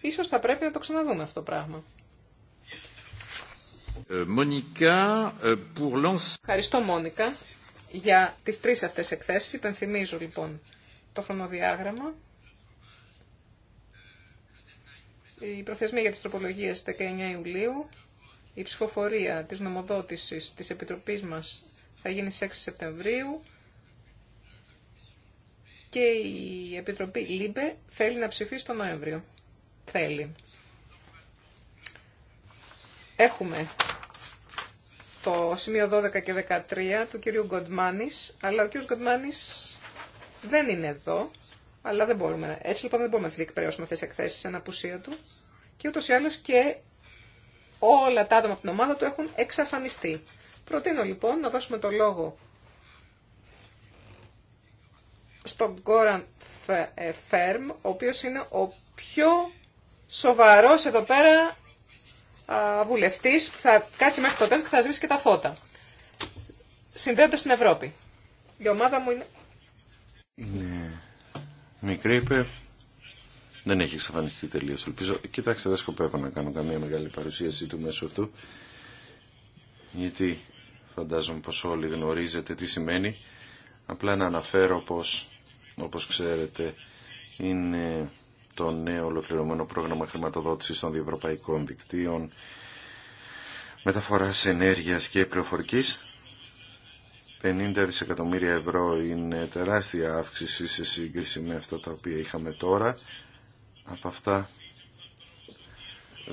ίσως θα πρέπει να το ξαναδούμε αυτό το πράγμα. Ε, Μόνικα ε, pour Ευχαριστώ Μόνικα για τις τρεις αυτές εκθέσεις. Υπενθυμίζω λοιπόν το χρονοδιάγραμμα. Η προθεσμία για τις τροπολογίες 19 Ιουλίου. Η ψηφοφορία της νομοδότησης της Επιτροπής μας θα γίνει στις 6 Σεπτεμβρίου και η Επιτροπή ΛΥΜΠΕ θέλει να ψηφίσει τον Νοέμβριο. Θέλει. Έχουμε το σημείο 12 και 13 του κυρίου Γκοντμάνης, αλλά ο κύριος Γκοντμάνης δεν είναι εδώ, αλλά δεν μπορούμε. Έτσι λοιπόν δεν μπορούμε να τις διεκπαιρεώσουμε αυτές τις εκθέσεις σε αναπουσία του. Και ούτως ή άλλως και όλα τα άτομα από την ομάδα του έχουν εξαφανιστεί. Προτείνω λοιπόν να δώσουμε το λόγο στον Γκόραν ε, Φέρμ, ο οποίος είναι ο πιο σοβαρός εδώ πέρα α, βουλευτής που θα κάτσει μέχρι το τέλος και θα σβήσει και τα φώτα. Συνδέονται στην Ευρώπη. Η ομάδα μου είναι... Ναι. μικρή, είπε, δεν έχει εξαφανιστεί τελείως. Ελπίζω, κοιτάξτε, δεν σκοπεύω να κάνω καμία μεγάλη παρουσίαση του μέσου αυτού, γιατί φαντάζομαι πως όλοι γνωρίζετε τι σημαίνει. Απλά να αναφέρω πως, όπως ξέρετε, είναι το νέο ολοκληρωμένο πρόγραμμα χρηματοδότησης των διευρωπαϊκών δικτύων μεταφοράς ενέργειας και πληροφορικής. 50 δισεκατομμύρια ευρώ είναι τεράστια αύξηση σε σύγκριση με αυτά τα οποία είχαμε τώρα από αυτά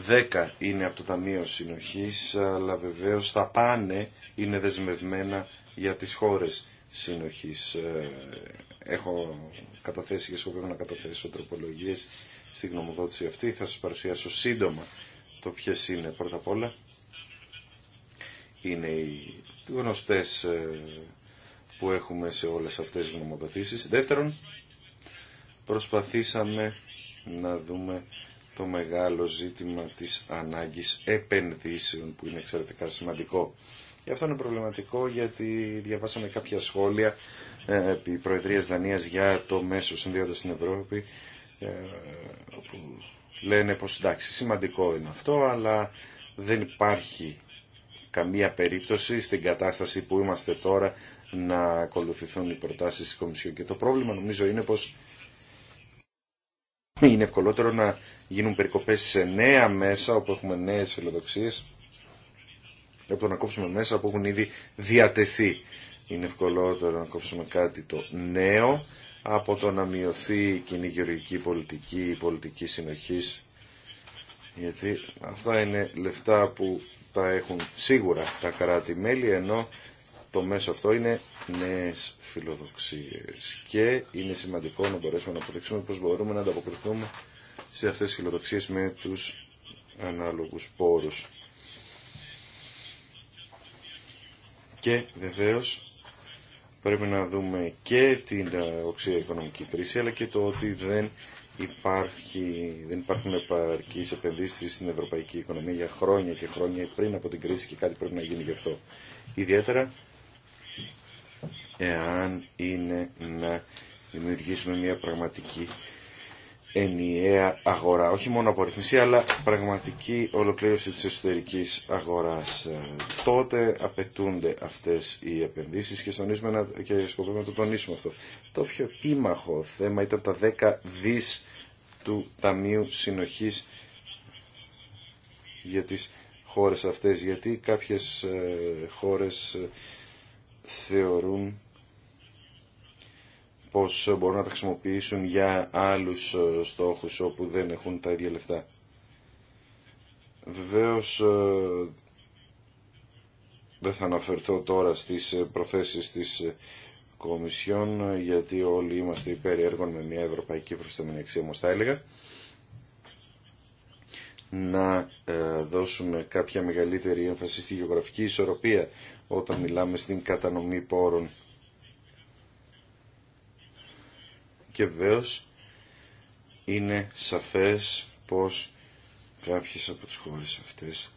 10 είναι από το Ταμείο Συνοχής, αλλά βεβαίως θα πάνε, είναι δεσμευμένα για τις χώρες συνοχής. Ε, έχω καταθέσει και σκοπεύω να καταθέσω τροπολογίες στη γνωμοδότηση αυτή. Θα σας παρουσιάσω σύντομα το ποιε είναι πρώτα απ' όλα. Είναι οι γνωστές ε, που έχουμε σε όλες αυτές τις γνωμοδοτήσεις. Δεύτερον, προσπαθήσαμε να δούμε το μεγάλο ζήτημα της ανάγκης επενδύσεων που είναι εξαιρετικά σημαντικό. Γι' αυτό είναι προβληματικό γιατί διαβάσαμε κάποια σχόλια ε, επί Προεδρίας Δανίας για το μέσο συνδέοντας στην Ευρώπη ε, που λένε πως εντάξει σημαντικό είναι αυτό αλλά δεν υπάρχει καμία περίπτωση στην κατάσταση που είμαστε τώρα να ακολουθηθούν οι προτάσεις της Κομισιόν. Και το πρόβλημα νομίζω είναι πως ναι, είναι ευκολότερο να γίνουν περικοπές σε νέα μέσα όπου έχουμε νέε φιλοδοξίε από το να κόψουμε μέσα που έχουν ήδη διατεθεί. Είναι ευκολότερο να κόψουμε κάτι το νέο από το να μειωθεί η κοινή γεωργική πολιτική, η πολιτική συνοχή. γιατί αυτά είναι λεφτά που τα έχουν σίγουρα τα κράτη-μέλη ενώ το μέσο αυτό είναι νέες φιλοδοξίες και είναι σημαντικό να μπορέσουμε να αποδείξουμε πώς μπορούμε να ανταποκριθούμε σε αυτές τις φιλοδοξίες με τους ανάλογους πόρους. Και βεβαίως πρέπει να δούμε και την οξία οικονομική κρίση αλλά και το ότι δεν, υπάρχει, δεν υπάρχουν επαρκείς επενδύσει στην ευρωπαϊκή οικονομία για χρόνια και χρόνια πριν από την κρίση και κάτι πρέπει να γίνει γι' αυτό. Ιδιαίτερα εάν είναι να δημιουργήσουμε μια πραγματική ενιαία αγορά, όχι μόνο από αλλά πραγματική ολοκλήρωση της εσωτερικής αγοράς. Τότε απαιτούνται αυτές οι επενδύσεις και, να, και σκοπεύουμε να το τονίσουμε αυτό. Το πιο τίμαχο θέμα ήταν τα 10 δις του Ταμείου Συνοχής για τις χώρες αυτές, γιατί κάποιες ε, χώρες ε, θεωρούν πως μπορούν να τα χρησιμοποιήσουν για άλλους ε, στόχους όπου δεν έχουν τα ίδια λεφτά. Βεβαίως ε, δεν θα αναφερθώ τώρα στις ε, προθέσεις της Κομισιόν γιατί όλοι είμαστε υπέρ έργων με μια ευρωπαϊκή προσθέμενη αξία όμως θα έλεγα να δώσουμε κάποια μεγαλύτερη έμφαση στη γεωγραφική ισορροπία όταν μιλάμε στην κατανομή πόρων και βεβαίω είναι σαφές πως κάποιες από τις χώρες αυτές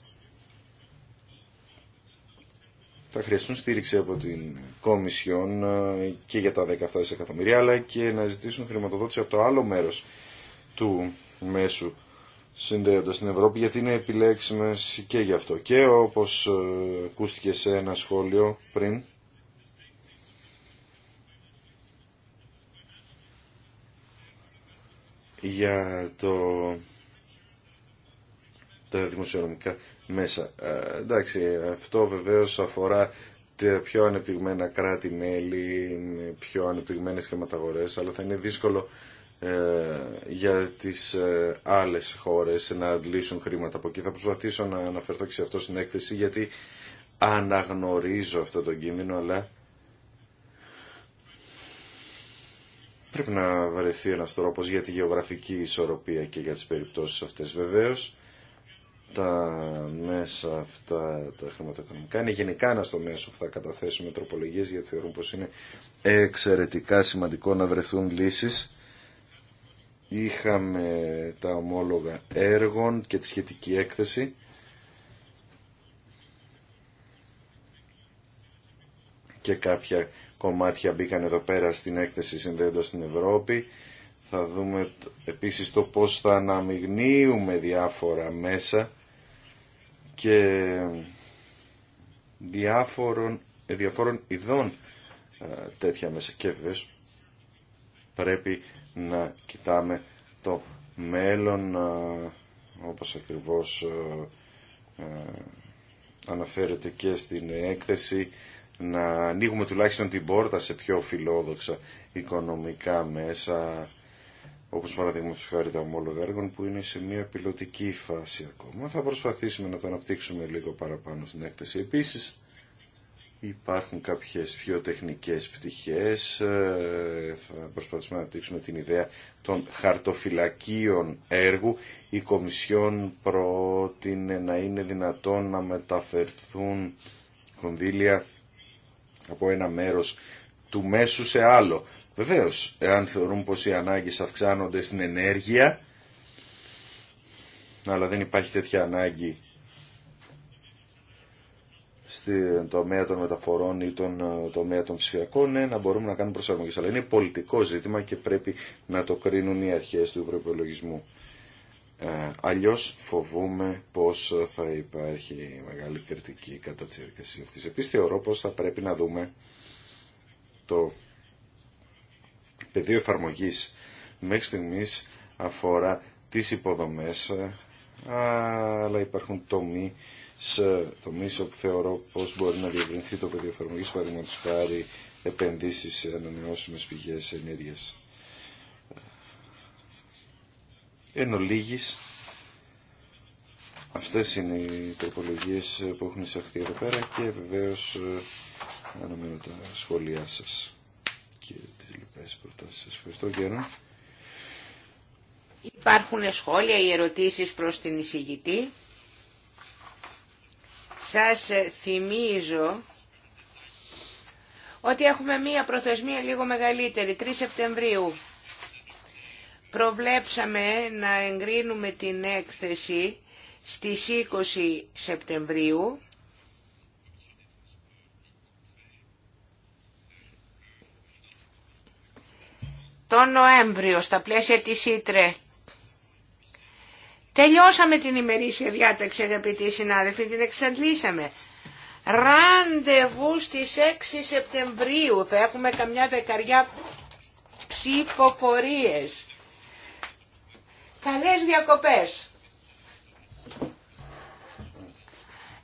θα χρειαστούν στήριξη από την Κομισιόν ε, και για τα 17 αλλά και να ζητήσουν χρηματοδότηση από το άλλο μέρος του μέσου συνδέοντας την Ευρώπη, γιατί είναι επιλέξιμες και γι' αυτό. Και όπως ε, ακούστηκε σε ένα σχόλιο πριν, για το, τα δημοσιονομικά μέσα. Ε, εντάξει, αυτό βεβαίως αφορά τα πιο ανεπτυγμένα κράτη-μέλη, πιο ανεπτυγμένες χρηματαγορές, αλλά θα είναι δύσκολο ε, για τις ε, άλλες χώρες να αντλήσουν χρήματα από εκεί. Θα προσπαθήσω να αναφερθώ και σε αυτό στην έκθεση γιατί αναγνωρίζω αυτό το κίνδυνο αλλά Πρέπει να βρεθεί ένας τρόπος για τη γεωγραφική ισορροπία και για τις περιπτώσεις αυτές βεβαίως. Τα μέσα αυτά, τα χρηματοοικονομικά, είναι γενικά ένα μέσο που θα καταθέσουμε τροπολογίες γιατί θεωρούν πως είναι εξαιρετικά σημαντικό να βρεθούν λύσεις. Είχαμε τα ομόλογα έργων και τη σχετική έκθεση. και κάποια κομμάτια μπήκαν εδώ πέρα στην έκθεση συνδέοντας την Ευρώπη. Θα δούμε επίσης το πώς θα αναμειγνύουμε διάφορα μέσα και διάφορων, ε, διαφόρων ειδών ε, τέτοια μέσα. Και βέβαια πρέπει να κοιτάμε το μέλλον ε, όπως ακριβώς αναφέρεται και στην έκθεση να ανοίγουμε τουλάχιστον την πόρτα σε πιο φιλόδοξα οικονομικά μέσα, όπως παραδείγματο χάρη τα ομόλογα έργων που είναι σε μια πιλωτική φάση ακόμα. Θα προσπαθήσουμε να το αναπτύξουμε λίγο παραπάνω στην έκθεση. Επίσης υπάρχουν κάποιες πιο τεχνικές πτυχές, ε, θα προσπαθήσουμε να αναπτύξουμε την ιδέα των χαρτοφυλακίων έργου. Η Κομισιόν πρότεινε να είναι δυνατόν να μεταφερθούν κονδύλια από ένα μέρος του μέσου σε άλλο. Βεβαίως, εάν θεωρούν πως οι ανάγκες αυξάνονται στην ενέργεια, αλλά δεν υπάρχει τέτοια ανάγκη στην τομέα των μεταφορών ή τον ε, τομέα των ψηφιακών, ναι, να μπορούμε να κάνουμε προσαρμογές. Αλλά είναι πολιτικό ζήτημα και πρέπει να το κρίνουν οι αρχές του προπολογισμού. Ε, αλλιώς φοβούμε πως θα υπάρχει μεγάλη κριτική κατά της διαδικασίας αυτής. Επίσης θεωρώ πως θα πρέπει να δούμε το πεδίο εφαρμογής μέχρι στιγμής αφορά τις υποδομές αλλά υπάρχουν τομεί τομείς όπου θεωρώ πως μπορεί να διευρυνθεί το πεδίο εφαρμογής παραδείγματος χάρη επενδύσεις σε ανανεώσιμες πηγές ενέργειας. Εν ολίγης, αυτές είναι οι τροπολογίες που έχουν εισαχθεί εδώ πέρα και βεβαίως ε, αναμένω τα σχόλιά σας και τις λοιπές προτάσεις σας. Ευχαριστώ Γέρον. Υπάρχουν σχόλια ή ερωτήσεις προς την εισηγητή. Σας ε, θυμίζω ότι έχουμε μία προθεσμία λίγο μεγαλύτερη, 3 Σεπτεμβρίου προβλέψαμε να εγκρίνουμε την έκθεση στις 20 Σεπτεμβρίου τον Νοέμβριο στα πλαίσια της Ήτρε. Τελειώσαμε την ημερήσια διάταξη αγαπητοί συνάδελφοι, την εξαντλήσαμε. Ραντεβού στις 6 Σεπτεμβρίου θα έχουμε καμιά δεκαριά ψηφοφορίες. Καλές διακοπές.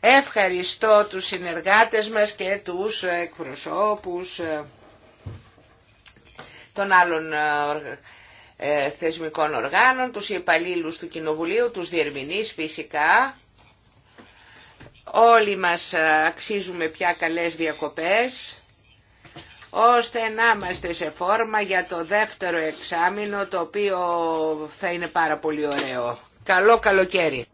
Ευχαριστώ τους συνεργάτες μας και τους εκπροσώπους ε, των άλλων ε, ε, θεσμικών οργάνων, τους υπαλλήλους του Κοινοβουλίου, τους διερμηνείς φυσικά. Όλοι μας αξίζουμε πια καλές διακοπές ώστε να είμαστε σε φόρμα για το δεύτερο εξάμεινο το οποίο θα είναι πάρα πολύ ωραίο. Καλό καλοκαίρι.